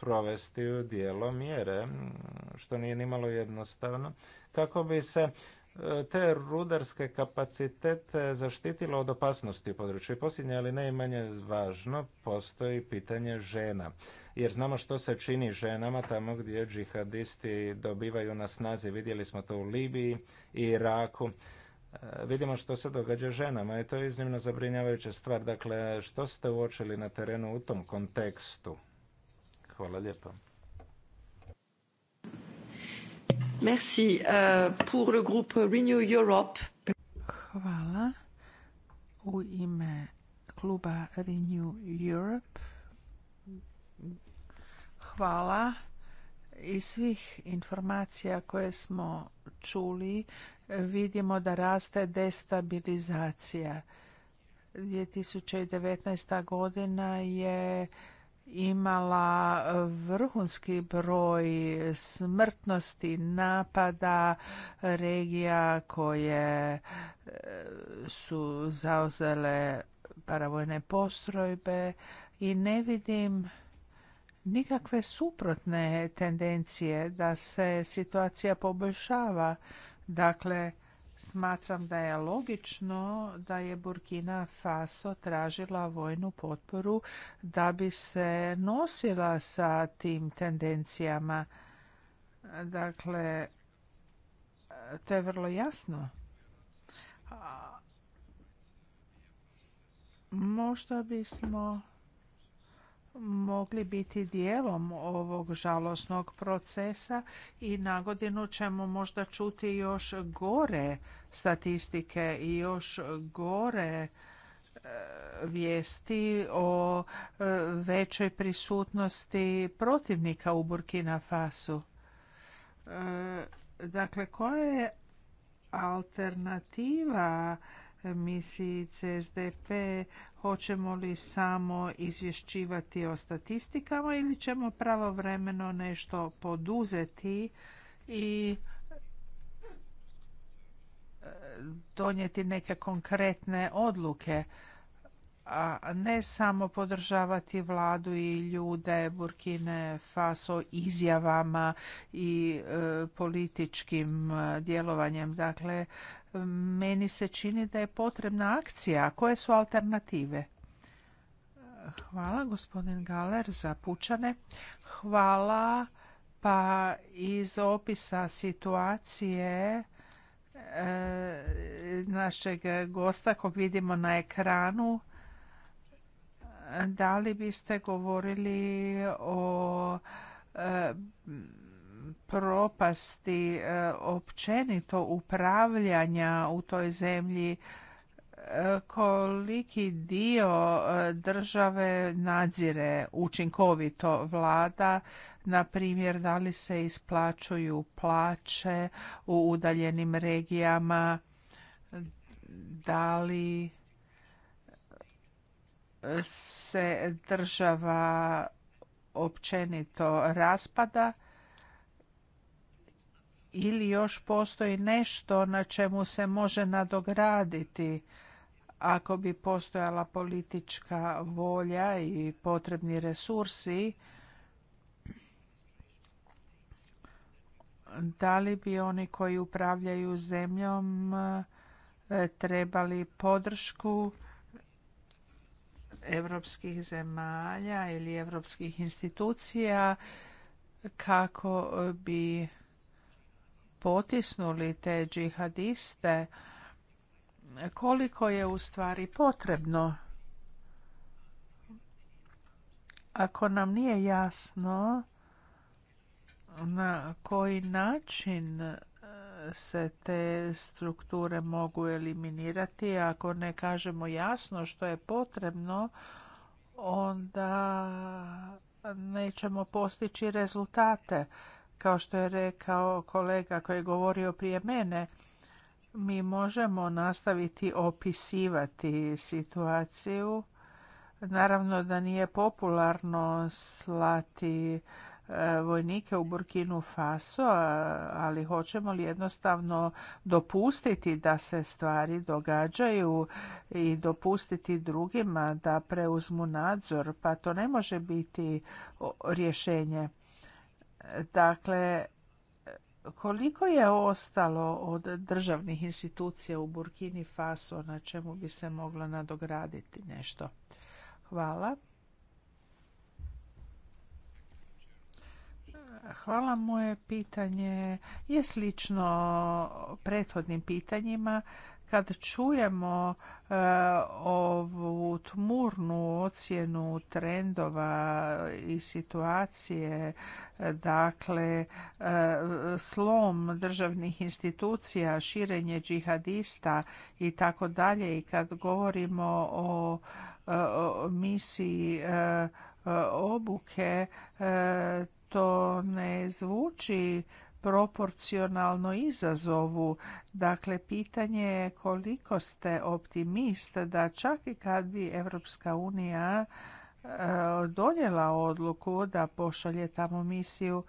Speaker 5: provesti u dijelo mjere, što nije nimalo jednostavno, kako bi se e, te rudarske kapacitete zaštitilo od opasnosti u području. I posljednje, ali ne i manje važno, postoji pitanje žena jer znamo što se čini ženama tamo gdje džihadisti dobivaju na snazi. Vidjeli smo to u Libiji i Iraku. E, vidimo što se događa ženama i to je iznimno zabrinjavajuća stvar. Dakle, što ste uočili na terenu u tom kontekstu? Hvala lijepo.
Speaker 1: Merci. Uh, pour le groupe Renew Europe.
Speaker 2: Hvala. U ime kluba Renew Europe hvala iz svih informacija koje smo čuli vidimo da raste destabilizacija. 2019. godina je imala vrhunski broj smrtnosti napada regija koje e, su zauzele paravojne postrojbe i ne vidim nikakve suprotne tendencije da se situacija poboljšava. Dakle, smatram da je logično da je Burkina Faso tražila vojnu potporu da bi se nosila sa tim tendencijama. Dakle, to je vrlo jasno. Možda bismo mogli biti dijelom ovog žalosnog procesa i na godinu ćemo možda čuti još gore statistike i još gore e, vijesti o e, većoj prisutnosti protivnika u Burkina Fasu. E, dakle, koja je alternativa misiji CSDP Hoćemo li samo izvješćivati o statistikama ili ćemo pravovremeno nešto poduzeti i e, donijeti neke konkretne odluke, a ne samo podržavati vladu i ljude Burkine Faso izjavama i e, političkim e, djelovanjem. Dakle, meni se čini da je potrebna akcija. Koje su alternative? Hvala, gospodin Galer, za pučane. Hvala, pa iz opisa situacije eh, našeg gosta kog vidimo na ekranu. Da li biste govorili o eh, propasti e, općenito upravljanja u toj zemlji e, koliki dio e, države nadzire učinkovito vlada, na primjer da li se isplaćuju plaće u udaljenim regijama, da li se država općenito raspada ili još postoji nešto na čemu se može nadograditi ako bi postojala politička volja i potrebni resursi da li bi oni koji upravljaju zemljom e, trebali podršku europskih zemalja ili europskih institucija kako bi potisnuli te džihadiste, koliko je u stvari potrebno. Ako nam nije jasno na koji način e, se te strukture mogu eliminirati, ako ne kažemo jasno što je potrebno, onda nećemo postići rezultate. Kao što je rekao kolega koji je govorio prije mene, mi možemo nastaviti opisivati situaciju. Naravno da nije popularno slati e, vojnike u Burkinu Faso, ali hoćemo li jednostavno dopustiti da se stvari događaju i dopustiti drugima da preuzmu nadzor, pa to ne može biti rješenje. Dakle, koliko je ostalo od državnih institucija u Burkini Faso na čemu bi se moglo nadograditi nešto? Hvala. Hvala. Moje pitanje je slično prethodnim pitanjima. Kad čujemo e, ovu tmurnu ocjenu trendova i situacije, dakle e, slom državnih institucija, širenje džihadista i tako dalje i kad govorimo o, e, o misiji obuke, to ne zvuči proporcionalno izazovu. Dakle, pitanje je koliko ste optimist da čak i kad bi Europska unija e, donijela odluku da pošalje tamo misiju,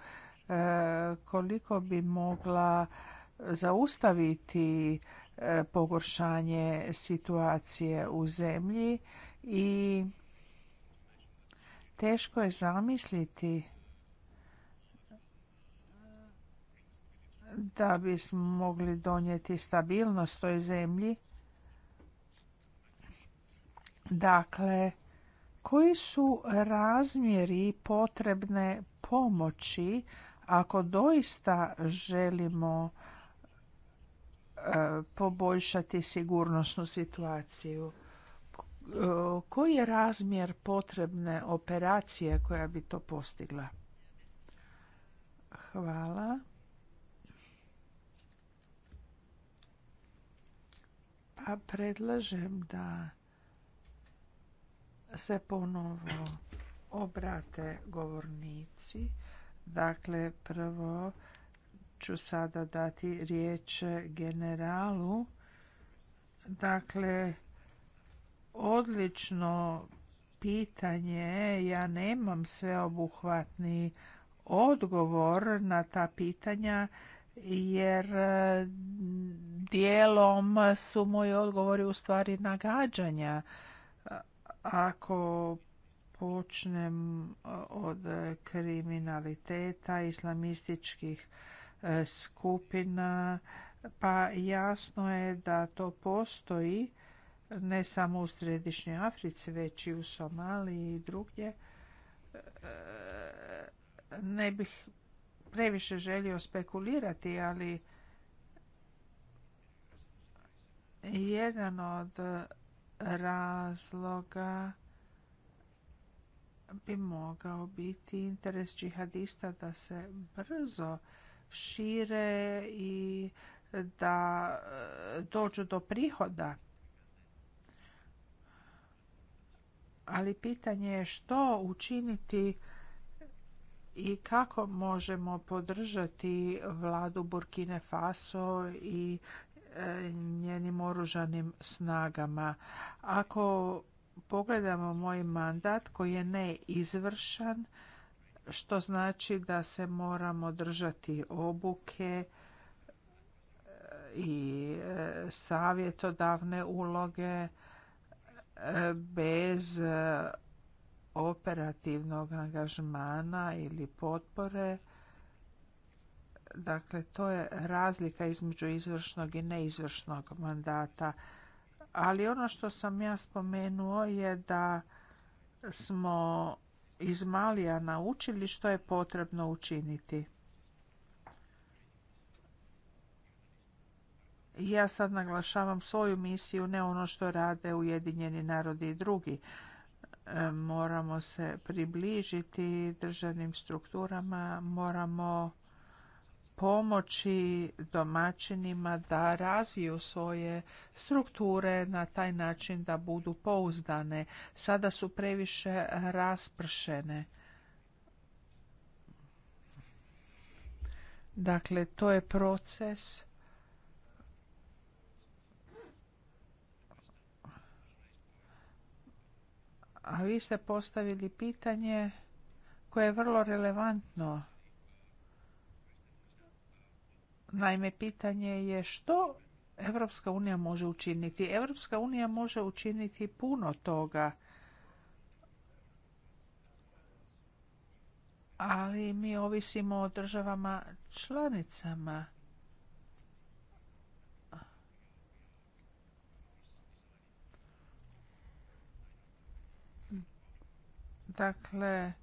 Speaker 2: e, koliko bi mogla zaustaviti e, pogoršanje situacije u zemlji i teško je zamisliti da bismo mogli donijeti stabilnost toj zemlji. Dakle, koji su razmjeri potrebne pomoći ako doista želimo e, poboljšati sigurnosnu situaciju? Koji je razmjer potrebne operacije koja bi to postigla? Hvala. A predlažem da se ponovo obrate govornici. Dakle, prvo ću sada dati riječ generalu. Dakle, odlično pitanje. Ja nemam sveobuhvatni odgovor na ta pitanja jer e, dijelom su moji odgovori u stvari nagađanja. Ako počnem e, od kriminaliteta, islamističkih e, skupina, pa jasno je da to postoji ne samo u Središnjoj Africi, već i u Somaliji i drugdje. Ne bih previše želio spekulirati, ali jedan od razloga bi mogao biti interes džihadista da se brzo šire i da e, dođu do prihoda. Ali pitanje je što učiniti i kako možemo podržati vladu Burkine Faso i e, njenim oružanim snagama. Ako pogledamo moj mandat koji je neizvršan, što znači da se moramo držati obuke e, i e, savjetodavne uloge bez operativnog angažmana ili potpore. Dakle, to je razlika između izvršnog i neizvršnog mandata. Ali ono što sam ja spomenuo je da smo iz Malija naučili što je potrebno učiniti. Ja sad naglašavam svoju misiju, ne ono što rade Ujedinjeni narodi i drugi moramo se približiti državnim strukturama, moramo pomoći domaćinima da razviju svoje strukture na taj način da budu pouzdane. Sada su previše raspršene. Dakle, to je proces A vi ste postavili pitanje koje je vrlo relevantno. Naime, pitanje je što Evropska unija može učiniti. Evropska unija može učiniti puno toga. Ali mi ovisimo o državama članicama. Dakle,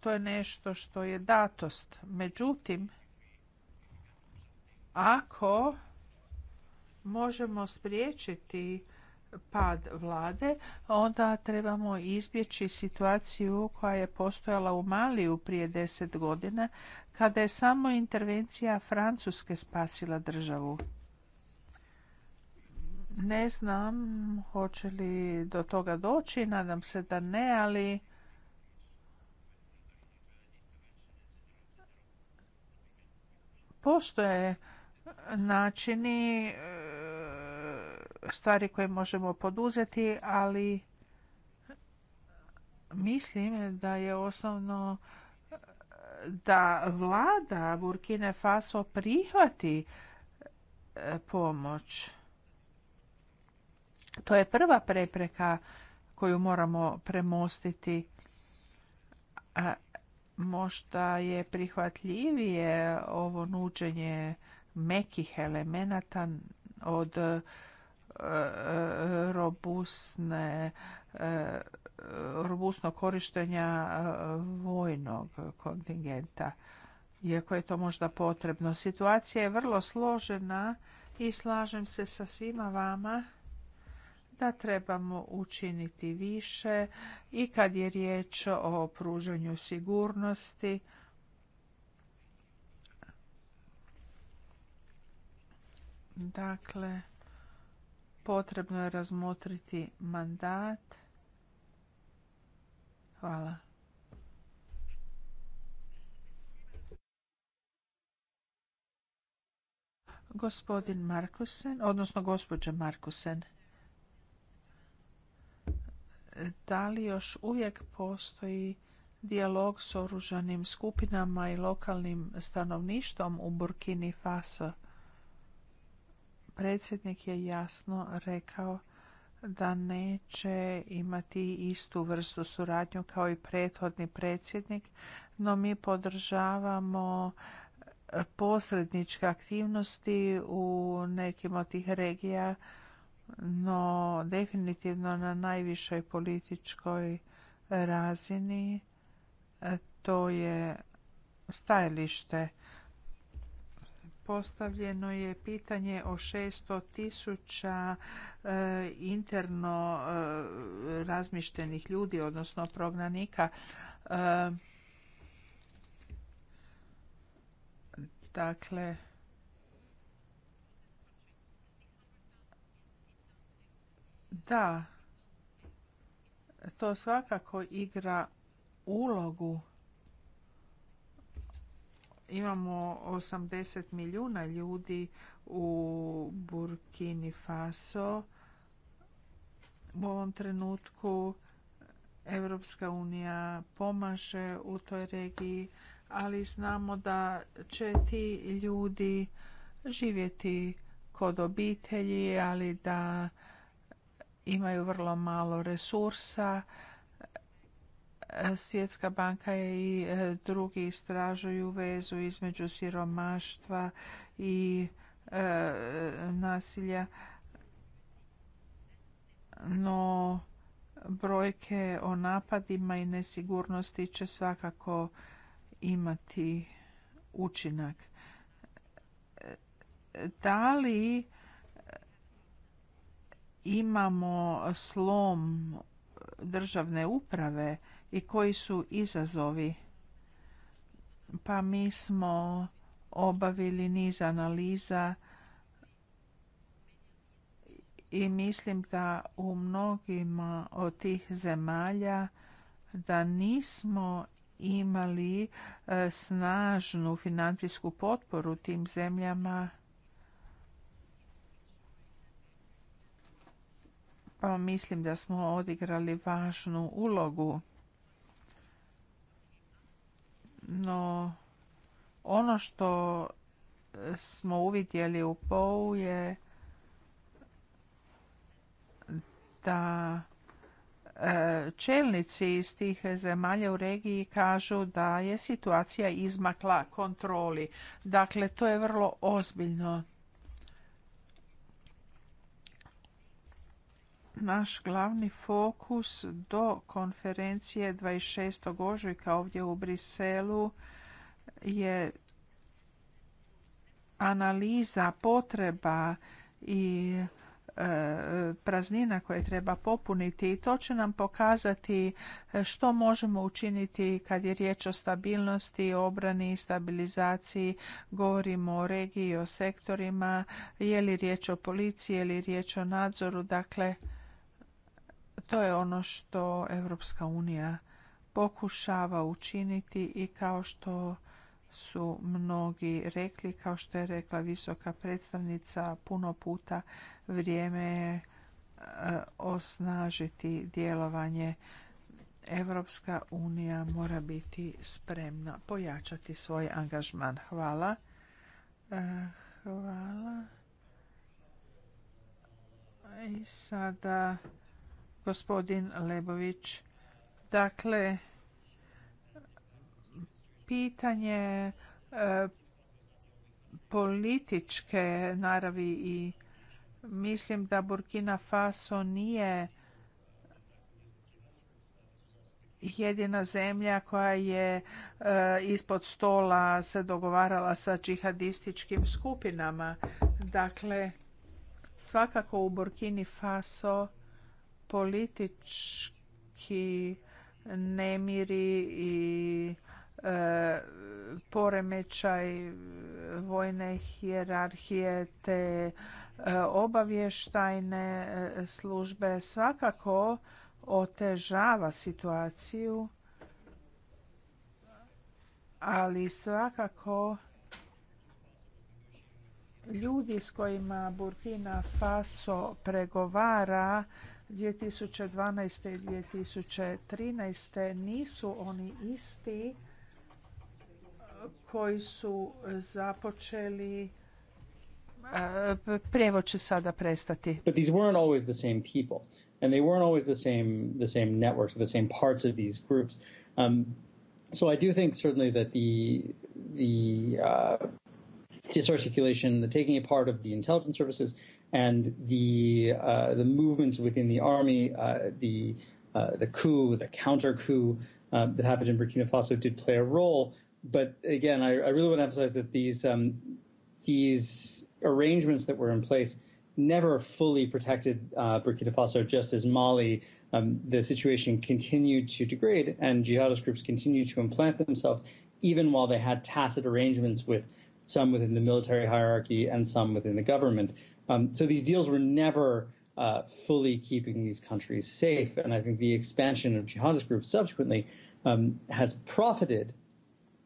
Speaker 2: to je nešto što je datost. Međutim, ako možemo spriječiti pad vlade, onda trebamo izbjeći situaciju koja je postojala u Maliju prije deset godina, kada je samo intervencija Francuske spasila državu. Ne znam hoće li do toga doći, nadam se da ne, ali postoje načini e, stvari koje možemo poduzeti, ali mislim da je osnovno e, da vlada Burkine Faso prihvati e, pomoć. To je prva prepreka koju moramo premostiti. A možda je prihvatljivije ovo nuđenje mekih elemenata od e, robustne e, robustnog korištenja e, vojnog kontingenta. Iako je to možda potrebno. Situacija je vrlo složena i slažem se sa svima vama da trebamo učiniti više i kad je riječ o pružanju sigurnosti. Dakle, potrebno je razmotriti mandat. Hvala. Gospodin Markusen, odnosno gospođa Markusen da li još uvijek postoji dijalog s oružanim skupinama i lokalnim stanovništvom u Burkini Faso. Predsjednik je jasno rekao da neće imati istu vrstu suradnju kao i prethodni predsjednik, no mi podržavamo posredničke aktivnosti u nekim od tih regija no definitivno na najvišoj političkoj razini e, to je stajalište. Postavljeno je pitanje o 600 tisuća e, interno e, razmištenih ljudi, odnosno prognanika. Dakle, Da, to svakako igra ulogu. Imamo 80 milijuna ljudi u Burkini Faso. U ovom trenutku Europska unija pomaže u toj regiji, ali znamo da će ti ljudi živjeti kod obitelji, ali da imaju vrlo malo resursa. Svjetska banka i e, drugi istražuju vezu između siromaštva i e, nasilja. No, brojke o napadima i nesigurnosti će svakako imati učinak. E, da li imamo slom državne uprave i koji su izazovi. Pa mi smo obavili niz analiza i mislim da u mnogima od tih zemalja da nismo imali e, snažnu financijsku potporu tim zemljama Pa mislim da smo odigrali važnu ulogu. No, ono što smo uvidjeli u POU je da e, čelnici iz tih zemalja u regiji kažu da je situacija izmakla kontroli. Dakle, to je vrlo ozbiljno. naš glavni fokus do konferencije 26. ožujka ovdje u Briselu je analiza potreba i e, praznina koje treba popuniti i to će nam pokazati e, što možemo učiniti kad je riječ o stabilnosti, obrani i stabilizaciji. Govorimo o regiji, o sektorima, je li riječ o policiji, je li riječ o nadzoru. Dakle, to je ono što Europska unija pokušava učiniti i kao što su mnogi rekli, kao što je rekla visoka predstavnica puno puta, vrijeme je e, osnažiti djelovanje. Europska unija mora biti spremna pojačati svoj angažman. Hvala. E, hvala. I sada gospodin Lebović. Dakle, pitanje e, političke naravi i mislim da Burkina Faso nije jedina zemlja koja je e, ispod stola se dogovarala sa džihadističkim skupinama. Dakle, svakako u Burkini Faso politički nemiri i e, poremećaj vojne hijerarhije te e, obavještajne e, službe svakako otežava situaciju ali svakako ljudi s kojima Burkina Faso pregovara 2012. i 2013. nisu oni isti e, koji su započeli e, prijevod će sada prestati.
Speaker 4: But these weren't always the same people and they weren't always the same the same networks or the same parts of these groups. Um, so I do think certainly that the the uh, disarticulation, the taking a part of the intelligence services and the uh, the movements within the army, uh, the uh, the coup, the counter coup uh that happened in Burkina Faso did play a role. But again, I, I really want to emphasize that these um, these arrangements that were in place never fully protected uh Burkina Faso, just as Mali. Um, the situation continued to degrade, and jihadist groups continued to implant themselves, even while they had tacit arrangements with some within the military hierarchy and some within the government. Um, so these deals were never uh, fully keeping these countries safe. And I think the expansion of jihadist groups subsequently um, has profited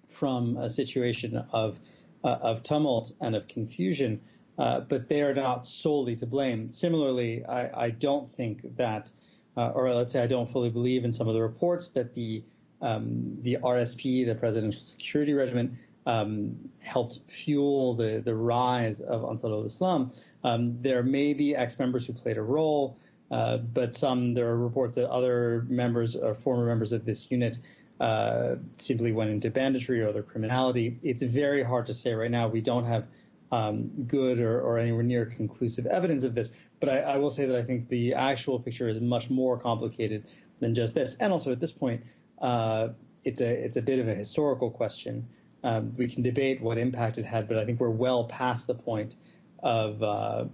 Speaker 4: from a situation of uh, of tumult and of confusion, uh, but they are not solely to blame. Similarly, I, I don't think that, uh, or let's say, I don't fully believe in some of the reports that the um, the RSP, the Presidential Security Regiment, um, helped fuel the, the rise of al Islam. Um, there may be ex-members who played a role, uh, but some there are reports that other members or uh, former members of this unit uh, simply went into banditry or other criminality. It's very hard to say right now. We don't have um, good or, or, anywhere near conclusive evidence of this. But I, I, will say that I think the actual picture is much more complicated than just this. And also at this point, uh, it's a it's a bit of a historical question. Um, we can debate what impact it had, but I think we're well past the point of uh,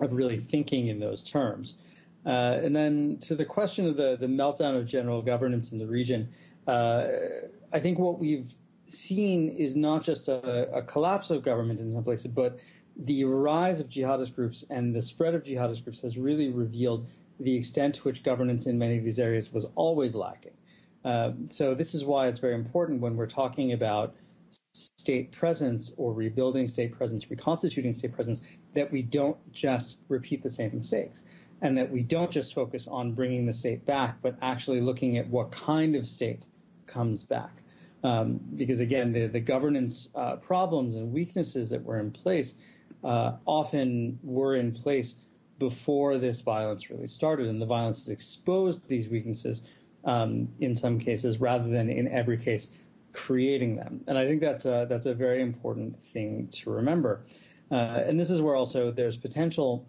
Speaker 4: of really thinking in those terms. Uh, and then to the question of the the meltdown of general governance in the region, uh, I think what we've seen is not just a, a collapse of government in some places, but the rise of jihadist groups and the spread of jihadist groups has really revealed the extent to which governance in many of these areas was always lacking. Uh, so this is why it's very important when we're talking about state presence or rebuilding state presence, reconstituting state presence, that we don't just repeat the same mistakes and that we don't just focus on bringing the state back, but actually looking at what kind of state comes back. Um, because again, the, the governance uh, problems and weaknesses that were in place uh, often were in place before this violence really started, and the violence has exposed these weaknesses um, in some cases rather than in every case creating them. And I think that's a, that's a very important thing to remember. Uh, and this is where also there's potential,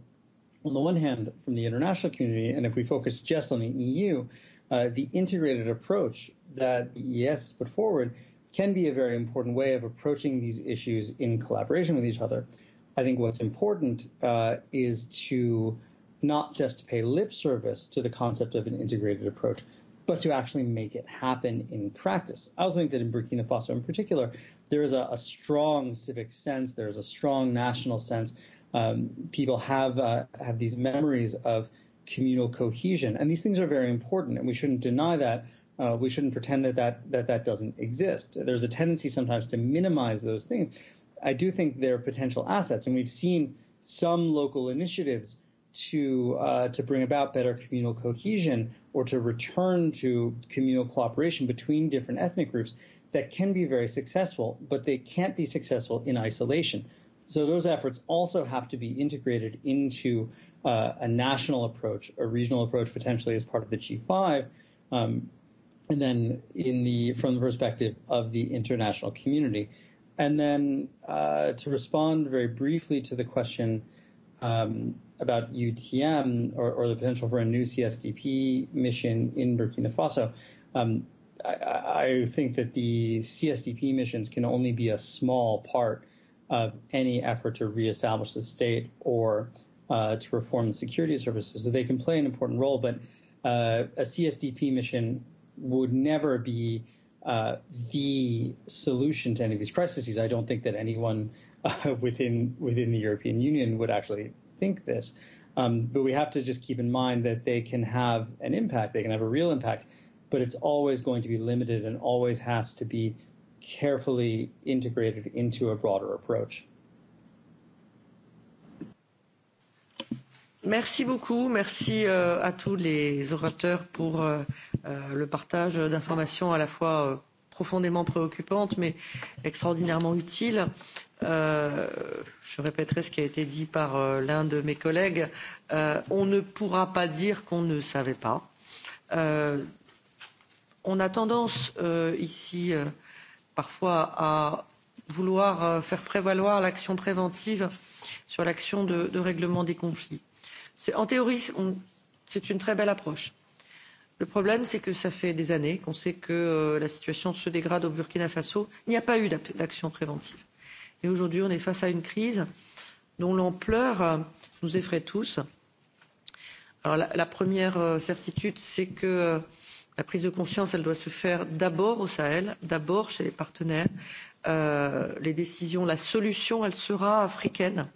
Speaker 4: on the one hand, from the international community, and if we focus just on the EU, uh, the integrated approach that the ES put forward can be a very important way of approaching these issues in collaboration with each other. I think what's important uh, is to not just pay lip service to the concept of an integrated approach, but to actually make it happen in practice. I also think that in Burkina Faso in particular, there is a, a strong civic sense, there's a strong national sense. Um, people have uh, have these memories of communal cohesion, and these things are very important, and we shouldn't deny that. Uh, we shouldn't pretend that that, that that doesn't exist. There's a tendency sometimes to minimize those things. I do think they're potential assets, and we've seen some local initiatives to uh, to bring about better communal cohesion or to return to communal cooperation between different ethnic groups that can be very successful, but they can't be successful in isolation. So those efforts also have to be integrated into uh, a national approach, a regional approach, potentially as part of the G5, um, and then in the from the perspective of the international community. And then uh, to respond very briefly to the question um, about UTM or, or the potential for a new CSDP mission in Burkina Faso, um, I, I, think that the CSDP missions can only be a small part of any effort to reestablish the state or uh, to reform the security services. So they can play an important role, but uh, a CSDP mission would never be uh, the solution to any of these crises. I don't think that anyone uh, within within the European Union would actually think this. Um, but we have to just keep in mind that they can have an impact, they can have a real impact, but it's always going to be limited and always has to be carefully integrated into a broader approach.
Speaker 1: Merci beaucoup, merci euh, à tous les orateurs pour euh, euh, le partage d'informations à la fois euh, profondément préoccupantes mais extraordinairement utiles. Euh, je répéterai ce qui a été dit par euh, l'un de mes collègues, euh, on ne pourra pas dire qu'on ne savait pas. Euh, on a tendance euh, ici euh, parfois à vouloir euh, faire prévaloir l'action préventive sur l'action de, de règlement des conflits. En théorie, c'est une très belle approche. Le problème, c'est que ça fait des années qu'on sait que euh, la situation se dégrade au Burkina Faso. Il n'y a pas eu d'action préventive. Et aujourd'hui, on est face à une crise dont l'ampleur euh, nous effraie tous. Alors la, la première euh, certitude, c'est que euh, la prise de conscience, elle doit se faire d'abord au Sahel, d'abord chez les partenaires. Euh, les décisions, la solution, elle sera africaine.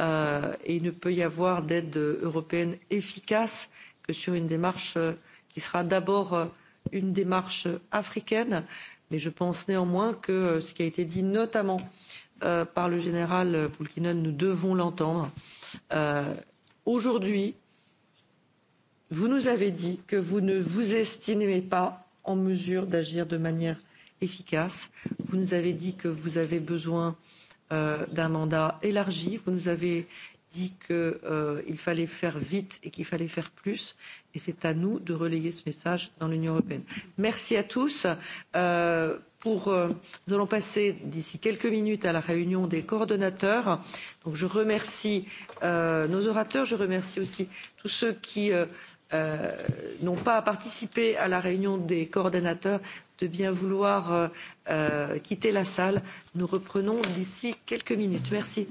Speaker 1: Euh, et il ne peut y avoir d'aide européenne efficace que sur une démarche qui sera d'abord une démarche africaine. Mais je pense néanmoins que ce qui a été dit notamment Euh, par le général Poulkinen, nous devons l'entendre. Euh, Aujourd'hui, vous nous avez dit que vous ne vous estimez pas en mesure d'agir de manière efficace. Vous nous avez dit que vous avez besoin euh, d'un mandat élargi. Vous nous avez dit qu'il euh, fallait faire vite et qu'il fallait faire plus. Et c'est à nous de relayer ce message dans l'Union européenne. Merci à tous. Euh, pour, euh, nous allons passer d'ici quelques minutes à la réunion des coordonnateurs. Donc, je remercie euh, nos orateurs. Je remercie aussi tous ceux qui euh, euh, n'ont pas participé à la réunion des coordonnateurs de bien vouloir quitter la salle. Nous reprenons d'ici quelques minutes. Merci.